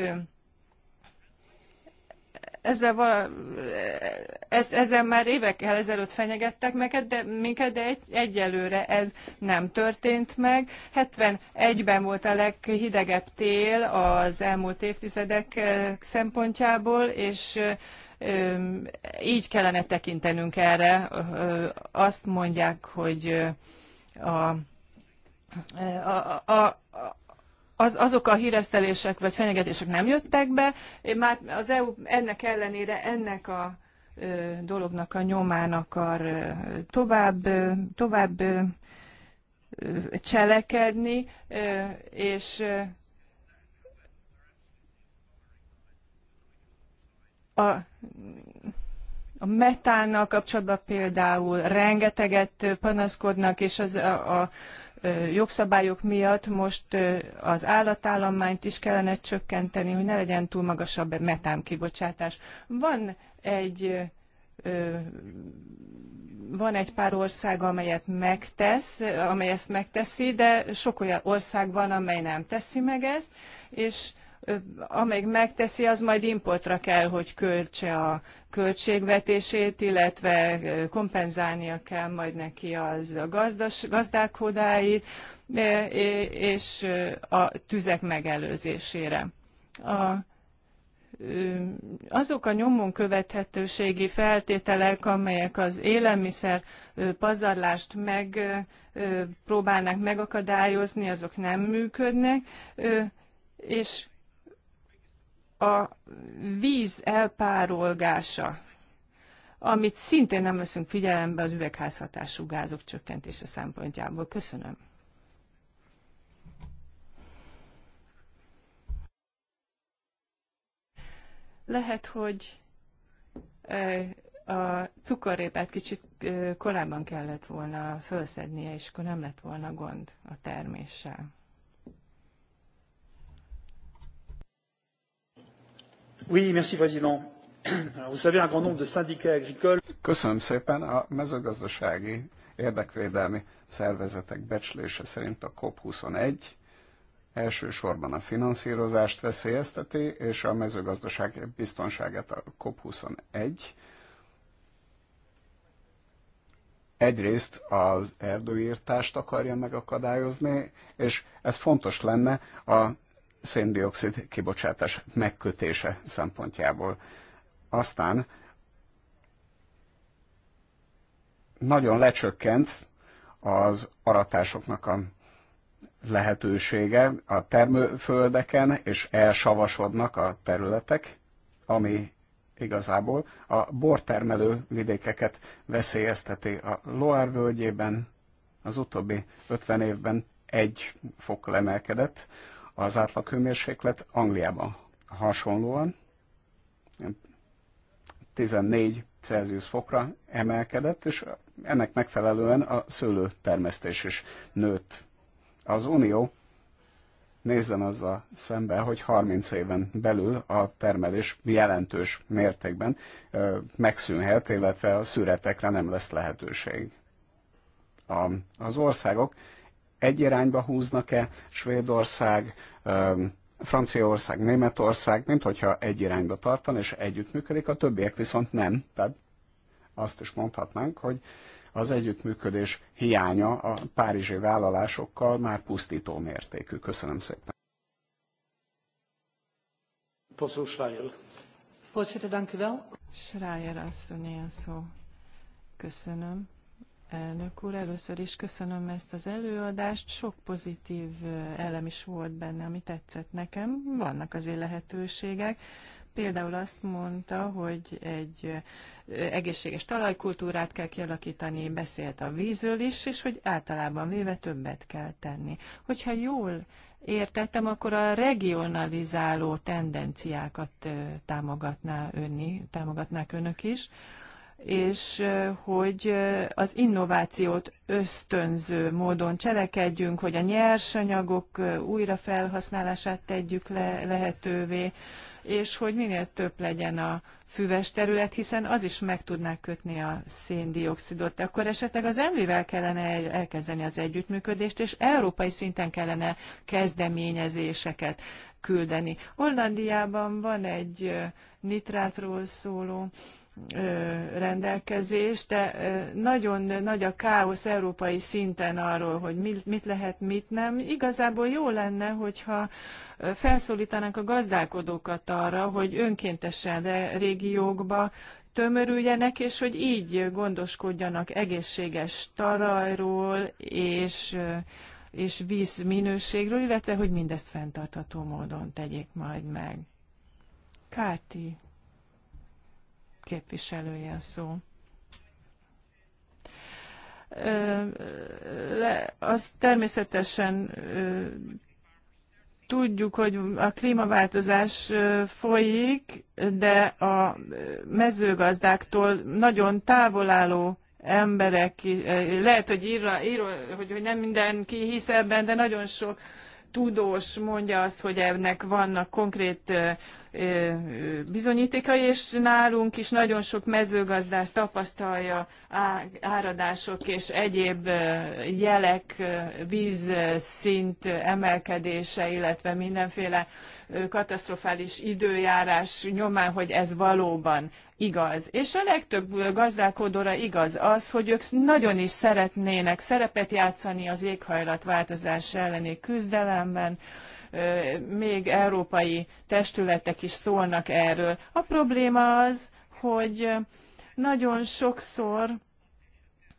ezzel, vala, e, ez, ezzel már évekkel ezelőtt fenyegettek meg, de, minket, de egy, egyelőre ez nem történt meg. 71-ben volt a leghidegebb tél az elmúlt évtizedek e, szempontjából, és így kellene tekintenünk erre. Azt mondják, hogy a, a, a, az, azok a híresztelések vagy fenyegetések nem jöttek be, már az EU ennek ellenére ennek a ö, dolognak a nyomán akar ö, tovább, ö, tovább ö, cselekedni, ö, és ö, a a metánnal kapcsolatban például rengeteget panaszkodnak, és az a, a jogszabályok miatt most az állatállományt is kellene csökkenteni, hogy ne legyen túl magasabb metánkibocsátás. Van egy van egy pár ország, amelyet megtesz, amely ezt megteszi, de sok olyan ország van, amely nem teszi meg ezt, és amíg megteszi, az majd importra kell, hogy költse a költségvetését, illetve kompenzálnia kell majd neki az a gazdas, gazdálkodáit, és a tüzek megelőzésére. A, azok a nyomon követhetőségi feltételek, amelyek az élelmiszer pazarlást meg próbálnak megakadályozni, azok nem működnek, és a víz elpárolgása, amit szintén nem veszünk figyelembe az üvegházhatású gázok csökkentése szempontjából. Köszönöm. Lehet, hogy a cukorrépát kicsit korábban kellett volna felszednie, és akkor nem lett volna gond a terméssel. Köszönöm szépen. A mezőgazdasági érdekvédelmi szervezetek becslése szerint a COP21 elsősorban a finanszírozást veszélyezteti, és a mezőgazdaság biztonságát a COP21 egyrészt az erdőírtást akarja megakadályozni, és ez fontos lenne a széndiokszid kibocsátás megkötése szempontjából. Aztán nagyon lecsökkent az aratásoknak a lehetősége a termőföldeken, és elsavasodnak a területek, ami igazából a bortermelő vidékeket veszélyezteti. A Loire völgyében az utóbbi 50 évben egy fokkal emelkedett az átlaghőmérséklet Angliában hasonlóan 14 Celsius fokra emelkedett, és ennek megfelelően a szőlőtermesztés is nőtt. Az Unió nézzen azzal szembe, hogy 30 éven belül a termelés jelentős mértékben megszűnhet, illetve a szüretekre nem lesz lehetőség. A, az országok egy irányba húznak-e Svédország, Franciaország, Németország, mint hogyha egy irányba tartan és együttműködik, a többiek viszont nem. Tehát azt is mondhatnánk, hogy az együttműködés hiánya a párizsi vállalásokkal már pusztító mértékű. Köszönöm szépen. Poszul Schreier. asszony, Köszönöm elnök úr. Először is köszönöm ezt az előadást. Sok pozitív eh, elem is volt benne, ami tetszett nekem. Vannak azért lehetőségek. Például azt mondta, hogy egy eh, egészséges talajkultúrát kell kialakítani, beszélt a vízről is, és hogy általában véve többet kell tenni. Hogyha jól értettem, akkor a regionalizáló tendenciákat eh, támogatná önni, támogatnák önök is és hogy az innovációt ösztönző módon cselekedjünk, hogy a nyersanyagok újrafelhasználását tegyük le lehetővé, és hogy minél több legyen a füves terület, hiszen az is meg tudná kötni a széndiokszidot. Akkor esetleg az envivel kellene elkezdeni az együttműködést, és európai szinten kellene kezdeményezéseket küldeni. Hollandiában van egy nitrátról szóló rendelkezés, de nagyon nagy a káosz európai szinten arról, hogy mit lehet, mit nem. Igazából jó lenne, hogyha felszólítanánk a gazdálkodókat arra, hogy önkéntesen régiókba tömörüljenek, és hogy így gondoskodjanak egészséges tarajról és, és vízminőségről, illetve hogy mindezt fenntartható módon tegyék majd meg. Káti képviselője a szó. Le, az természetesen tudjuk, hogy a klímaváltozás folyik, de a mezőgazdáktól nagyon távolálló emberek, lehet, hogy, ír, ír, hogy, hogy nem mindenki hisz ebben, de nagyon sok tudós mondja azt, hogy ennek vannak konkrét bizonyítékai, és nálunk is nagyon sok mezőgazdász tapasztalja áradások és egyéb jelek, vízszint emelkedése, illetve mindenféle katasztrofális időjárás nyomán, hogy ez valóban igaz. És a legtöbb gazdálkodóra igaz az, hogy ők nagyon is szeretnének szerepet játszani az éghajlatváltozás elleni küzdelemben, még európai testületek is szólnak erről. A probléma az, hogy nagyon sokszor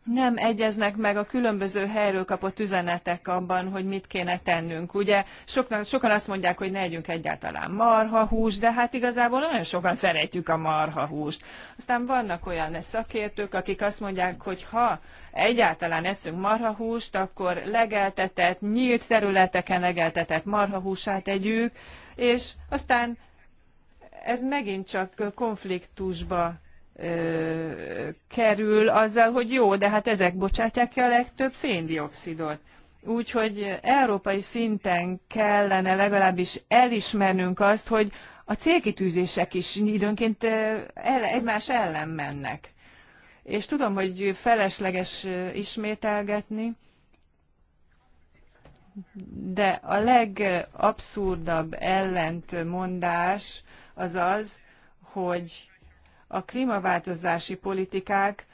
nem egyeznek meg a különböző helyről kapott üzenetek abban, hogy mit kéne tennünk. Ugye sokan, sokan azt mondják, hogy ne együnk egyáltalán marhahúst, de hát igazából nagyon sokan szeretjük a marhahúst. Aztán vannak olyan szakértők, akik azt mondják, hogy ha egyáltalán eszünk marhahúst, akkor legeltetett, nyílt területeken legeltetett marhahúsát együk, és aztán ez megint csak konfliktusba ö, kerül azzal, hogy jó, de hát ezek bocsátják ki a legtöbb széndiokszidot. Úgyhogy európai szinten kellene legalábbis elismernünk azt, hogy a célkitűzések is időnként el, egymás ellen mennek. És tudom, hogy felesleges ismételgetni, de a legabszurdabb ellentmondás az az, hogy a klímaváltozási politikák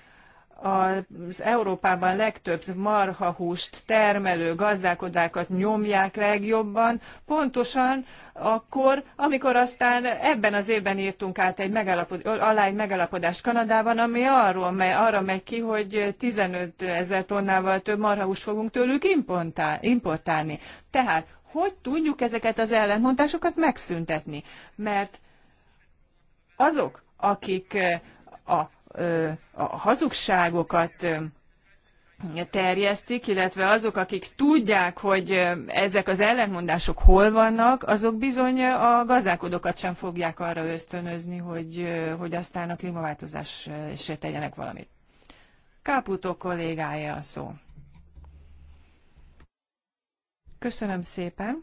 az Európában legtöbb marhahúst termelő gazdálkodákat nyomják legjobban, pontosan akkor, amikor aztán ebben az évben írtunk át egy megalapod, alá egy megalapodást Kanadában, ami arról megy, arra megy ki, hogy 15 ezer tonnával több marhahúst fogunk tőlük importálni. Tehát, hogy tudjuk ezeket az ellentmondásokat megszüntetni? Mert azok, akik a, a hazugságokat terjesztik, illetve azok, akik tudják, hogy ezek az ellentmondások hol vannak, azok bizony a gazdálkodókat sem fogják arra ösztönözni, hogy, hogy aztán a klímaváltozás se tegyenek valamit. Káputó kollégája a szó. Köszönöm szépen,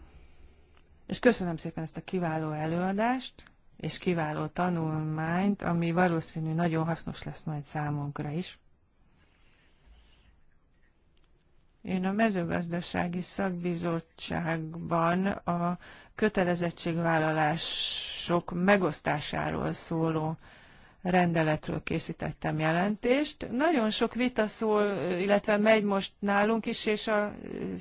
és köszönöm szépen ezt a kiváló előadást és kiváló tanulmányt, ami valószínű nagyon hasznos lesz majd számunkra is. Én a mezőgazdasági szakbizottságban a kötelezettségvállalások megosztásáról szóló rendeletről készítettem jelentést. Nagyon sok vita szól, illetve megy most nálunk is, és a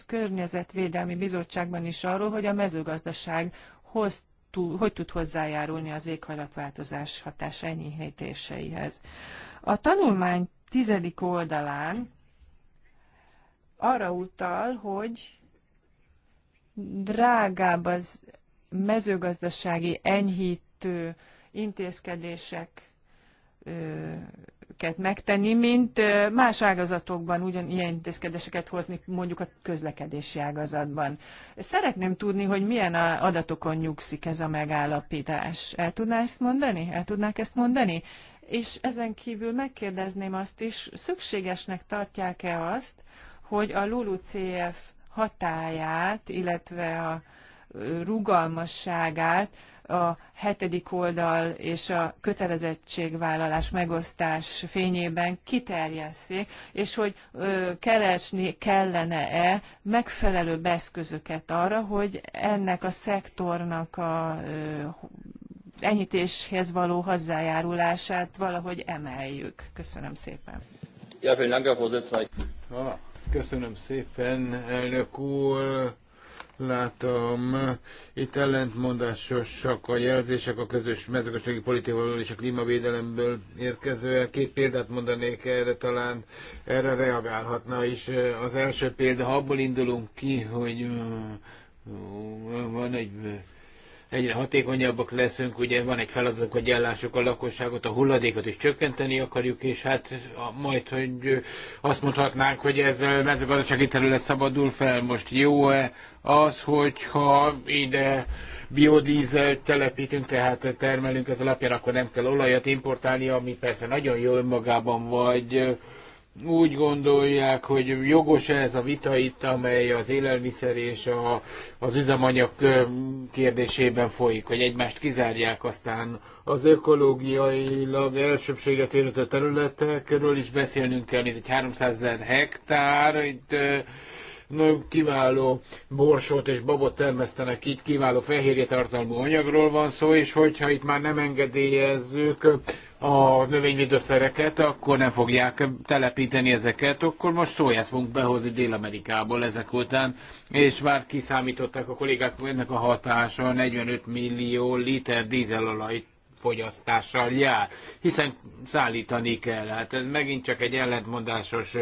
Környezetvédelmi Bizottságban is arról, hogy a mezőgazdaság hoz túl, hogy tud hozzájárulni az éghajlatváltozás hatás enyhítéseihez. A tanulmány tizedik oldalán arra utal, hogy drágább az mezőgazdasági enyhítő intézkedések megtenni, mint más ágazatokban ugyanilyen intézkedéseket hozni, mondjuk a közlekedési ágazatban. Szeretném tudni, hogy milyen adatokon nyugszik ez a megállapítás. El tudná ezt mondani? El tudnák ezt mondani? És ezen kívül megkérdezném azt is, szükségesnek tartják-e azt, hogy a LULU LULU-CF hatáját, illetve a rugalmasságát a hetedik oldal és a kötelezettségvállalás megosztás fényében kiterjesszék, és hogy ö, keresni kellene-e megfelelő eszközöket arra, hogy ennek a szektornak a ö, enyítéshez való hozzájárulását valahogy emeljük. Köszönöm szépen. Ja, ah, Köszönöm szépen, elnök úr látom, itt ellentmondásosak a jelzések a közös mezőgazdasági politikából és a klímavédelemből érkezően. Két példát mondanék erre, talán erre reagálhatna is. Az első példa, ha abból indulunk ki, hogy van egy egyre hatékonyabbak leszünk, ugye van egy feladatunk, hogy ellássuk a lakosságot, a hulladékot is csökkenteni akarjuk, és hát majd, hogy azt mondhatnánk, hogy ezzel mezőgazdasági terület szabadul fel, most jó-e az, hogyha ide biodízel telepítünk, tehát termelünk ez alapján, akkor nem kell olajat importálni, ami persze nagyon jó önmagában, vagy úgy gondolják, hogy jogos ez a vita itt, amely az élelmiszer és a, az üzemanyag kérdésében folyik, hogy egymást kizárják aztán az ökológiailag elsőbséget érző területekről is beszélnünk kell, mint egy 300 ezer hektár, itt nagyon kiváló borsót és babot termesztenek itt, kiváló fehérje tartalmú anyagról van szó, és hogyha itt már nem engedélyezzük a növényvédőszereket, akkor nem fogják telepíteni ezeket, akkor most szóját fogunk behozni Dél-Amerikából ezek után, és már kiszámították a kollégák ennek a hatása 45 millió liter dízelolaj fogyasztással jár, hiszen szállítani kell. Hát ez megint csak egy ellentmondásos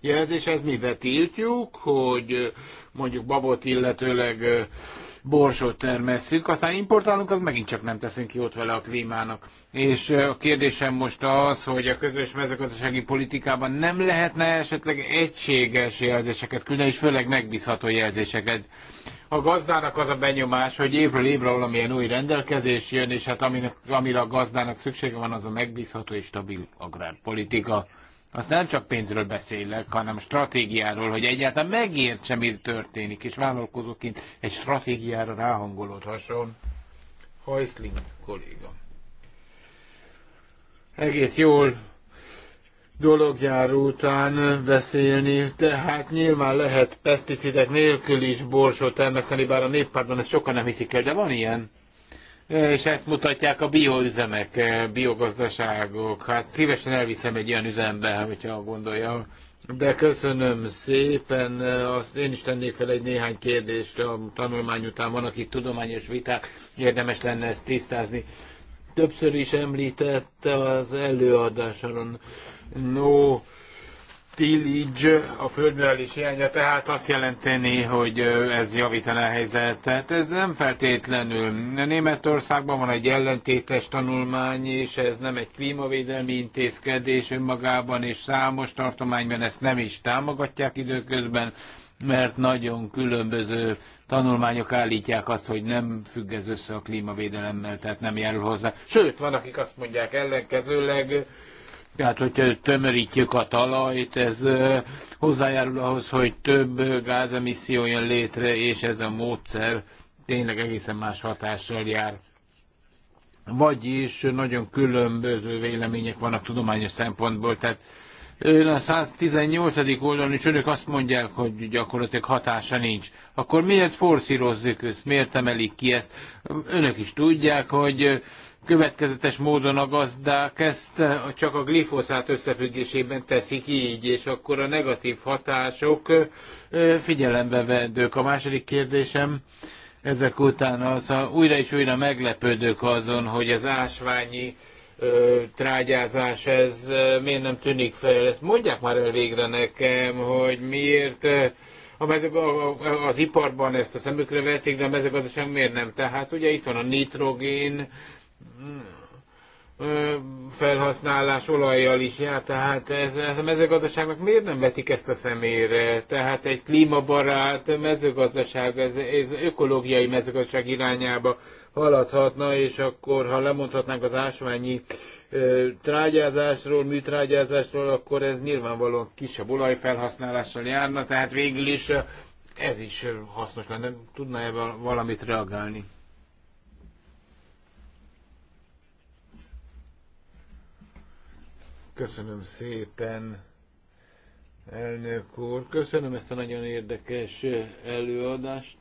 jelzés, ez mivel tiltjuk, hogy mondjuk babot illetőleg borsot termeszünk, aztán importálunk, az megint csak nem teszünk jót vele a klímának. És a kérdésem most az, hogy a közös mezőgazdasági politikában nem lehetne esetleg egységes jelzéseket küldeni, és főleg megbízható jelzéseket a gazdának az a benyomás, hogy évről évre valamilyen új rendelkezés jön, és hát aminek, amire a gazdának szüksége van, az a megbízható és stabil agrárpolitika. Azt nem csak pénzről beszélek, hanem stratégiáról, hogy egyáltalán megértse, mi történik, és vállalkozóként egy stratégiára ráhangolódhasson. Hajszling kolléga. Egész jól dologjár után beszélni, tehát nyilván lehet peszticidek nélkül is borsot termeszteni, bár a néppártban ezt sokan nem hiszik el, de van ilyen. És ezt mutatják a bioüzemek, eh, biogazdaságok. Hát szívesen elviszem egy ilyen üzembe, hogyha gondolja. De köszönöm szépen. Eh, azt én is tennék fel egy néhány kérdést a tanulmány után. van akik tudományos viták, érdemes lenne ezt tisztázni. Többször is említette az előadáson. No, tillage, a földművelés hiánya, tehát azt jelenteni, hogy ez javítaná a helyzetet. Ez nem feltétlenül. Németországban van egy ellentétes tanulmány, és ez nem egy klímavédelmi intézkedés önmagában, és számos tartományban ezt nem is támogatják időközben, mert nagyon különböző tanulmányok állítják azt, hogy nem függ ez össze a klímavédelemmel, tehát nem járul hozzá. Sőt, van, akik azt mondják ellenkezőleg, tehát, hogyha tömörítjük a talajt, ez hozzájárul ahhoz, hogy több gázemisszió jön létre, és ez a módszer tényleg egészen más hatással jár. Vagyis nagyon különböző vélemények vannak tudományos szempontból, tehát ön a 118. oldalon is önök azt mondják, hogy gyakorlatilag hatása nincs. Akkor miért forszírozzuk ezt? Miért emelik ki ezt? Önök is tudják, hogy következetes módon a gazdák ezt eh, csak a glifoszát összefüggésében teszik így, és akkor a negatív hatások eh, figyelembe vendők. A második kérdésem ezek után az, újra és újra meglepődök azon, hogy az ásványi eh, trágyázás, ez miért nem tűnik fel? Ezt mondják már el végre nekem, hogy miért a mezőg, az iparban ezt a szemükre vették, de a mezőgazdaság miért nem? Tehát ugye itt van a nitrogén, felhasználás olajjal is jár, tehát ez, ez a mezőgazdaságnak miért nem vetik ezt a szemére? Tehát egy klímabarát mezőgazdaság, ez, ez ökológiai mezőgazdaság irányába haladhatna, és akkor ha lemondhatnánk az ásványi ö, trágyázásról, műtrágyázásról, akkor ez nyilvánvalóan kisebb olajfelhasználással járna, tehát végül is ez is hasznos lenne. Tudna-e valamit reagálni? Köszönöm szépen, elnök úr. Köszönöm ezt a nagyon érdekes előadást.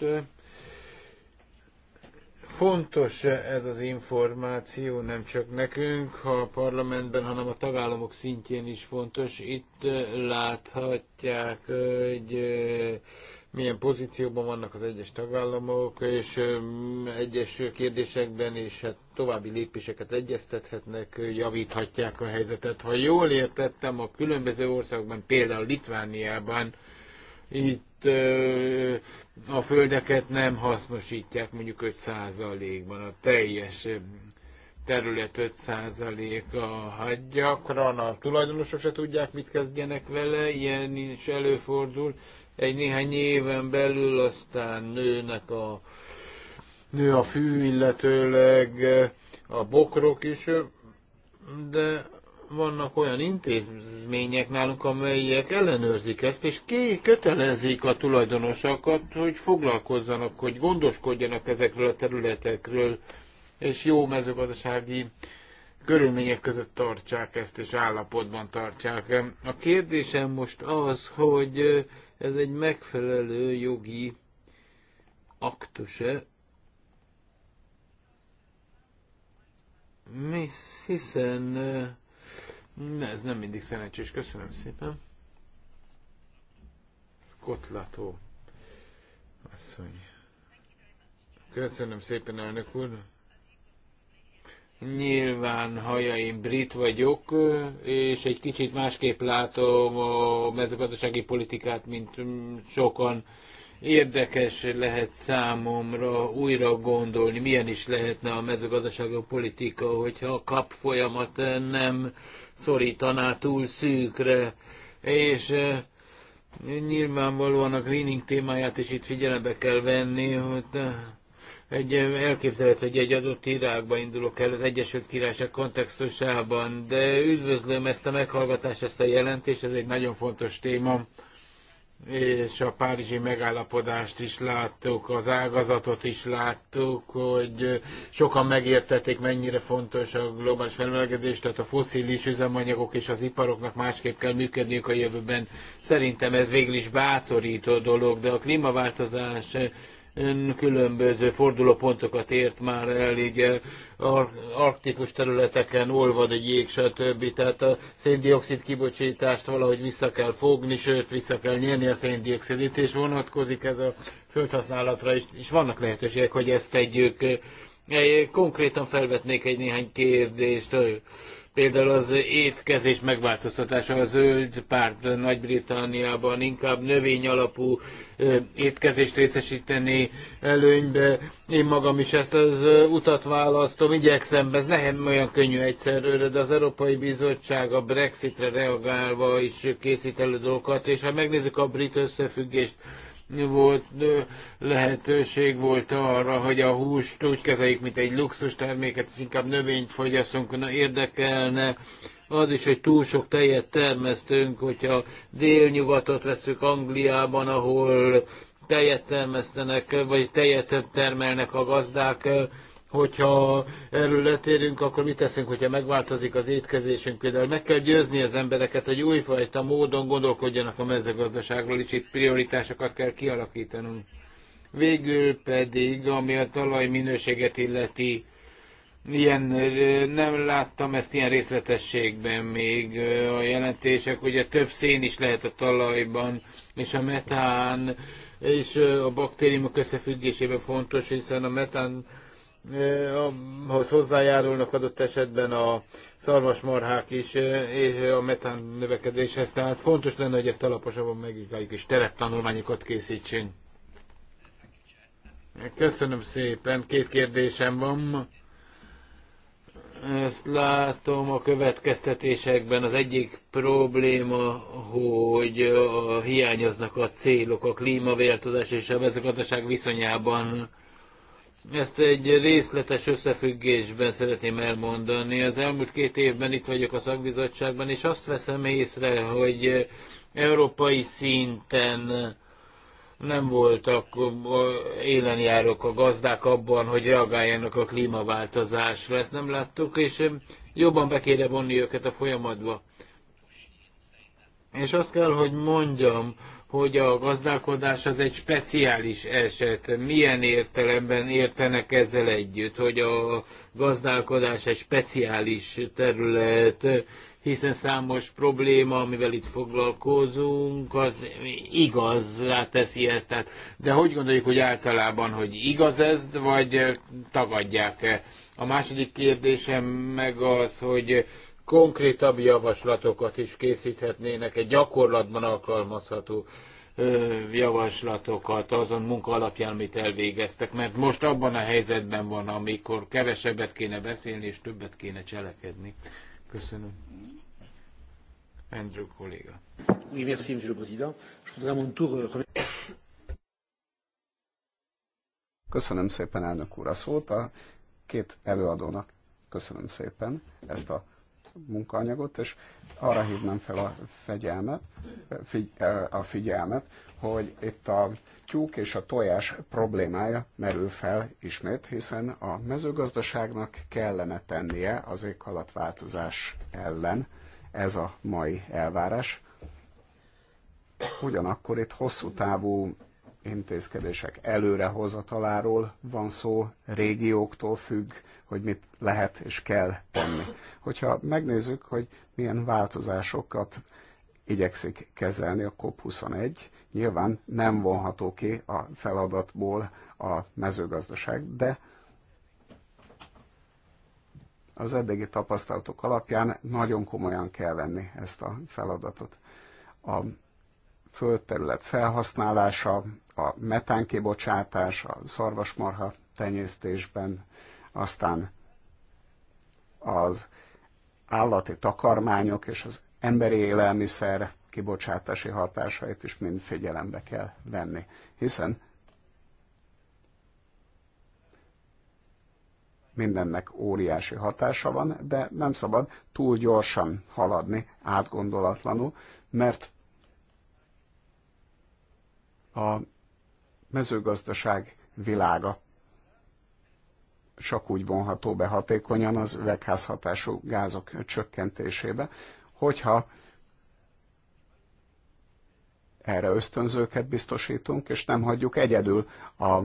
Fontos ez az információ nem csak nekünk, ha a parlamentben, hanem a tagállamok szintjén is fontos. Itt láthatják, hogy milyen pozícióban vannak az egyes tagállamok, és egyes kérdésekben, és hát további lépéseket egyeztethetnek, javíthatják a helyzetet. Ha jól értettem, a különböző országokban, például Litvániában, itt ö, a földeket nem hasznosítják mondjuk 5%-ban, a teljes terület 5%-a, hát gyakran a tulajdonosok se tudják, mit kezdjenek vele, ilyen is előfordul, egy néhány éven belül aztán nőnek a nő a fű, illetőleg eh, a bokrok is, eh, de vannak olyan intézmények nálunk, amelyek ellenőrzik ezt, és ki kötelezik a tulajdonosakat, hogy foglalkozzanak, hogy gondoskodjanak ezekről a területekről, és jó mezőgazdasági körülmények között tartsák ezt, és állapotban tartsák. A kérdésem most az, hogy eh, ez egy megfelelő jogi aktus mi, hiszen eh, ez nem mindig szerencsés. Köszönöm szépen. Kotlató asszony. Köszönöm szépen, elnök úr. Nyilván, ha én brit vagyok, és egy kicsit másképp látom a mezőgazdasági politikát, mint sokan, érdekes lehet számomra újra gondolni, milyen is lehetne a mezőgazdasági politika, hogyha a kap folyamat nem szorítaná túl szűkre, és eh, nyilvánvalóan a greening témáját is itt figyelembe kell venni, hogy eh, egy elképzelhető, hogy egy adott irákba indulok el az Egyesült Királyság kontextusában, de üdvözlöm ezt a meghallgatást, ezt a jelentést, ez egy nagyon fontos téma, és a párizsi megállapodást is láttuk, az ágazatot is láttuk, hogy sokan megértették, mennyire fontos a globális felmelegedés, tehát a foszilis üzemanyagok és az iparoknak másképp kell működniük a jövőben. Szerintem ez végül is bátorító dolog, de a klímaváltozás Ön különböző fordulópontokat ért már el, így eh, arktikus területeken olvad egy jég, stb. Tehát a széndiokszid kibocsátást valahogy vissza kell fogni, sőt vissza kell nyerni a széndiokszidit, és vonatkozik ez a földhasználatra is, és vannak lehetőségek, hogy ezt tegyük. Eh, konkrétan felvetnék egy néhány kérdést eh, Például az étkezés megváltoztatása a zöld párt Nagy-Britanniában inkább növény alapú étkezést részesíteni előnybe. Én magam is ezt az utat választom, igyekszem, ez nem olyan könnyű egyszerűre, de az Európai Bizottság a Brexitre reagálva is készít elő dolgokat, és ha megnézzük a brit összefüggést, volt lehetőség volt arra, hogy a húst úgy kezeljük, mint egy luxus terméket, és inkább növényt fogyasszunk, na érdekelne az is, hogy túl sok tejet termesztünk, hogyha délnyugatot veszük Angliában, ahol tejet termesztenek, vagy tejet termelnek a gazdák, hogyha erről letérünk, akkor mit teszünk, hogyha megváltozik az étkezésünk? Például meg kell győzni az embereket, hogy újfajta módon gondolkodjanak a mezőgazdaságról, és itt prioritásokat kell kialakítanunk. Végül pedig, ami a talaj minőséget illeti, ilyen, nem láttam ezt ilyen részletességben még a jelentések, ugye több szén is lehet a talajban, és a metán és a baktériumok összefüggésében fontos, hiszen a metán ahhoz hozzájárulnak adott esetben a szarvasmarhák is, és a metán növekedéshez. Tehát fontos lenne, hogy ezt alaposabban megvizsgáljuk, és tereptanulmányokat készítsünk. Köszönöm szépen. Két kérdésem van. Ezt látom a következtetésekben. Az egyik probléma, hogy a, hiányoznak a célok a klímaváltozás és a mezőgazdaság viszonyában ezt egy részletes összefüggésben szeretném elmondani. Az elmúlt két évben itt vagyok a szakbizottságban, és azt veszem észre, hogy európai szinten nem voltak élenjárók a gazdák abban, hogy reagáljanak a klímaváltozásra. Ezt nem láttuk, és jobban be kéne vonni őket a folyamatba. És azt kell, hogy mondjam, hogy a gazdálkodás az egy speciális eset. Milyen értelemben értenek ezzel együtt, hogy a gazdálkodás egy speciális terület, hiszen számos probléma, amivel itt foglalkozunk, az igazá teszi ezt. Tehát, de hogy gondoljuk, hogy általában, hogy igaz ez, vagy tagadják-e? A második kérdésem meg az, hogy konkrétabb javaslatokat is készíthetnének, egy gyakorlatban alkalmazható javaslatokat azon munka alapján, amit elvégeztek, mert most abban a helyzetben van, amikor kevesebbet kéne beszélni, és többet kéne cselekedni. Köszönöm. Andrew kolléga. Oui, merci, monsieur le président. Je voudrais mon tour... Euh, köszönöm szépen, elnök úr, a szót a két előadónak. Köszönöm szépen ezt a munkaanyagot, és arra hívnám fel a, fegyelmet, figy, a figyelmet, hogy itt a tyúk és a tojás problémája merül fel ismét, hiszen a mezőgazdaságnak kellene tennie az éghalatváltozás ellen, ez a mai elvárás. Ugyanakkor itt hosszú távú intézkedések előrehozataláról van szó, régióktól függ, hogy mit lehet és kell tenni. Hogyha megnézzük, hogy milyen változásokat igyekszik kezelni a COP21, nyilván nem vonható ki a feladatból a mezőgazdaság, de az eddigi tapasztalatok alapján nagyon komolyan kell venni ezt a feladatot. A földterület felhasználása, a metánkibocsátás, a szarvasmarha tenyésztésben, aztán az állati takarmányok és az emberi élelmiszer kibocsátási hatásait is mind figyelembe kell venni, hiszen mindennek óriási hatása van, de nem szabad túl gyorsan haladni, átgondolatlanul, mert a mezőgazdaság világa csak úgy vonható be hatékonyan az üvegházhatású gázok csökkentésébe, hogyha erre ösztönzőket biztosítunk, és nem hagyjuk egyedül a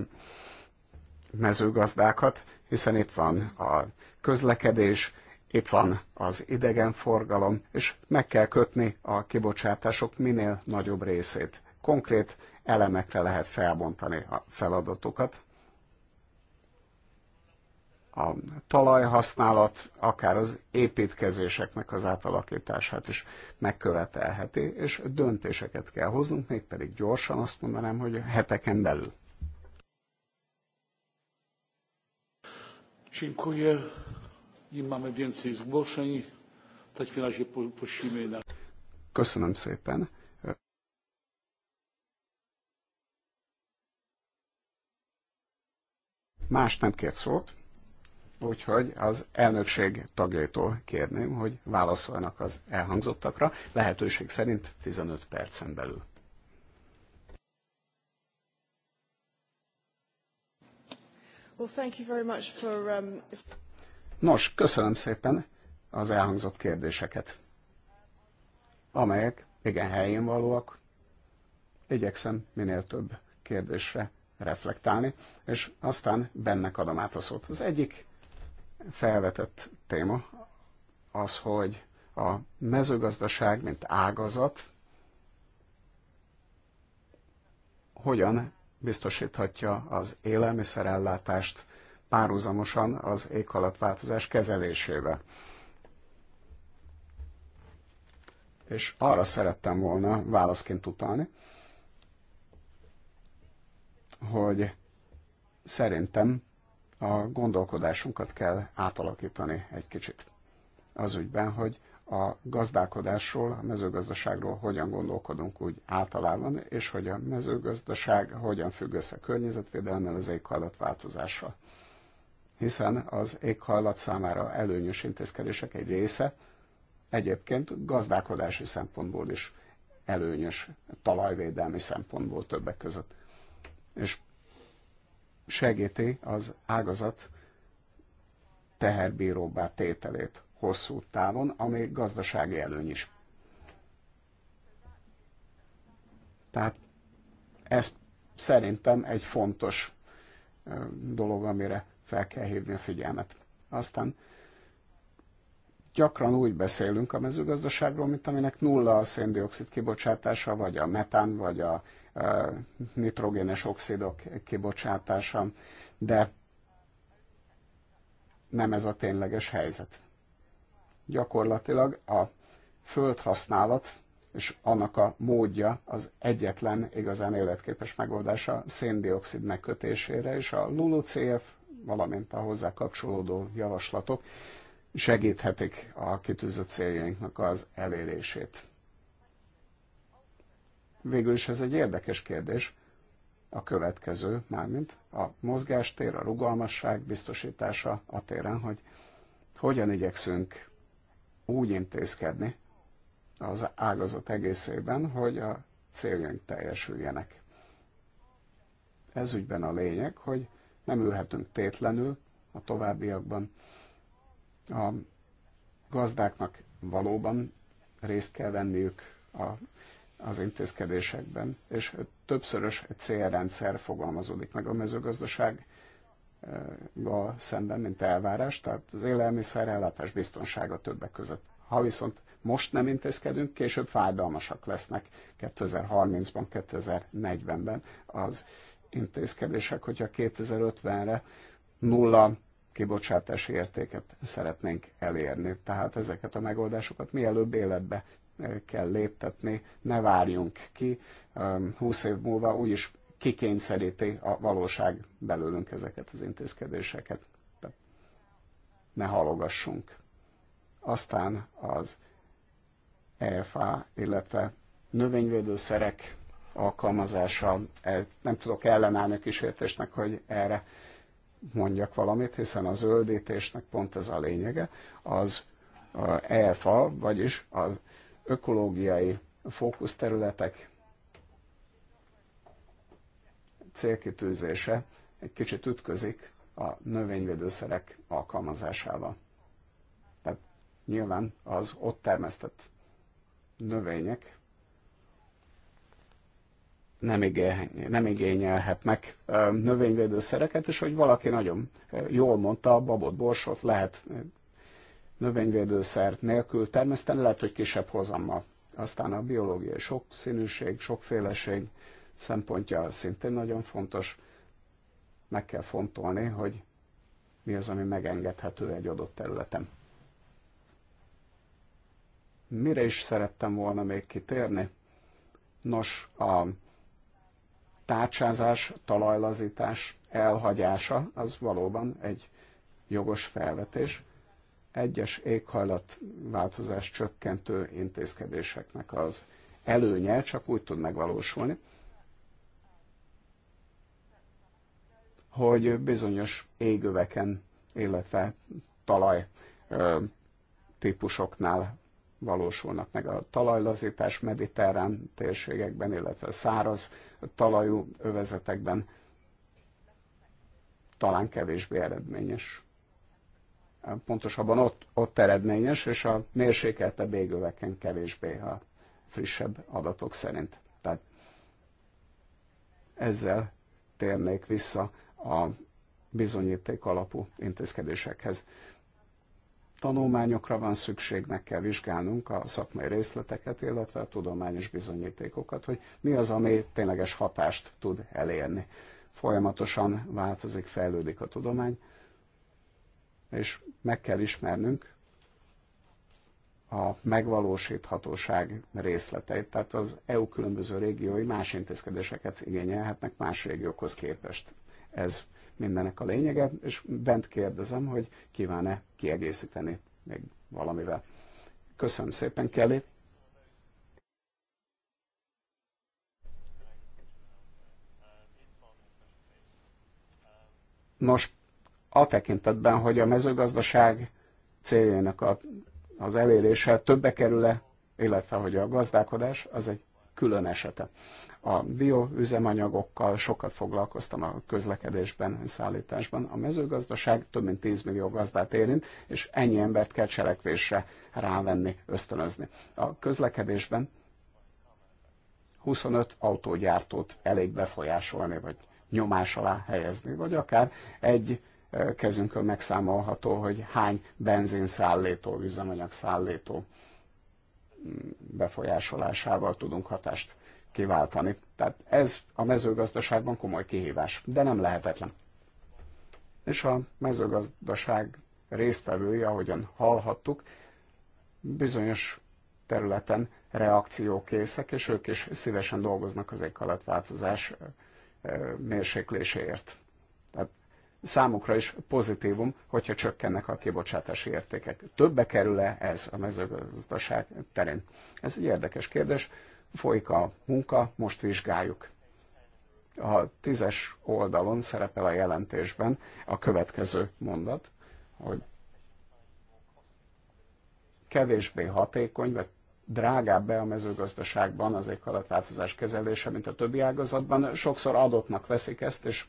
mezőgazdákat, hiszen itt van a közlekedés, itt van az idegenforgalom, és meg kell kötni a kibocsátások minél nagyobb részét. Konkrét elemekre lehet felbontani a feladatokat, a talajhasználat, akár az építkezéseknek az átalakítását is megkövetelheti, és döntéseket kell hoznunk, mégpedig gyorsan azt mondanám, hogy heteken belül. Dziękuję. Nie mamy więcej zgłoszeń. W takim razie prosimy na... Köszönöm szépen. Más nem kért szót. Úgyhogy az elnökség tagjaitól kérném, hogy válaszoljanak az elhangzottakra, lehetőség szerint 15 percen belül. Um, Nos, köszönöm szépen az elhangzott kérdéseket, amelyek igen helyén valóak. Igyekszem minél több kérdésre reflektálni, és aztán bennek adom át a szót. Az egyik felvetett téma az, hogy a mezőgazdaság, mint ágazat, hogyan biztosíthatja az élelmiszerellátást párhuzamosan az éghalatváltozás kezelésével. És arra szerettem volna válaszként utalni, hogy szerintem a gondolkodásunkat kell átalakítani egy kicsit. Az ügyben, hogy a gazdálkodásról, a mezőgazdaságról hogyan gondolkodunk úgy általában, és hogy a mezőgazdaság hogyan függ össze a környezetvédelemmel, az változása. Hiszen az éghajlat számára előnyös intézkedések egy része egyébként gazdálkodási szempontból is előnyös, talajvédelmi szempontból többek között. És segíti az ágazat teherbíróbbá tételét hosszú távon, ami gazdasági előny is. Tehát ez szerintem egy fontos dolog, amire fel kell hívni a figyelmet. Aztán gyakran úgy beszélünk a mezőgazdaságról, mint aminek nulla a széndiokszid kibocsátása, vagy a metán, vagy a nitrogénes oxidok kibocsátása, de nem ez a tényleges helyzet. Gyakorlatilag a földhasználat és annak a módja az egyetlen igazán életképes megoldása a széndiokszid megkötésére, és a LULUCF, valamint a hozzá kapcsolódó javaslatok segíthetik a kitűzött céljainknak az elérését. Végül is ez egy érdekes kérdés. A következő, mármint a mozgástér, a rugalmasság biztosítása a téren, hogy hogyan igyekszünk úgy intézkedni az ágazat egészében, hogy a céljaink teljesüljenek. Ez ügyben a lényeg, hogy nem ülhetünk tétlenül a továbbiakban. A gazdáknak valóban részt kell venniük a az intézkedésekben, és többszörös célrendszer fogalmazódik meg a mezőgazdaság szemben, mint elvárás, tehát az ellátás biztonsága többek között. Ha viszont most nem intézkedünk, később fájdalmasak lesznek 2030-ban, 2040-ben az intézkedések, hogyha 2050-re nulla kibocsátási értéket szeretnénk elérni. Tehát ezeket a megoldásokat mielőbb életbe kell léptetni, ne várjunk ki, 20 év múlva úgyis kikényszeríti a valóság belőlünk ezeket az intézkedéseket. Tehát ne halogassunk. Aztán az EFA, illetve növényvédőszerek alkalmazása, e, nem tudok ellenállni a kísértésnek, hogy erre mondjak valamit, hiszen a zöldítésnek pont ez a lényege, az EFA, e vagyis az ökológiai fókuszterületek célkitűzése egy kicsit ütközik a növényvédőszerek alkalmazásával. Tehát nyilván az ott termesztett növények nem, igény, nem igényelhetnek növényvédőszereket, és hogy valaki nagyon jól mondta, babot, borsot lehet növényvédőszert nélkül termeszteni, lehet, hogy kisebb hozammal. Aztán a biológiai sokszínűség, sokféleség szempontja szintén nagyon fontos. Meg kell fontolni, hogy mi az, ami megengedhető egy adott területen. Mire is szerettem volna még kitérni? Nos, a tárcsázás, talajlazítás elhagyása az valóban egy jogos felvetés egyes éghajlatváltozás csökkentő intézkedéseknek az előnye csak úgy tud megvalósulni, hogy bizonyos égöveken, illetve talaj típusoknál valósulnak meg a talajlazítás mediterrán térségekben, illetve száraz talajú övezetekben talán kevésbé eredményes pontosabban ott, ott eredményes, és a mérsékeltebb égöveken kevésbé a frissebb adatok szerint. Tehát ezzel térnék vissza a bizonyíték alapú intézkedésekhez. Tanulmányokra van szükség, meg kell vizsgálnunk a szakmai részleteket, illetve a tudományos bizonyítékokat, hogy mi az, ami tényleges hatást tud elérni. Folyamatosan változik, fejlődik a tudomány, és meg kell ismernünk a megvalósíthatóság részleteit, tehát az EU különböző régiói más intézkedéseket igényelhetnek más régiókhoz képest. Ez mindennek a lényege, és bent kérdezem, hogy kíván-e kiegészíteni még valamivel. Köszönöm szépen, Kelly. Most a tekintetben, hogy a mezőgazdaság céljának a, az elérése többe kerül-e, illetve hogy a gazdálkodás az egy külön esete. A bioüzemanyagokkal sokat foglalkoztam a közlekedésben, szállításban. A mezőgazdaság több mint 10 millió gazdát érint, és ennyi embert kell cselekvésre rávenni, ösztönözni. A közlekedésben 25 autógyártót elég befolyásolni, vagy nyomás alá helyezni, vagy akár egy kezünkön megszámolható, hogy hány benzinszállító, üzemanyagszállító befolyásolásával tudunk hatást kiváltani. Tehát ez a mezőgazdaságban komoly kihívás, de nem lehetetlen. És a mezőgazdaság résztvevői, ahogyan hallhattuk, bizonyos területen reakciókészek, és ők is szívesen dolgoznak az éghajlatváltozás mérsékléséért. Tehát számukra is pozitívum, hogyha csökkennek a kibocsátási értékek. Többe kerül-e ez a mezőgazdaság terén? Ez egy érdekes kérdés. Folyik a munka, most vizsgáljuk. A tízes oldalon szerepel a jelentésben a következő mondat, hogy kevésbé hatékony, vagy drágább be a mezőgazdaságban az éghajlatváltozás kezelése, mint a többi ágazatban. Sokszor adottnak veszik ezt, és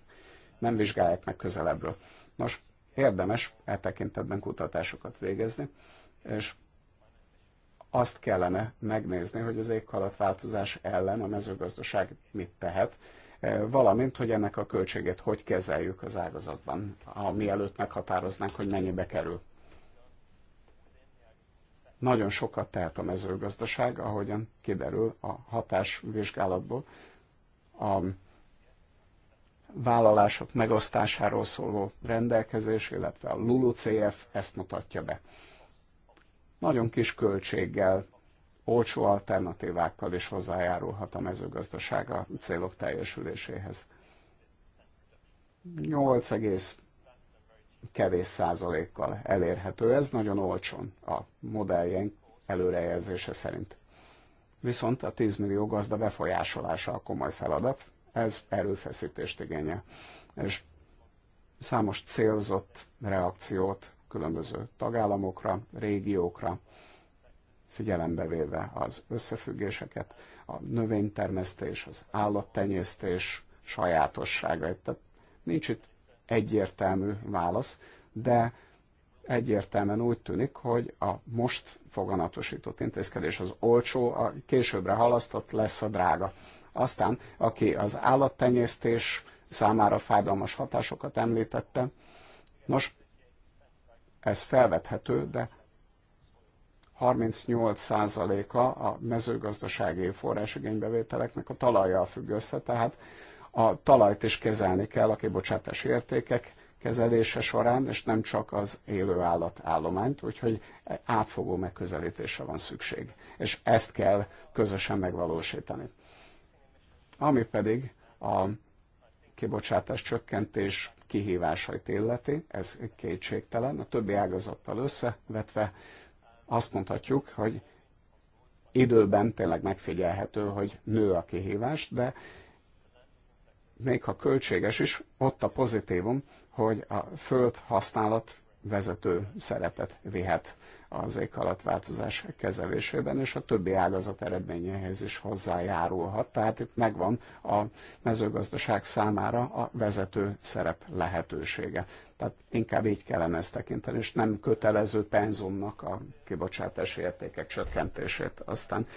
nem vizsgálják meg közelebbről. Nos, érdemes e tekintetben kutatásokat végezni, és azt kellene megnézni, hogy az éghajlatváltozás ellen a mezőgazdaság mit tehet, e, valamint, hogy ennek a költségét hogy kezeljük az ágazatban, ha mielőtt meghatároznánk, hogy mennyibe kerül. Nagyon sokat tehet a mezőgazdaság, ahogyan kiderül a hatásvizsgálatból. A vállalások megosztásáról szóló rendelkezés, illetve a LULUCF ezt mutatja be. Nagyon kis költséggel, olcsó alternatívákkal is hozzájárulhat a mezőgazdaság a célok teljesüléséhez. 8, kevés százalékkal elérhető. Ez nagyon olcsón a modelljén előrejelzése szerint. Viszont a 10 millió gazda befolyásolása a komoly feladat, ez erőfeszítést igényel. És számos célzott reakciót különböző tagállamokra, régiókra, figyelembe véve az összefüggéseket, a növénytermesztés, az állattenyésztés sajátosságait. Tehát nincs itt egyértelmű válasz, de egyértelműen úgy tűnik, hogy a most foganatosított intézkedés az olcsó, a későbbre halasztott lesz a drága. Aztán, aki az állattenyésztés számára fájdalmas hatásokat említette, nos, ez felvethető, de 38%-a a mezőgazdasági forrásigénybevételeknek a talajjal függ össze, tehát a talajt is kezelni kell a kibocsátási értékek kezelése során, és nem csak az élő állat állományt, úgyhogy átfogó megközelítése van szükség. És ezt kell közösen megvalósítani. Ami pedig a kibocsátás csökkentés kihívásait illeti, ez kétségtelen, a többi ágazattal összevetve azt mondhatjuk, hogy időben tényleg megfigyelhető, hogy nő a kihívás, de még ha költséges is, ott a pozitívum, hogy a föld használat vezető szerepet vihet az éghalatváltozás kezelésében, és a többi ágazat eredményehez is hozzájárulhat. Tehát itt megvan a mezőgazdaság számára a vezető szerep lehetősége. Tehát inkább így kellene ezt tekinteni, és nem kötelező penzumnak a kibocsátási értékek csökkentését. Aztán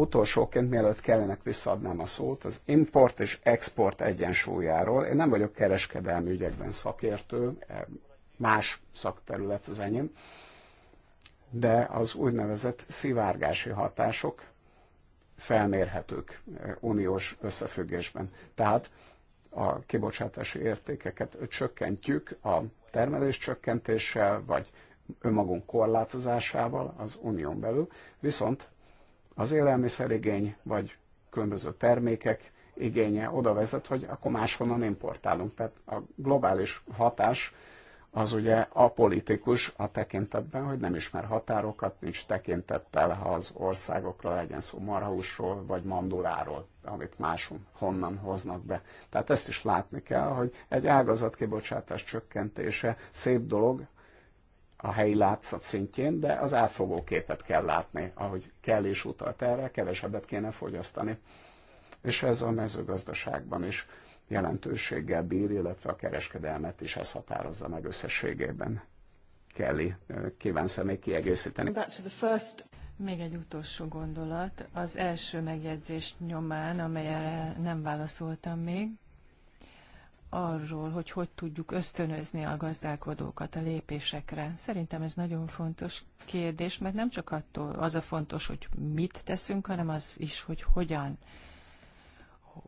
Utolsóként, mielőtt kellenek visszaadnám a szót, az import és export egyensúlyáról. Én nem vagyok kereskedelmi ügyekben szakértő, e, más szakterület az enyém, de az úgynevezett szivárgási hatások felmérhetők e, uniós összefüggésben. Tehát a kibocsátási értékeket csökkentjük a termelés csökkentéssel, vagy önmagunk korlátozásával az unión belül, viszont az élelmiszerigény, vagy különböző termékek igénye oda vezet, hogy akkor máshonnan importálunk. Tehát a globális hatás az ugye politikus a tekintetben, hogy nem ismer határokat, nincs tekintettel, ha az országokra legyen szó marhausról vagy manduláról, amit máson honnan hoznak be. Tehát ezt is látni kell, hogy egy ágazat csökkentése szép dolog, a helyi látszat szintjén, de az átfogó képet kell látni, ahogy kell és utalt erre, kevesebbet kéne fogyasztani. És ez a mezőgazdaságban is jelentőséggel bír, illetve a kereskedelmet is ez határozza meg összességében. Kelly, kívánsz -e még kiegészíteni? Még egy utolsó gondolat. Az első megjegyzést nyomán, amelyre nem válaszoltam még, arról, hogy hogy tudjuk ösztönözni a gazdálkodókat a lépésekre. Szerintem ez nagyon fontos kérdés, mert nem csak attól az a fontos, hogy mit teszünk, hanem az is, hogy hogyan,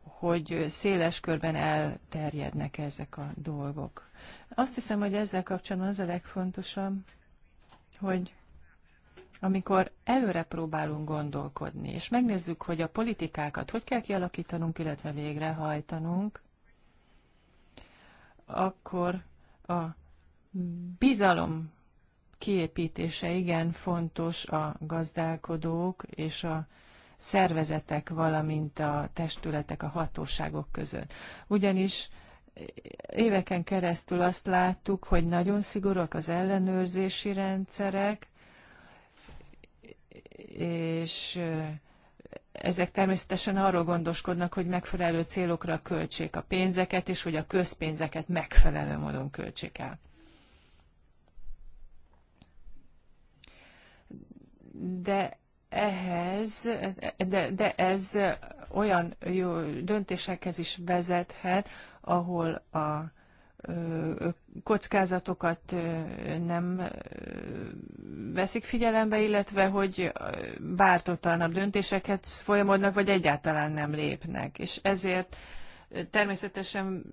hogy széles körben elterjednek ezek a dolgok. Azt hiszem, hogy ezzel kapcsolatban az a legfontosabb, hogy amikor előre próbálunk gondolkodni, és megnézzük, hogy a politikákat hogy kell kialakítanunk, illetve végrehajtanunk, akkor a bizalom kiépítése igen fontos a gazdálkodók és a szervezetek, valamint a testületek, a hatóságok között. Ugyanis éveken keresztül azt láttuk, hogy nagyon szigorúak az ellenőrzési rendszerek, és ezek természetesen arról gondoskodnak, hogy megfelelő célokra költsék a pénzeket, és hogy a közpénzeket megfelelő módon költsék el. De ehhez, de, de ez olyan jó döntésekhez is vezethet, ahol a kockázatokat nem veszik figyelembe, illetve hogy bártotalanabb döntéseket folyamodnak, vagy egyáltalán nem lépnek. És ezért természetesen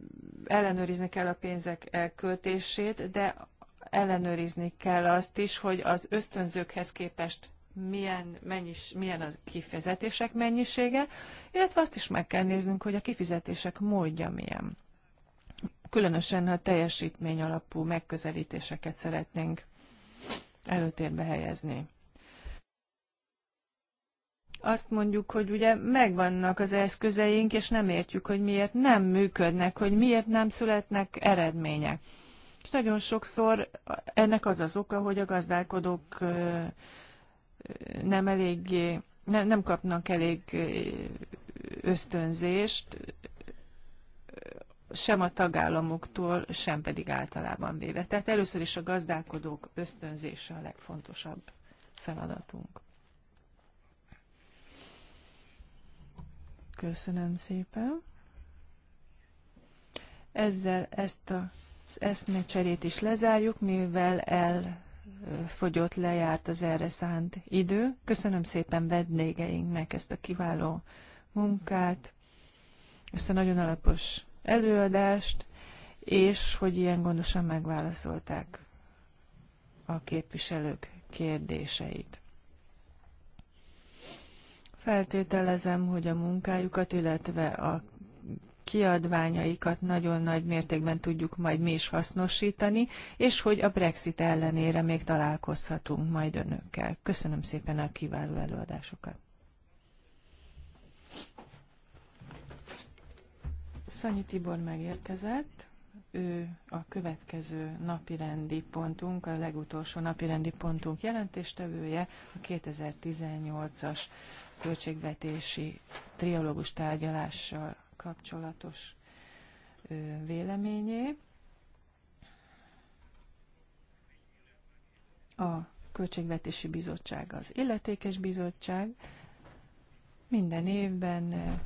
ellenőrizni kell a pénzek elköltését, de ellenőrizni kell azt is, hogy az ösztönzőkhez képest milyen, mennyis, milyen a kifizetések mennyisége, illetve azt is meg kell néznünk, hogy a kifizetések módja milyen különösen ha teljesítmény alapú megközelítéseket szeretnénk előtérbe helyezni. Azt mondjuk, hogy ugye megvannak az eszközeink, és nem értjük, hogy miért nem működnek, hogy miért nem születnek eredmények. És nagyon sokszor ennek az az oka, hogy a gazdálkodók nem eléggé, nem, nem kapnak elég ösztönzést, sem a tagállamoktól, sem pedig általában véve. Tehát először is a gazdálkodók ösztönzése a legfontosabb feladatunk. Köszönöm szépen. Ezzel ezt a az eszmecserét is lezárjuk, mivel elfogyott, lejárt az erre szánt idő. Köszönöm szépen vendégeinknek ezt a kiváló munkát, ezt a nagyon alapos előadást, és hogy ilyen gondosan megválaszolták a képviselők kérdéseit. Feltételezem, hogy a munkájukat, illetve a kiadványaikat nagyon nagy mértékben tudjuk majd mi is hasznosítani, és hogy a Brexit ellenére még találkozhatunk majd önökkel. Köszönöm szépen a kiváló előadásokat. Szanyi Tibor megérkezett. Ő a következő napirendi pontunk, a legutolsó napirendi pontunk jelentéstevője, a 2018-as költségvetési triológus tárgyalással kapcsolatos véleményé. A Költségvetési Bizottság az Illetékes Bizottság minden évben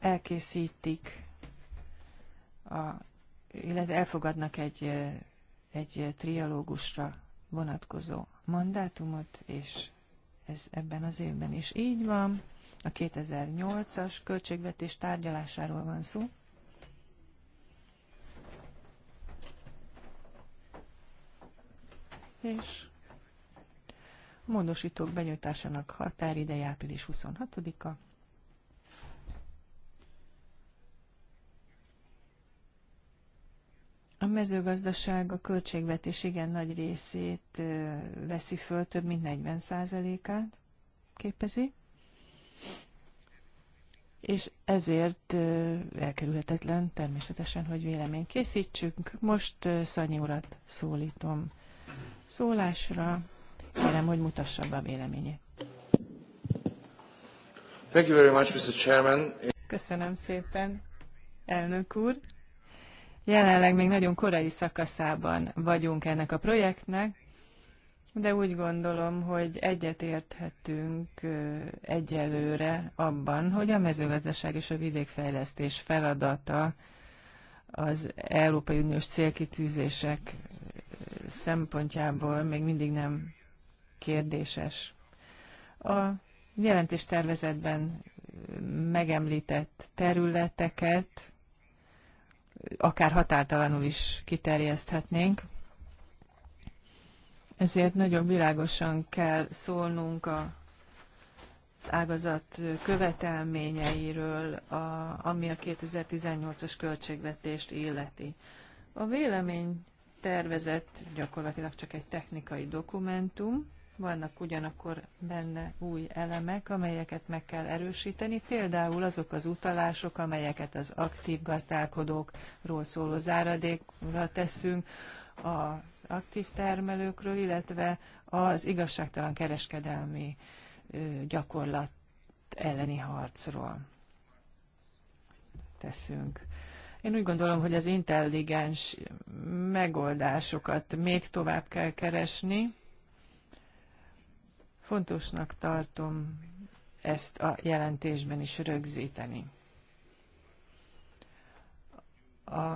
elkészítik, a, illetve elfogadnak egy, egy trialógusra vonatkozó mandátumot, és ez ebben az évben is így van. A 2008-as költségvetés tárgyalásáról van szó. És módosítók benyújtásának határideje április 26-a. mezőgazdaság a költségvetés igen nagy részét veszi föl, több mint 40%-át képezi, és ezért elkerülhetetlen természetesen, hogy vélemény készítsünk. Most Szanyi urat szólítom szólásra, kérem, hogy mutassa be a véleményét. Thank you very much, Mr. Chairman. Köszönöm szépen, elnök úr. Jelenleg még nagyon korai szakaszában vagyunk ennek a projektnek, de úgy gondolom, hogy egyetérthetünk egyelőre abban, hogy a mezőgazdaság és a vidékfejlesztés feladata az Európai Uniós célkitűzések szempontjából még mindig nem kérdéses. A jelentéstervezetben megemlített területeket akár határtalanul is kiterjeszthetnénk. Ezért nagyon világosan kell szólnunk a az ágazat követelményeiről, a, ami a 2018-as költségvetést illeti. A vélemény tervezett gyakorlatilag csak egy technikai dokumentum, vannak ugyanakkor benne új elemek, amelyeket meg kell erősíteni, például azok az utalások, amelyeket az aktív gazdálkodókról szóló záradékra teszünk, az aktív termelőkről, illetve az igazságtalan kereskedelmi gyakorlat elleni harcról teszünk. Én úgy gondolom, hogy az intelligens megoldásokat még tovább kell keresni, Fontosnak tartom ezt a jelentésben is rögzíteni. A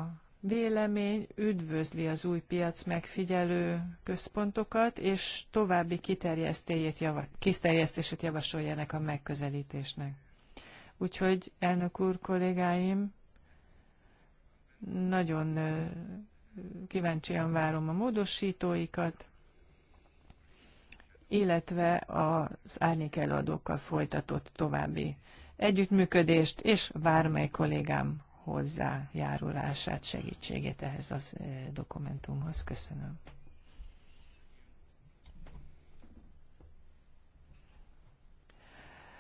vélemény üdvözli az új piac megfigyelő központokat, és további kiterjesztését javasolja ennek a megközelítésnek. Úgyhogy, elnök úr, kollégáim, nagyon kíváncsian várom a módosítóikat, illetve az árnyék előadókkal folytatott további együttműködést, és vármely kollégám hozzájárulását, segítségét ehhez az eh, dokumentumhoz. Köszönöm.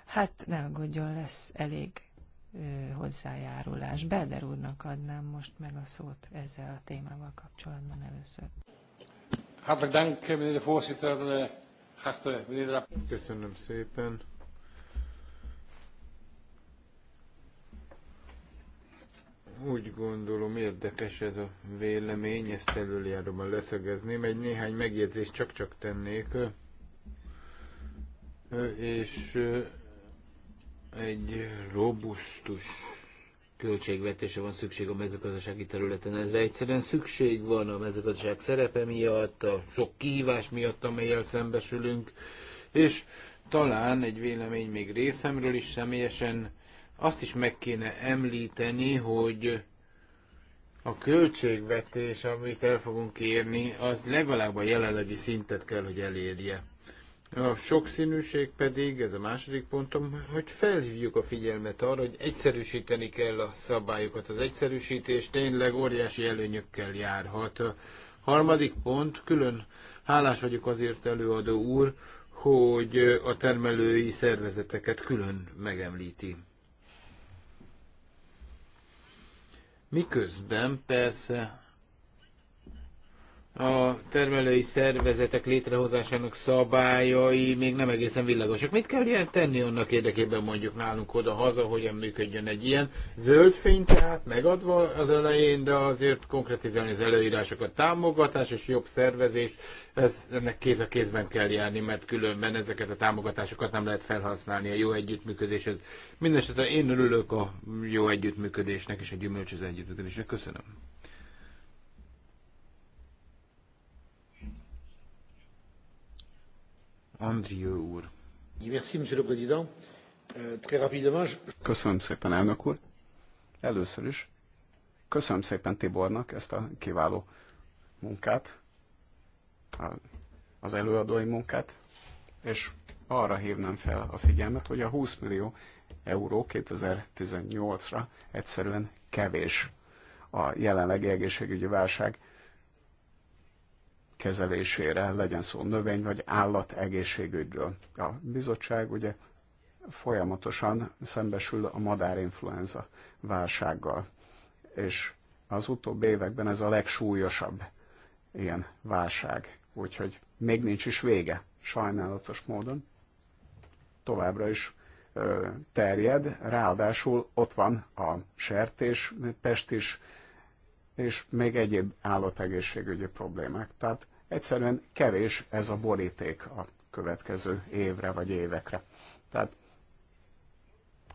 Hát ne aggódjon, lesz elég ö, eh, hozzájárulás. Belder úrnak adnám most meg a szót ezzel a témával kapcsolatban először. Hát dank, meneer de voorzitter. Eh, Köszönöm szépen. Úgy gondolom érdekes ez a vélemény, ezt előjáróban leszögezném. Egy néhány megjegyzést csak-csak tennék, és egy robusztus költségvetése van szükség a mezőgazdasági területen. Ez egyszerűen szükség van a mezőgazdaság szerepe miatt, a sok kihívás miatt, amelyel szembesülünk, és talán egy vélemény még részemről is személyesen azt is meg kéne említeni, hogy a költségvetés, amit el fogunk érni, az legalább a jelenlegi szintet kell, hogy elérje. A sokszínűség pedig, ez a második pontom, hogy felhívjuk a figyelmet arra, hogy egyszerűsíteni kell a szabályokat. Az egyszerűsítés tényleg óriási előnyökkel járhat. A harmadik pont, külön hálás vagyok azért előadó úr, hogy a termelői szervezeteket külön megemlíti. Miközben persze a termelői szervezetek létrehozásának szabályai még nem egészen villagosak. Mit kell ilyen tenni annak érdekében mondjuk nálunk oda-haza, hogyan működjön egy ilyen zöld fény, tehát megadva az elején, de azért konkretizálni az előírásokat, támogatás és jobb szervezés, ez, ennek kéz a kézben kell járni, mert különben ezeket a támogatásokat nem lehet felhasználni a jó együttműködéshez. Mindenesetre én örülök a jó együttműködésnek és a gyümölcsöző együttműködésnek. Köszönöm. Euh, köszönöm szépen, elnök úr. Először is köszönöm szépen Tibornak ezt a kiváló munkát, az előadói munkát, és arra hívnám fel a figyelmet, hogy a 20 millió euró 2018-ra egyszerűen kevés a jelenlegi egészségügyi válság kezelésére, legyen szó növény vagy állat egészségügyről. A bizottság ugye folyamatosan szembesül a madárinfluenza válsággal, és az utóbbi években ez a legsúlyosabb ilyen válság, úgyhogy még nincs is vége, sajnálatos módon. Továbbra is ö, terjed, ráadásul ott van a sertés, pest is, és még egyéb állategészségügyi problémák. Tehát Egyszerűen kevés ez a boríték a következő évre vagy évekre. Tehát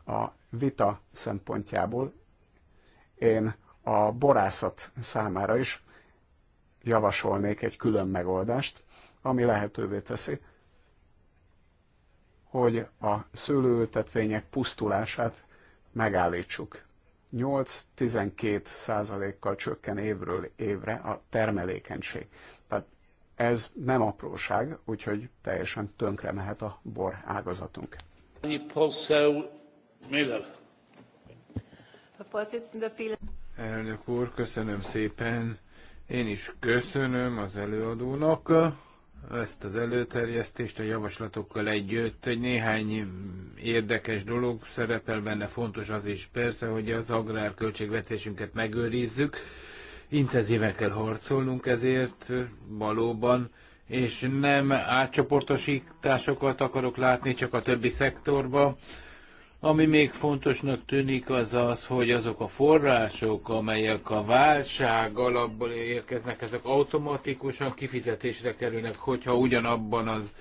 a vita szempontjából én a borászat számára is javasolnék egy külön megoldást, ami lehetővé teszi, hogy a szőlőültetvények pusztulását megállítsuk. 8-12 százalékkal csökken évről évre a termelékenység. Tehát ez nem apróság, úgyhogy teljesen tönkre mehet a bor ágazatunk. Elnök úr, köszönöm szépen. Én is köszönöm az előadónak ezt az előterjesztést a javaslatokkal együtt. Egy néhány érdekes dolog szerepel benne, fontos az is persze, hogy az agrárköltségvetésünket megőrizzük, intenzíven kell harcolnunk ezért valóban, és nem átcsoportosításokat akarok látni csak a többi szektorba. Ami még fontosnak tűnik az az, hogy azok a források, amelyek a válság alapból érkeznek, ezek automatikusan kifizetésre kerülnek, hogyha ugyanabban az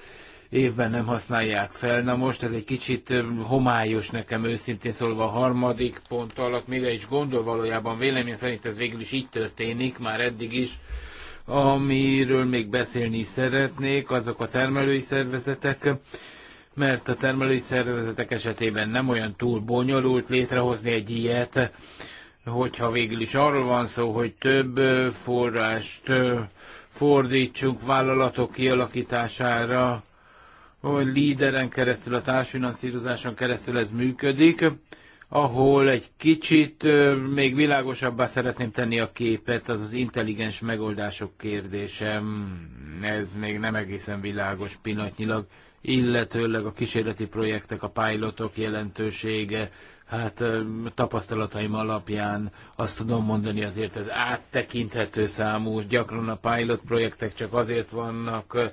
évben nem használják fel. Na most ez egy kicsit homályos nekem őszintén szólva a harmadik pont alatt, mire is gondol valójában vélemény szerint ez végül is így történik, már eddig is. Amiről még beszélni szeretnék, azok a termelői szervezetek, mert a termelői szervezetek esetében nem olyan túl bonyolult létrehozni egy ilyet, hogyha végül is arról van szó, hogy több forrást fordítsunk vállalatok kialakítására, hogy líderen keresztül, a társfinanszírozáson keresztül ez működik, ahol egy kicsit még világosabbá szeretném tenni a képet, az az intelligens megoldások kérdése. Ez még nem egészen világos pillanatnyilag, illetőleg a kísérleti projektek, a pilotok jelentősége, Hát tapasztalataim alapján azt tudom mondani, azért ez áttekinthető számú, gyakran a pilot projektek csak azért vannak,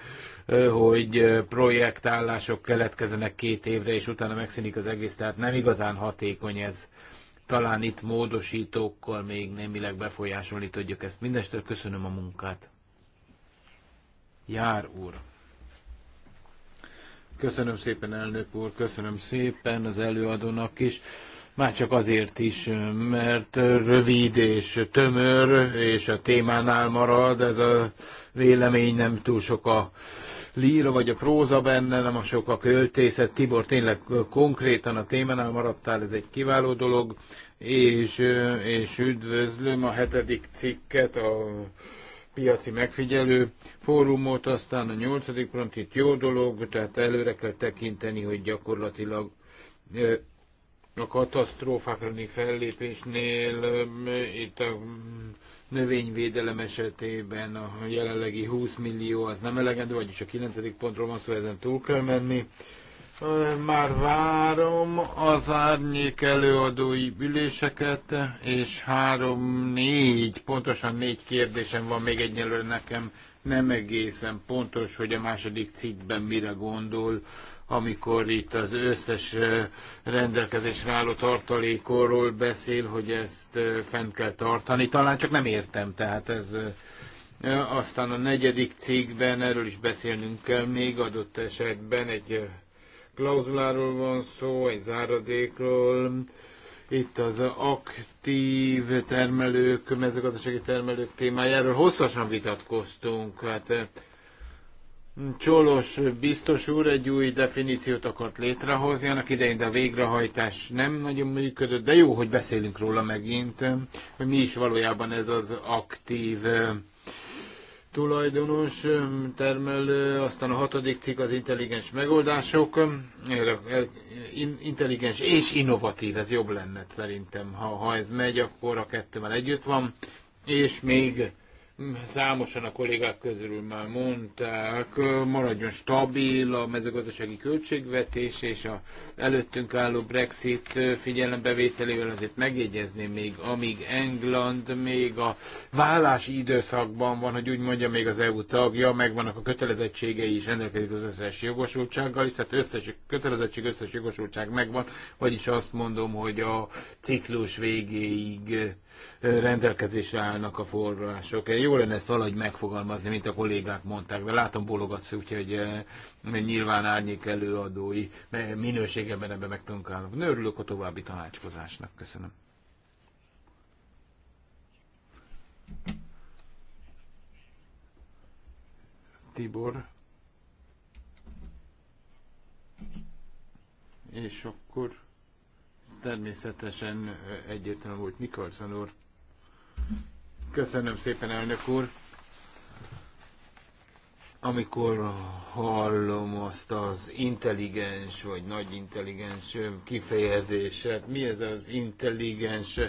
hogy projektállások keletkezenek két évre, és utána megszűnik az egész, tehát nem igazán hatékony ez. Talán itt módosítókkal még némileg befolyásolni tudjuk ezt. Mindestől köszönöm a munkát. Jár úr! Köszönöm szépen, elnök úr, köszönöm szépen az előadónak is. Már csak azért is, mert rövid és tömör, és a témánál marad, ez a vélemény nem túl sok a líra vagy a próza benne, nem a sok a költészet. Tibor, tényleg konkrétan a témánál maradtál, ez egy kiváló dolog, és, és üdvözlöm a hetedik cikket, a piaci megfigyelő fórumot, aztán a nyolcadik front itt jó dolog, tehát előre kell tekinteni, hogy gyakorlatilag a katasztrófákra fellépésnél itt a mm, növényvédelem esetében a jelenlegi 20 millió az nem elegendő, vagyis a 9. pontról van szó, ezen túl kell menni. Már várom az árnyék előadói üléseket, és három-négy, pontosan négy kérdésem van még egyelőre nekem. Nem egészen pontos, hogy a második cikkben mire gondol, amikor itt az összes rendelkezésre álló tartalékorról beszél, hogy ezt fent kell tartani. Talán csak nem értem, tehát ez aztán a negyedik cikkben erről is beszélnünk kell még adott esetben egy klauzuláról van szó, egy záradékról, itt az aktív termelők, mezőgazdasági termelők témájáról hosszasan vitatkoztunk. Hát eh, Csolos biztos úr egy új definíciót akart létrehozni annak idején, de a végrehajtás nem nagyon működött, de jó, hogy beszélünk róla megint, hogy mi is valójában ez az aktív eh, tulajdonos, termelő, aztán a hatodik cikk az intelligens megoldások, e, intelligens és innovatív, ez jobb lenne szerintem, ha, ha ez megy, akkor a kettővel együtt van, és még Számosan a kollégák közül már mondták, maradjon stabil a mezőgazdasági költségvetés, és a előttünk álló Brexit figyelembevételével azért megjegyezném még, amíg England még a vállási időszakban van, hogy úgy mondja, még az EU tagja, megvannak a kötelezettségei is, rendelkezik az összes jogosultsággal, és tehát összes kötelezettség, összes jogosultság megvan, vagyis azt mondom, hogy a ciklus végéig rendelkezésre állnak a források. Jó lenne ezt valahogy megfogalmazni, mint a kollégák mondták, de látom bologatsz, úgyhogy nyilván árnyék előadói minőségeben ebben meg tudunk Örülök a további tanácskozásnak. Köszönöm. Tibor. És akkor Természetesen egyértelmű volt Nikolson úr. Köszönöm szépen, elnök úr. Amikor hallom azt az intelligens vagy nagy intelligens kifejezéset, mi ez az intelligens?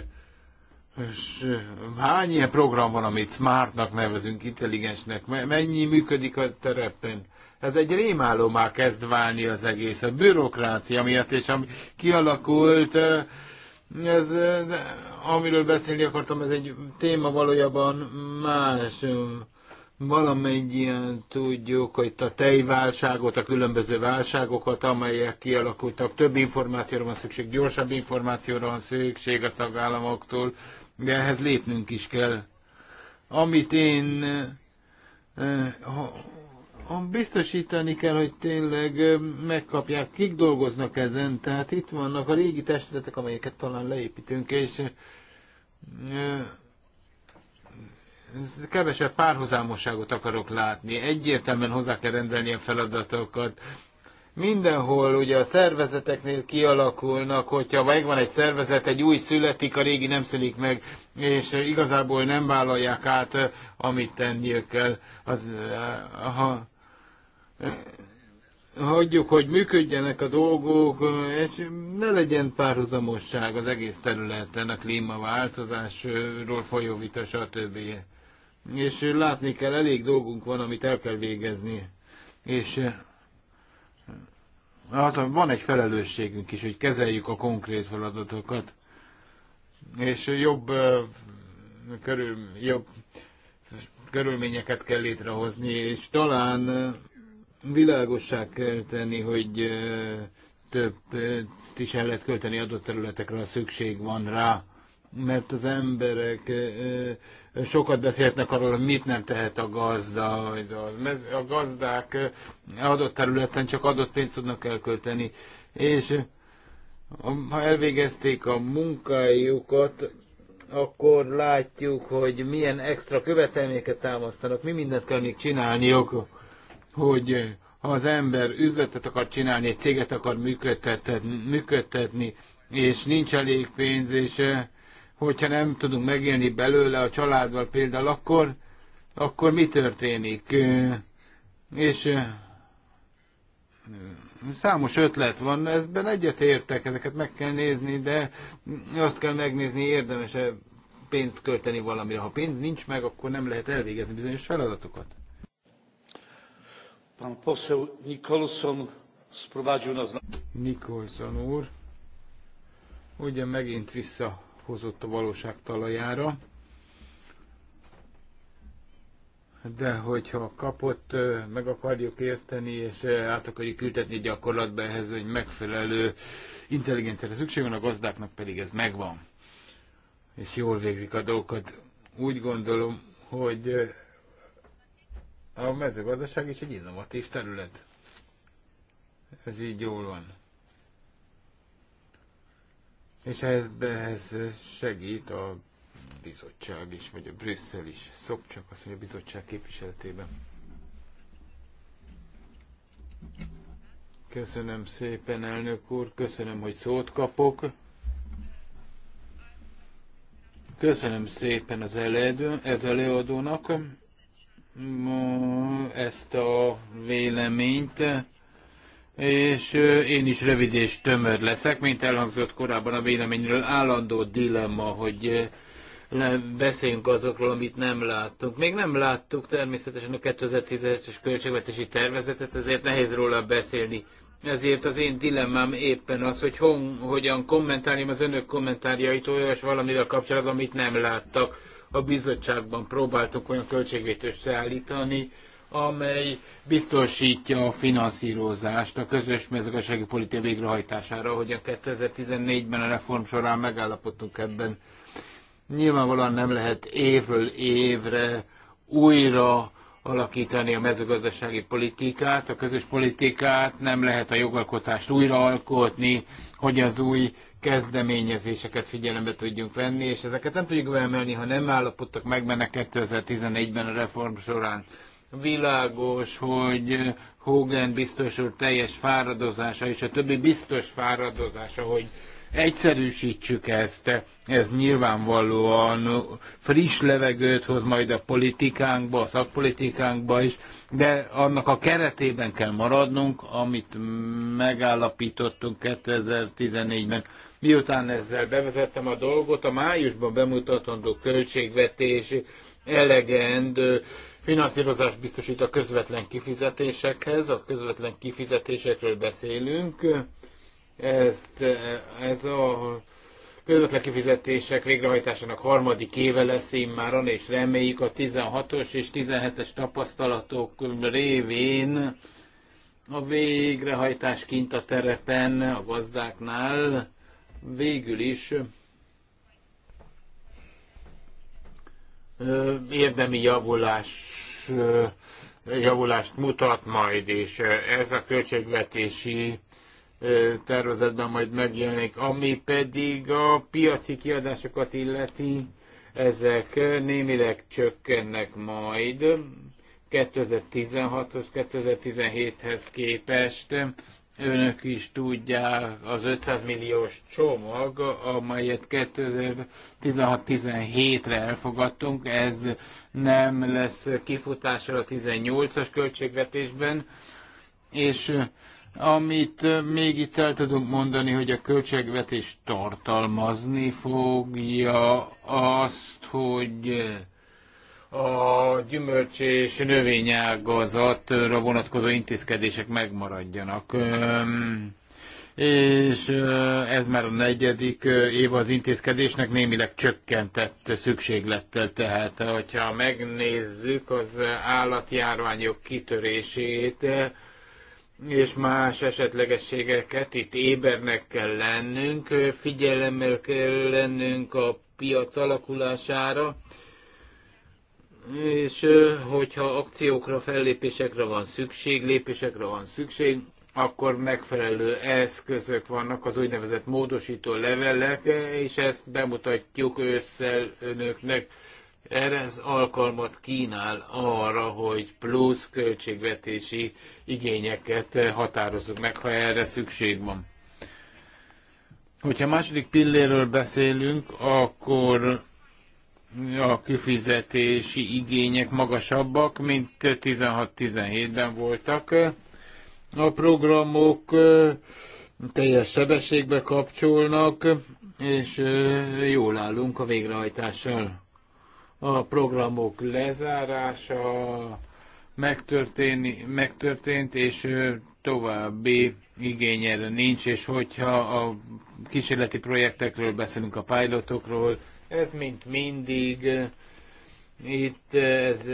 És hány ilyen program van, amit smartnak nevezünk, intelligensnek? Mennyi működik a terepen? ez egy rémállomá kezd válni az egész. A bürokrácia miatt, és ami kialakult, ez, amiről beszélni akartam, ez egy téma valójában más. Valamennyien tudjuk, hogy a tejválságot, a különböző válságokat, amelyek kialakultak, több információra van szükség, gyorsabb információra van szükség a tagállamoktól, de ehhez lépnünk is kell. Amit én Biztosítani kell, hogy tényleg megkapják, kik dolgoznak ezen. Tehát itt vannak a régi testületek, amelyeket talán leépítünk, és kevesebb párhuzámosságot akarok látni. Egyértelműen hozzá kell rendelni a feladatokat. Mindenhol ugye a szervezeteknél kialakulnak, hogyha megvan egy szervezet, egy új születik, a régi nem szülik meg, és igazából nem vállalják át, amit tenniük kell. Az, ha, hagyjuk, hogy működjenek a dolgok, és ne legyen párhuzamosság az egész területen, a klímaváltozásról folyó vita, stb. És látni kell, elég dolgunk van, amit el kell végezni. És eh, az, van egy felelősségünk is, hogy kezeljük a konkrét feladatokat. És jobb, eh, körül, jobb körülményeket kell létrehozni, és talán eh, világossá kell tenni, hogy több is el lehet költeni adott területekre, ha szükség van rá, mert az emberek sokat beszélhetnek arról, hogy mit nem tehet a gazda, a gazdák adott területen csak adott pénzt tudnak elkölteni, és ha elvégezték a munkájukat, akkor látjuk, hogy milyen extra követelményeket támasztanak, mi mindent kell még csinálniuk hogy ha az ember üzletet akar csinálni, egy céget akar működtetni, működtetni és nincs elég pénz, és eh, hogyha nem tudunk megélni belőle a családdal például, akkor, akkor mi történik? Eh, és eh, számos ötlet van, ezben egyet értek, ezeket meg kell nézni, de azt kell megnézni, érdemes-e pénzt költeni valamire. Ha pénz nincs meg, akkor nem lehet elvégezni bizonyos feladatokat. Pan poseł Nicholson sprowadził nas na... Nicholson úr, ugye megint visszahozott a valóság talajára, de hogyha kapott, meg akarjuk érteni, és át akarjuk ültetni gyakorlatba ehhez, hogy megfelelő intelligenciára szükség van, a gazdáknak pedig ez megvan. És jól végzik a dolgokat. Úgy gondolom, hogy a mezőgazdaság is egy innovatív terület. Ez így jól van. És ehhez, ehhez segít a bizottság is, vagy a Brüsszel is. Szopcsak azt mondja, a bizottság képviseletében. Köszönöm szépen, elnök úr. Köszönöm, hogy szót kapok. Köszönöm szépen az, az előadónak ezt a véleményt, és én is rövid és tömör leszek, mint elhangzott korábban a véleményről állandó dilemma, hogy le, beszéljünk azokról, amit nem láttunk. Még nem láttuk természetesen a 2017-es költségvetési tervezetet, ezért nehéz róla beszélni. Ezért az én dilemmám éppen az, hogy hon, hogyan kommentáljam az önök kommentárjait olyas valamivel kapcsolatban, amit nem láttak a bizottságban próbáltunk olyan költségvetést állítani, amely biztosítja a finanszírozást a közös mezőgazdasági politika végrehajtására, a 2014-ben a reform során megállapodtunk ebben. Nyilvánvalóan nem lehet évről évre újra alakítani a mezőgazdasági politikát, a közös politikát, nem lehet a jogalkotást újraalkotni, hogy az új kezdeményezéseket figyelembe tudjunk venni, és ezeket nem tudjuk beemelni, ha nem állapodtak meg benne 2011-ben a reform során. Világos, hogy Hogan biztos úr teljes fáradozása, és a többi biztos fáradozása, hogy egyszerűsítsük ezt, ez nyilvánvalóan friss levegőt hoz majd a politikánkba, a szakpolitikánkba is, de annak a keretében kell maradnunk, amit megállapítottunk 2014-ben. Miután ezzel bevezettem a dolgot, a májusban bemutatandó költségvetés elegendő finanszírozás biztosít a közvetlen kifizetésekhez, a közvetlen kifizetésekről beszélünk. Ezt, ez a közvetlen kifizetések végrehajtásának harmadik éve lesz immáron, és reméljük a 16-os és 17-es tapasztalatok révén a végrehajtás kint a terepen, a gazdáknál végül is érdemi javulás javulást mutat majd, és ez a költségvetési tervezetben majd megjelenik. Ami pedig a piaci kiadásokat illeti, ezek némileg csökkennek majd 2016-hoz, 2017-hez képest. Önök is tudják, az 500 milliós csomag, amelyet 2016-17-re elfogadtunk, ez nem lesz kifutással a 18-as költségvetésben, és amit még itt el tudunk mondani, hogy a költségvetés tartalmazni fogja azt, hogy a gyümölcs és növényágazatra vonatkozó intézkedések megmaradjanak. És ez már a negyedik év az intézkedésnek némileg csökkentett szükséglettel, tehát hogyha megnézzük az állatjárványok kitörését, és más esetlegességeket. Itt ébernek kell lennünk, figyelemmel kell lennünk a piac alakulására, és hogyha akciókra, fellépésekre van szükség, lépésekre van szükség, akkor megfelelő eszközök vannak, az úgynevezett módosító levelek, és ezt bemutatjuk ősszel önöknek ez alkalmat kínál arra, hogy plusz költségvetési igényeket határozzuk meg, ha erre szükség van. Hogyha második pilléről beszélünk, akkor a kifizetési igények magasabbak, mint 16-17-ben voltak. A programok teljes sebességbe kapcsolnak, és jól állunk a végrehajtással a programok lezárása megtörtént, megtörtént és további igény erre nincs, és hogyha a kísérleti projektekről beszélünk, a pilotokról, ez mint mindig, itt ez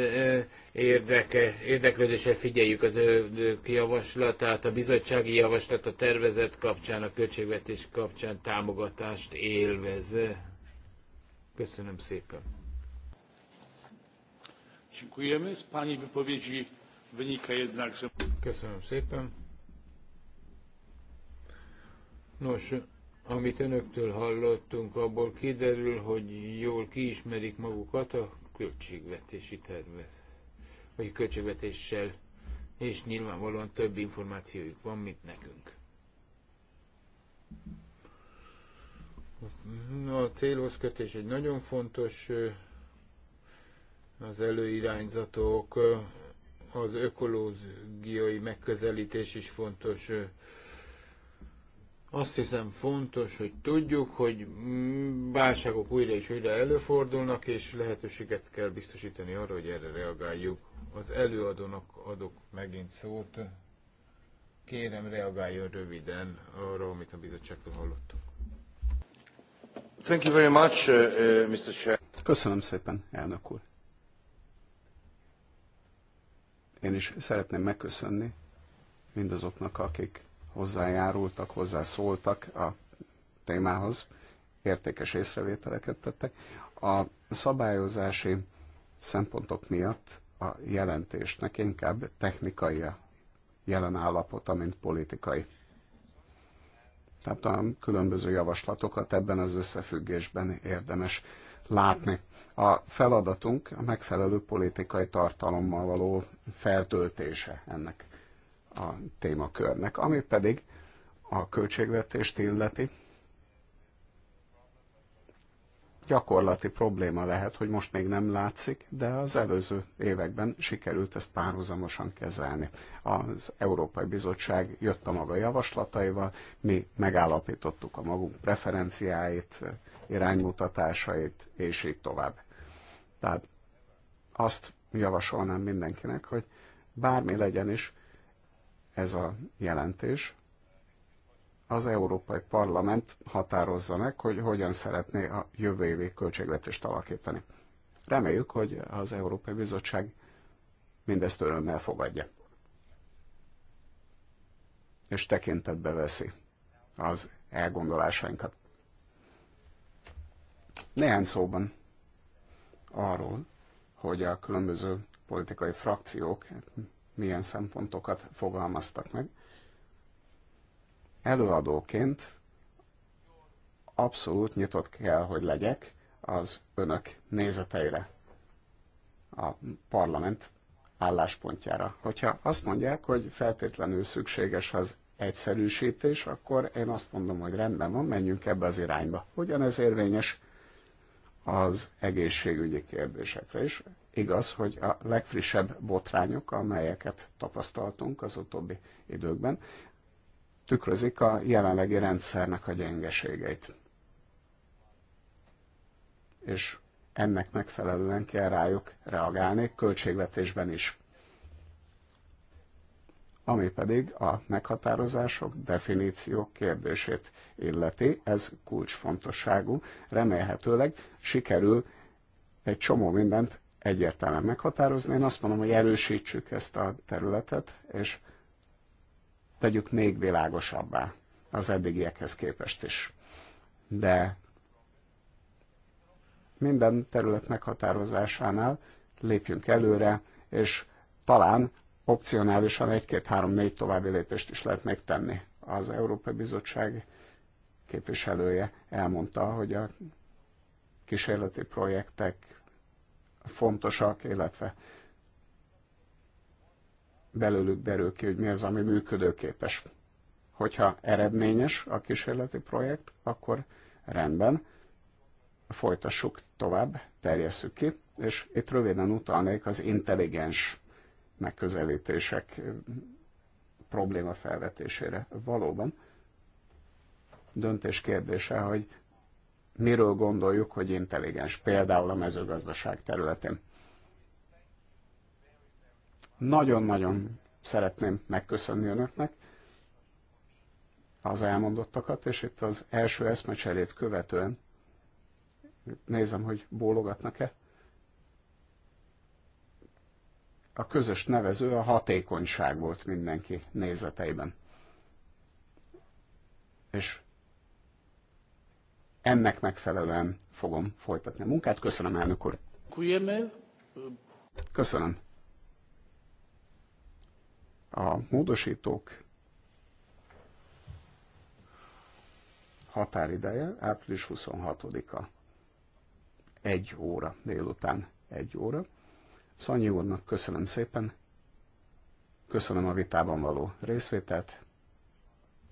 érdeke, érdeklődésre figyeljük az önök javaslatát, a bizottsági javaslat a tervezet kapcsán, a költségvetés kapcsán támogatást élvez. Köszönöm szépen. Dziękujemy. Z Pani wypowiedzi wynika jednak, że... Köszönöm szépen. Nos, amit önöktől hallottunk, abból kiderül, hogy jól kiismerik magukat a költségvetési tervet, vagy költségvetéssel, és nyilvánvalóan több információjuk van, mint nekünk. A célhoz kötés egy nagyon fontos az előirányzatok, az ökológiai megközelítés is fontos. Azt hiszem fontos, hogy tudjuk, hogy válságok újra és újra előfordulnak, és lehetőséget kell biztosítani arra, hogy erre reagáljuk. Az előadónak adok megint szót. Kérem, reagáljon röviden arra, amit a bizottságtól hallottuk. Thank you very much, uh, uh Mr. Chair. Köszönöm szépen, elnök úr. Én is szeretném megköszönni mindazoknak, akik hozzájárultak, hozzászóltak a témához, értékes észrevételeket tettek. A szabályozási szempontok miatt a jelentésnek inkább technikai a jelen állapota, mint politikai. Tehát a különböző javaslatokat ebben az összefüggésben érdemes látni a feladatunk a megfelelő politikai tartalommal való feltöltése ennek a témakörnek, ami pedig a költségvetést illeti. Gyakorlati probléma lehet, hogy most még nem látszik, de az előző években sikerült ezt párhuzamosan kezelni. Az Európai Bizottság jött a maga javaslataival, mi megállapítottuk a magunk preferenciáit, iránymutatásait, és így tovább. Tehát azt javasolnám mindenkinek, hogy bármi legyen is ez a jelentés, az Európai Parlament határozza meg, hogy hogyan szeretné a jövő évi költségvetést alakítani. Reméljük, hogy az Európai Bizottság mindezt örömmel fogadja. És tekintetbe veszi az elgondolásainkat. Néhány szóban arról, hogy a különböző politikai frakciók milyen szempontokat fogalmaztak meg. Előadóként abszolút nyitott kell, hogy legyek az önök nézeteire, a parlament álláspontjára. Hogyha azt mondják, hogy feltétlenül szükséges az egyszerűsítés, akkor én azt mondom, hogy rendben van, menjünk ebbe az irányba. Ugyanez érvényes az egészségügyi kérdésekre is. Igaz, hogy a legfrissebb botrányok, amelyeket tapasztaltunk az utóbbi időkben, tükrözik a jelenlegi rendszernek a gyengeségeit. És ennek megfelelően kell rájuk reagálni költségvetésben is ami pedig a meghatározások, definíciók kérdését illeti, ez kulcsfontosságú. Remélhetőleg sikerül egy csomó mindent egyértelműen meghatározni. Én azt mondom, hogy erősítsük ezt a területet, és tegyük még világosabbá az eddigiekhez képest is. De minden terület meghatározásánál lépjünk előre, és talán opcionálisan egy-két-három-négy további lépést is lehet megtenni. Az Európai Bizottság képviselője elmondta, hogy a kísérleti projektek fontosak, illetve belőlük derül ki, hogy mi az, ami működőképes. Hogyha eredményes a kísérleti projekt, akkor rendben, folytassuk tovább, terjesszük ki, és itt röviden utalnék az intelligens megközelítések probléma felvetésére. Valóban döntés kérdése, hogy miről gondoljuk, hogy intelligens, például a mezőgazdaság területén. Nagyon-nagyon szeretném megköszönni önöknek az elmondottakat, és itt az első eszmecserét követően nézem, hogy bólogatnak-e. a közös nevező a hatékonyság volt mindenki nézeteiben. És ennek megfelelően fogom folytatni a munkát. Köszönöm, elnök úr. Köszönöm. A módosítók határideje április 26-a. Egy óra délután, egy óra. Szanyi úrnak köszönöm szépen, köszönöm a vitában való részvételt.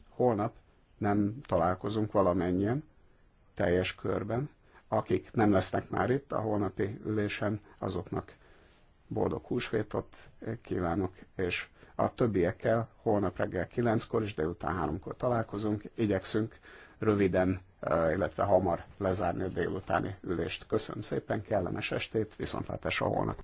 Holnap nem találkozunk valamennyien, teljes körben. Akik nem lesznek már itt a holnapi ülésen, azoknak boldog húsvétot kívánok, és a többiekkel holnap reggel 9-kor és délután 3-kor találkozunk. Igyekszünk röviden, illetve hamar lezárni a délutáni ülést. Köszönöm szépen, kellemes estét, viszontlátásra holnap!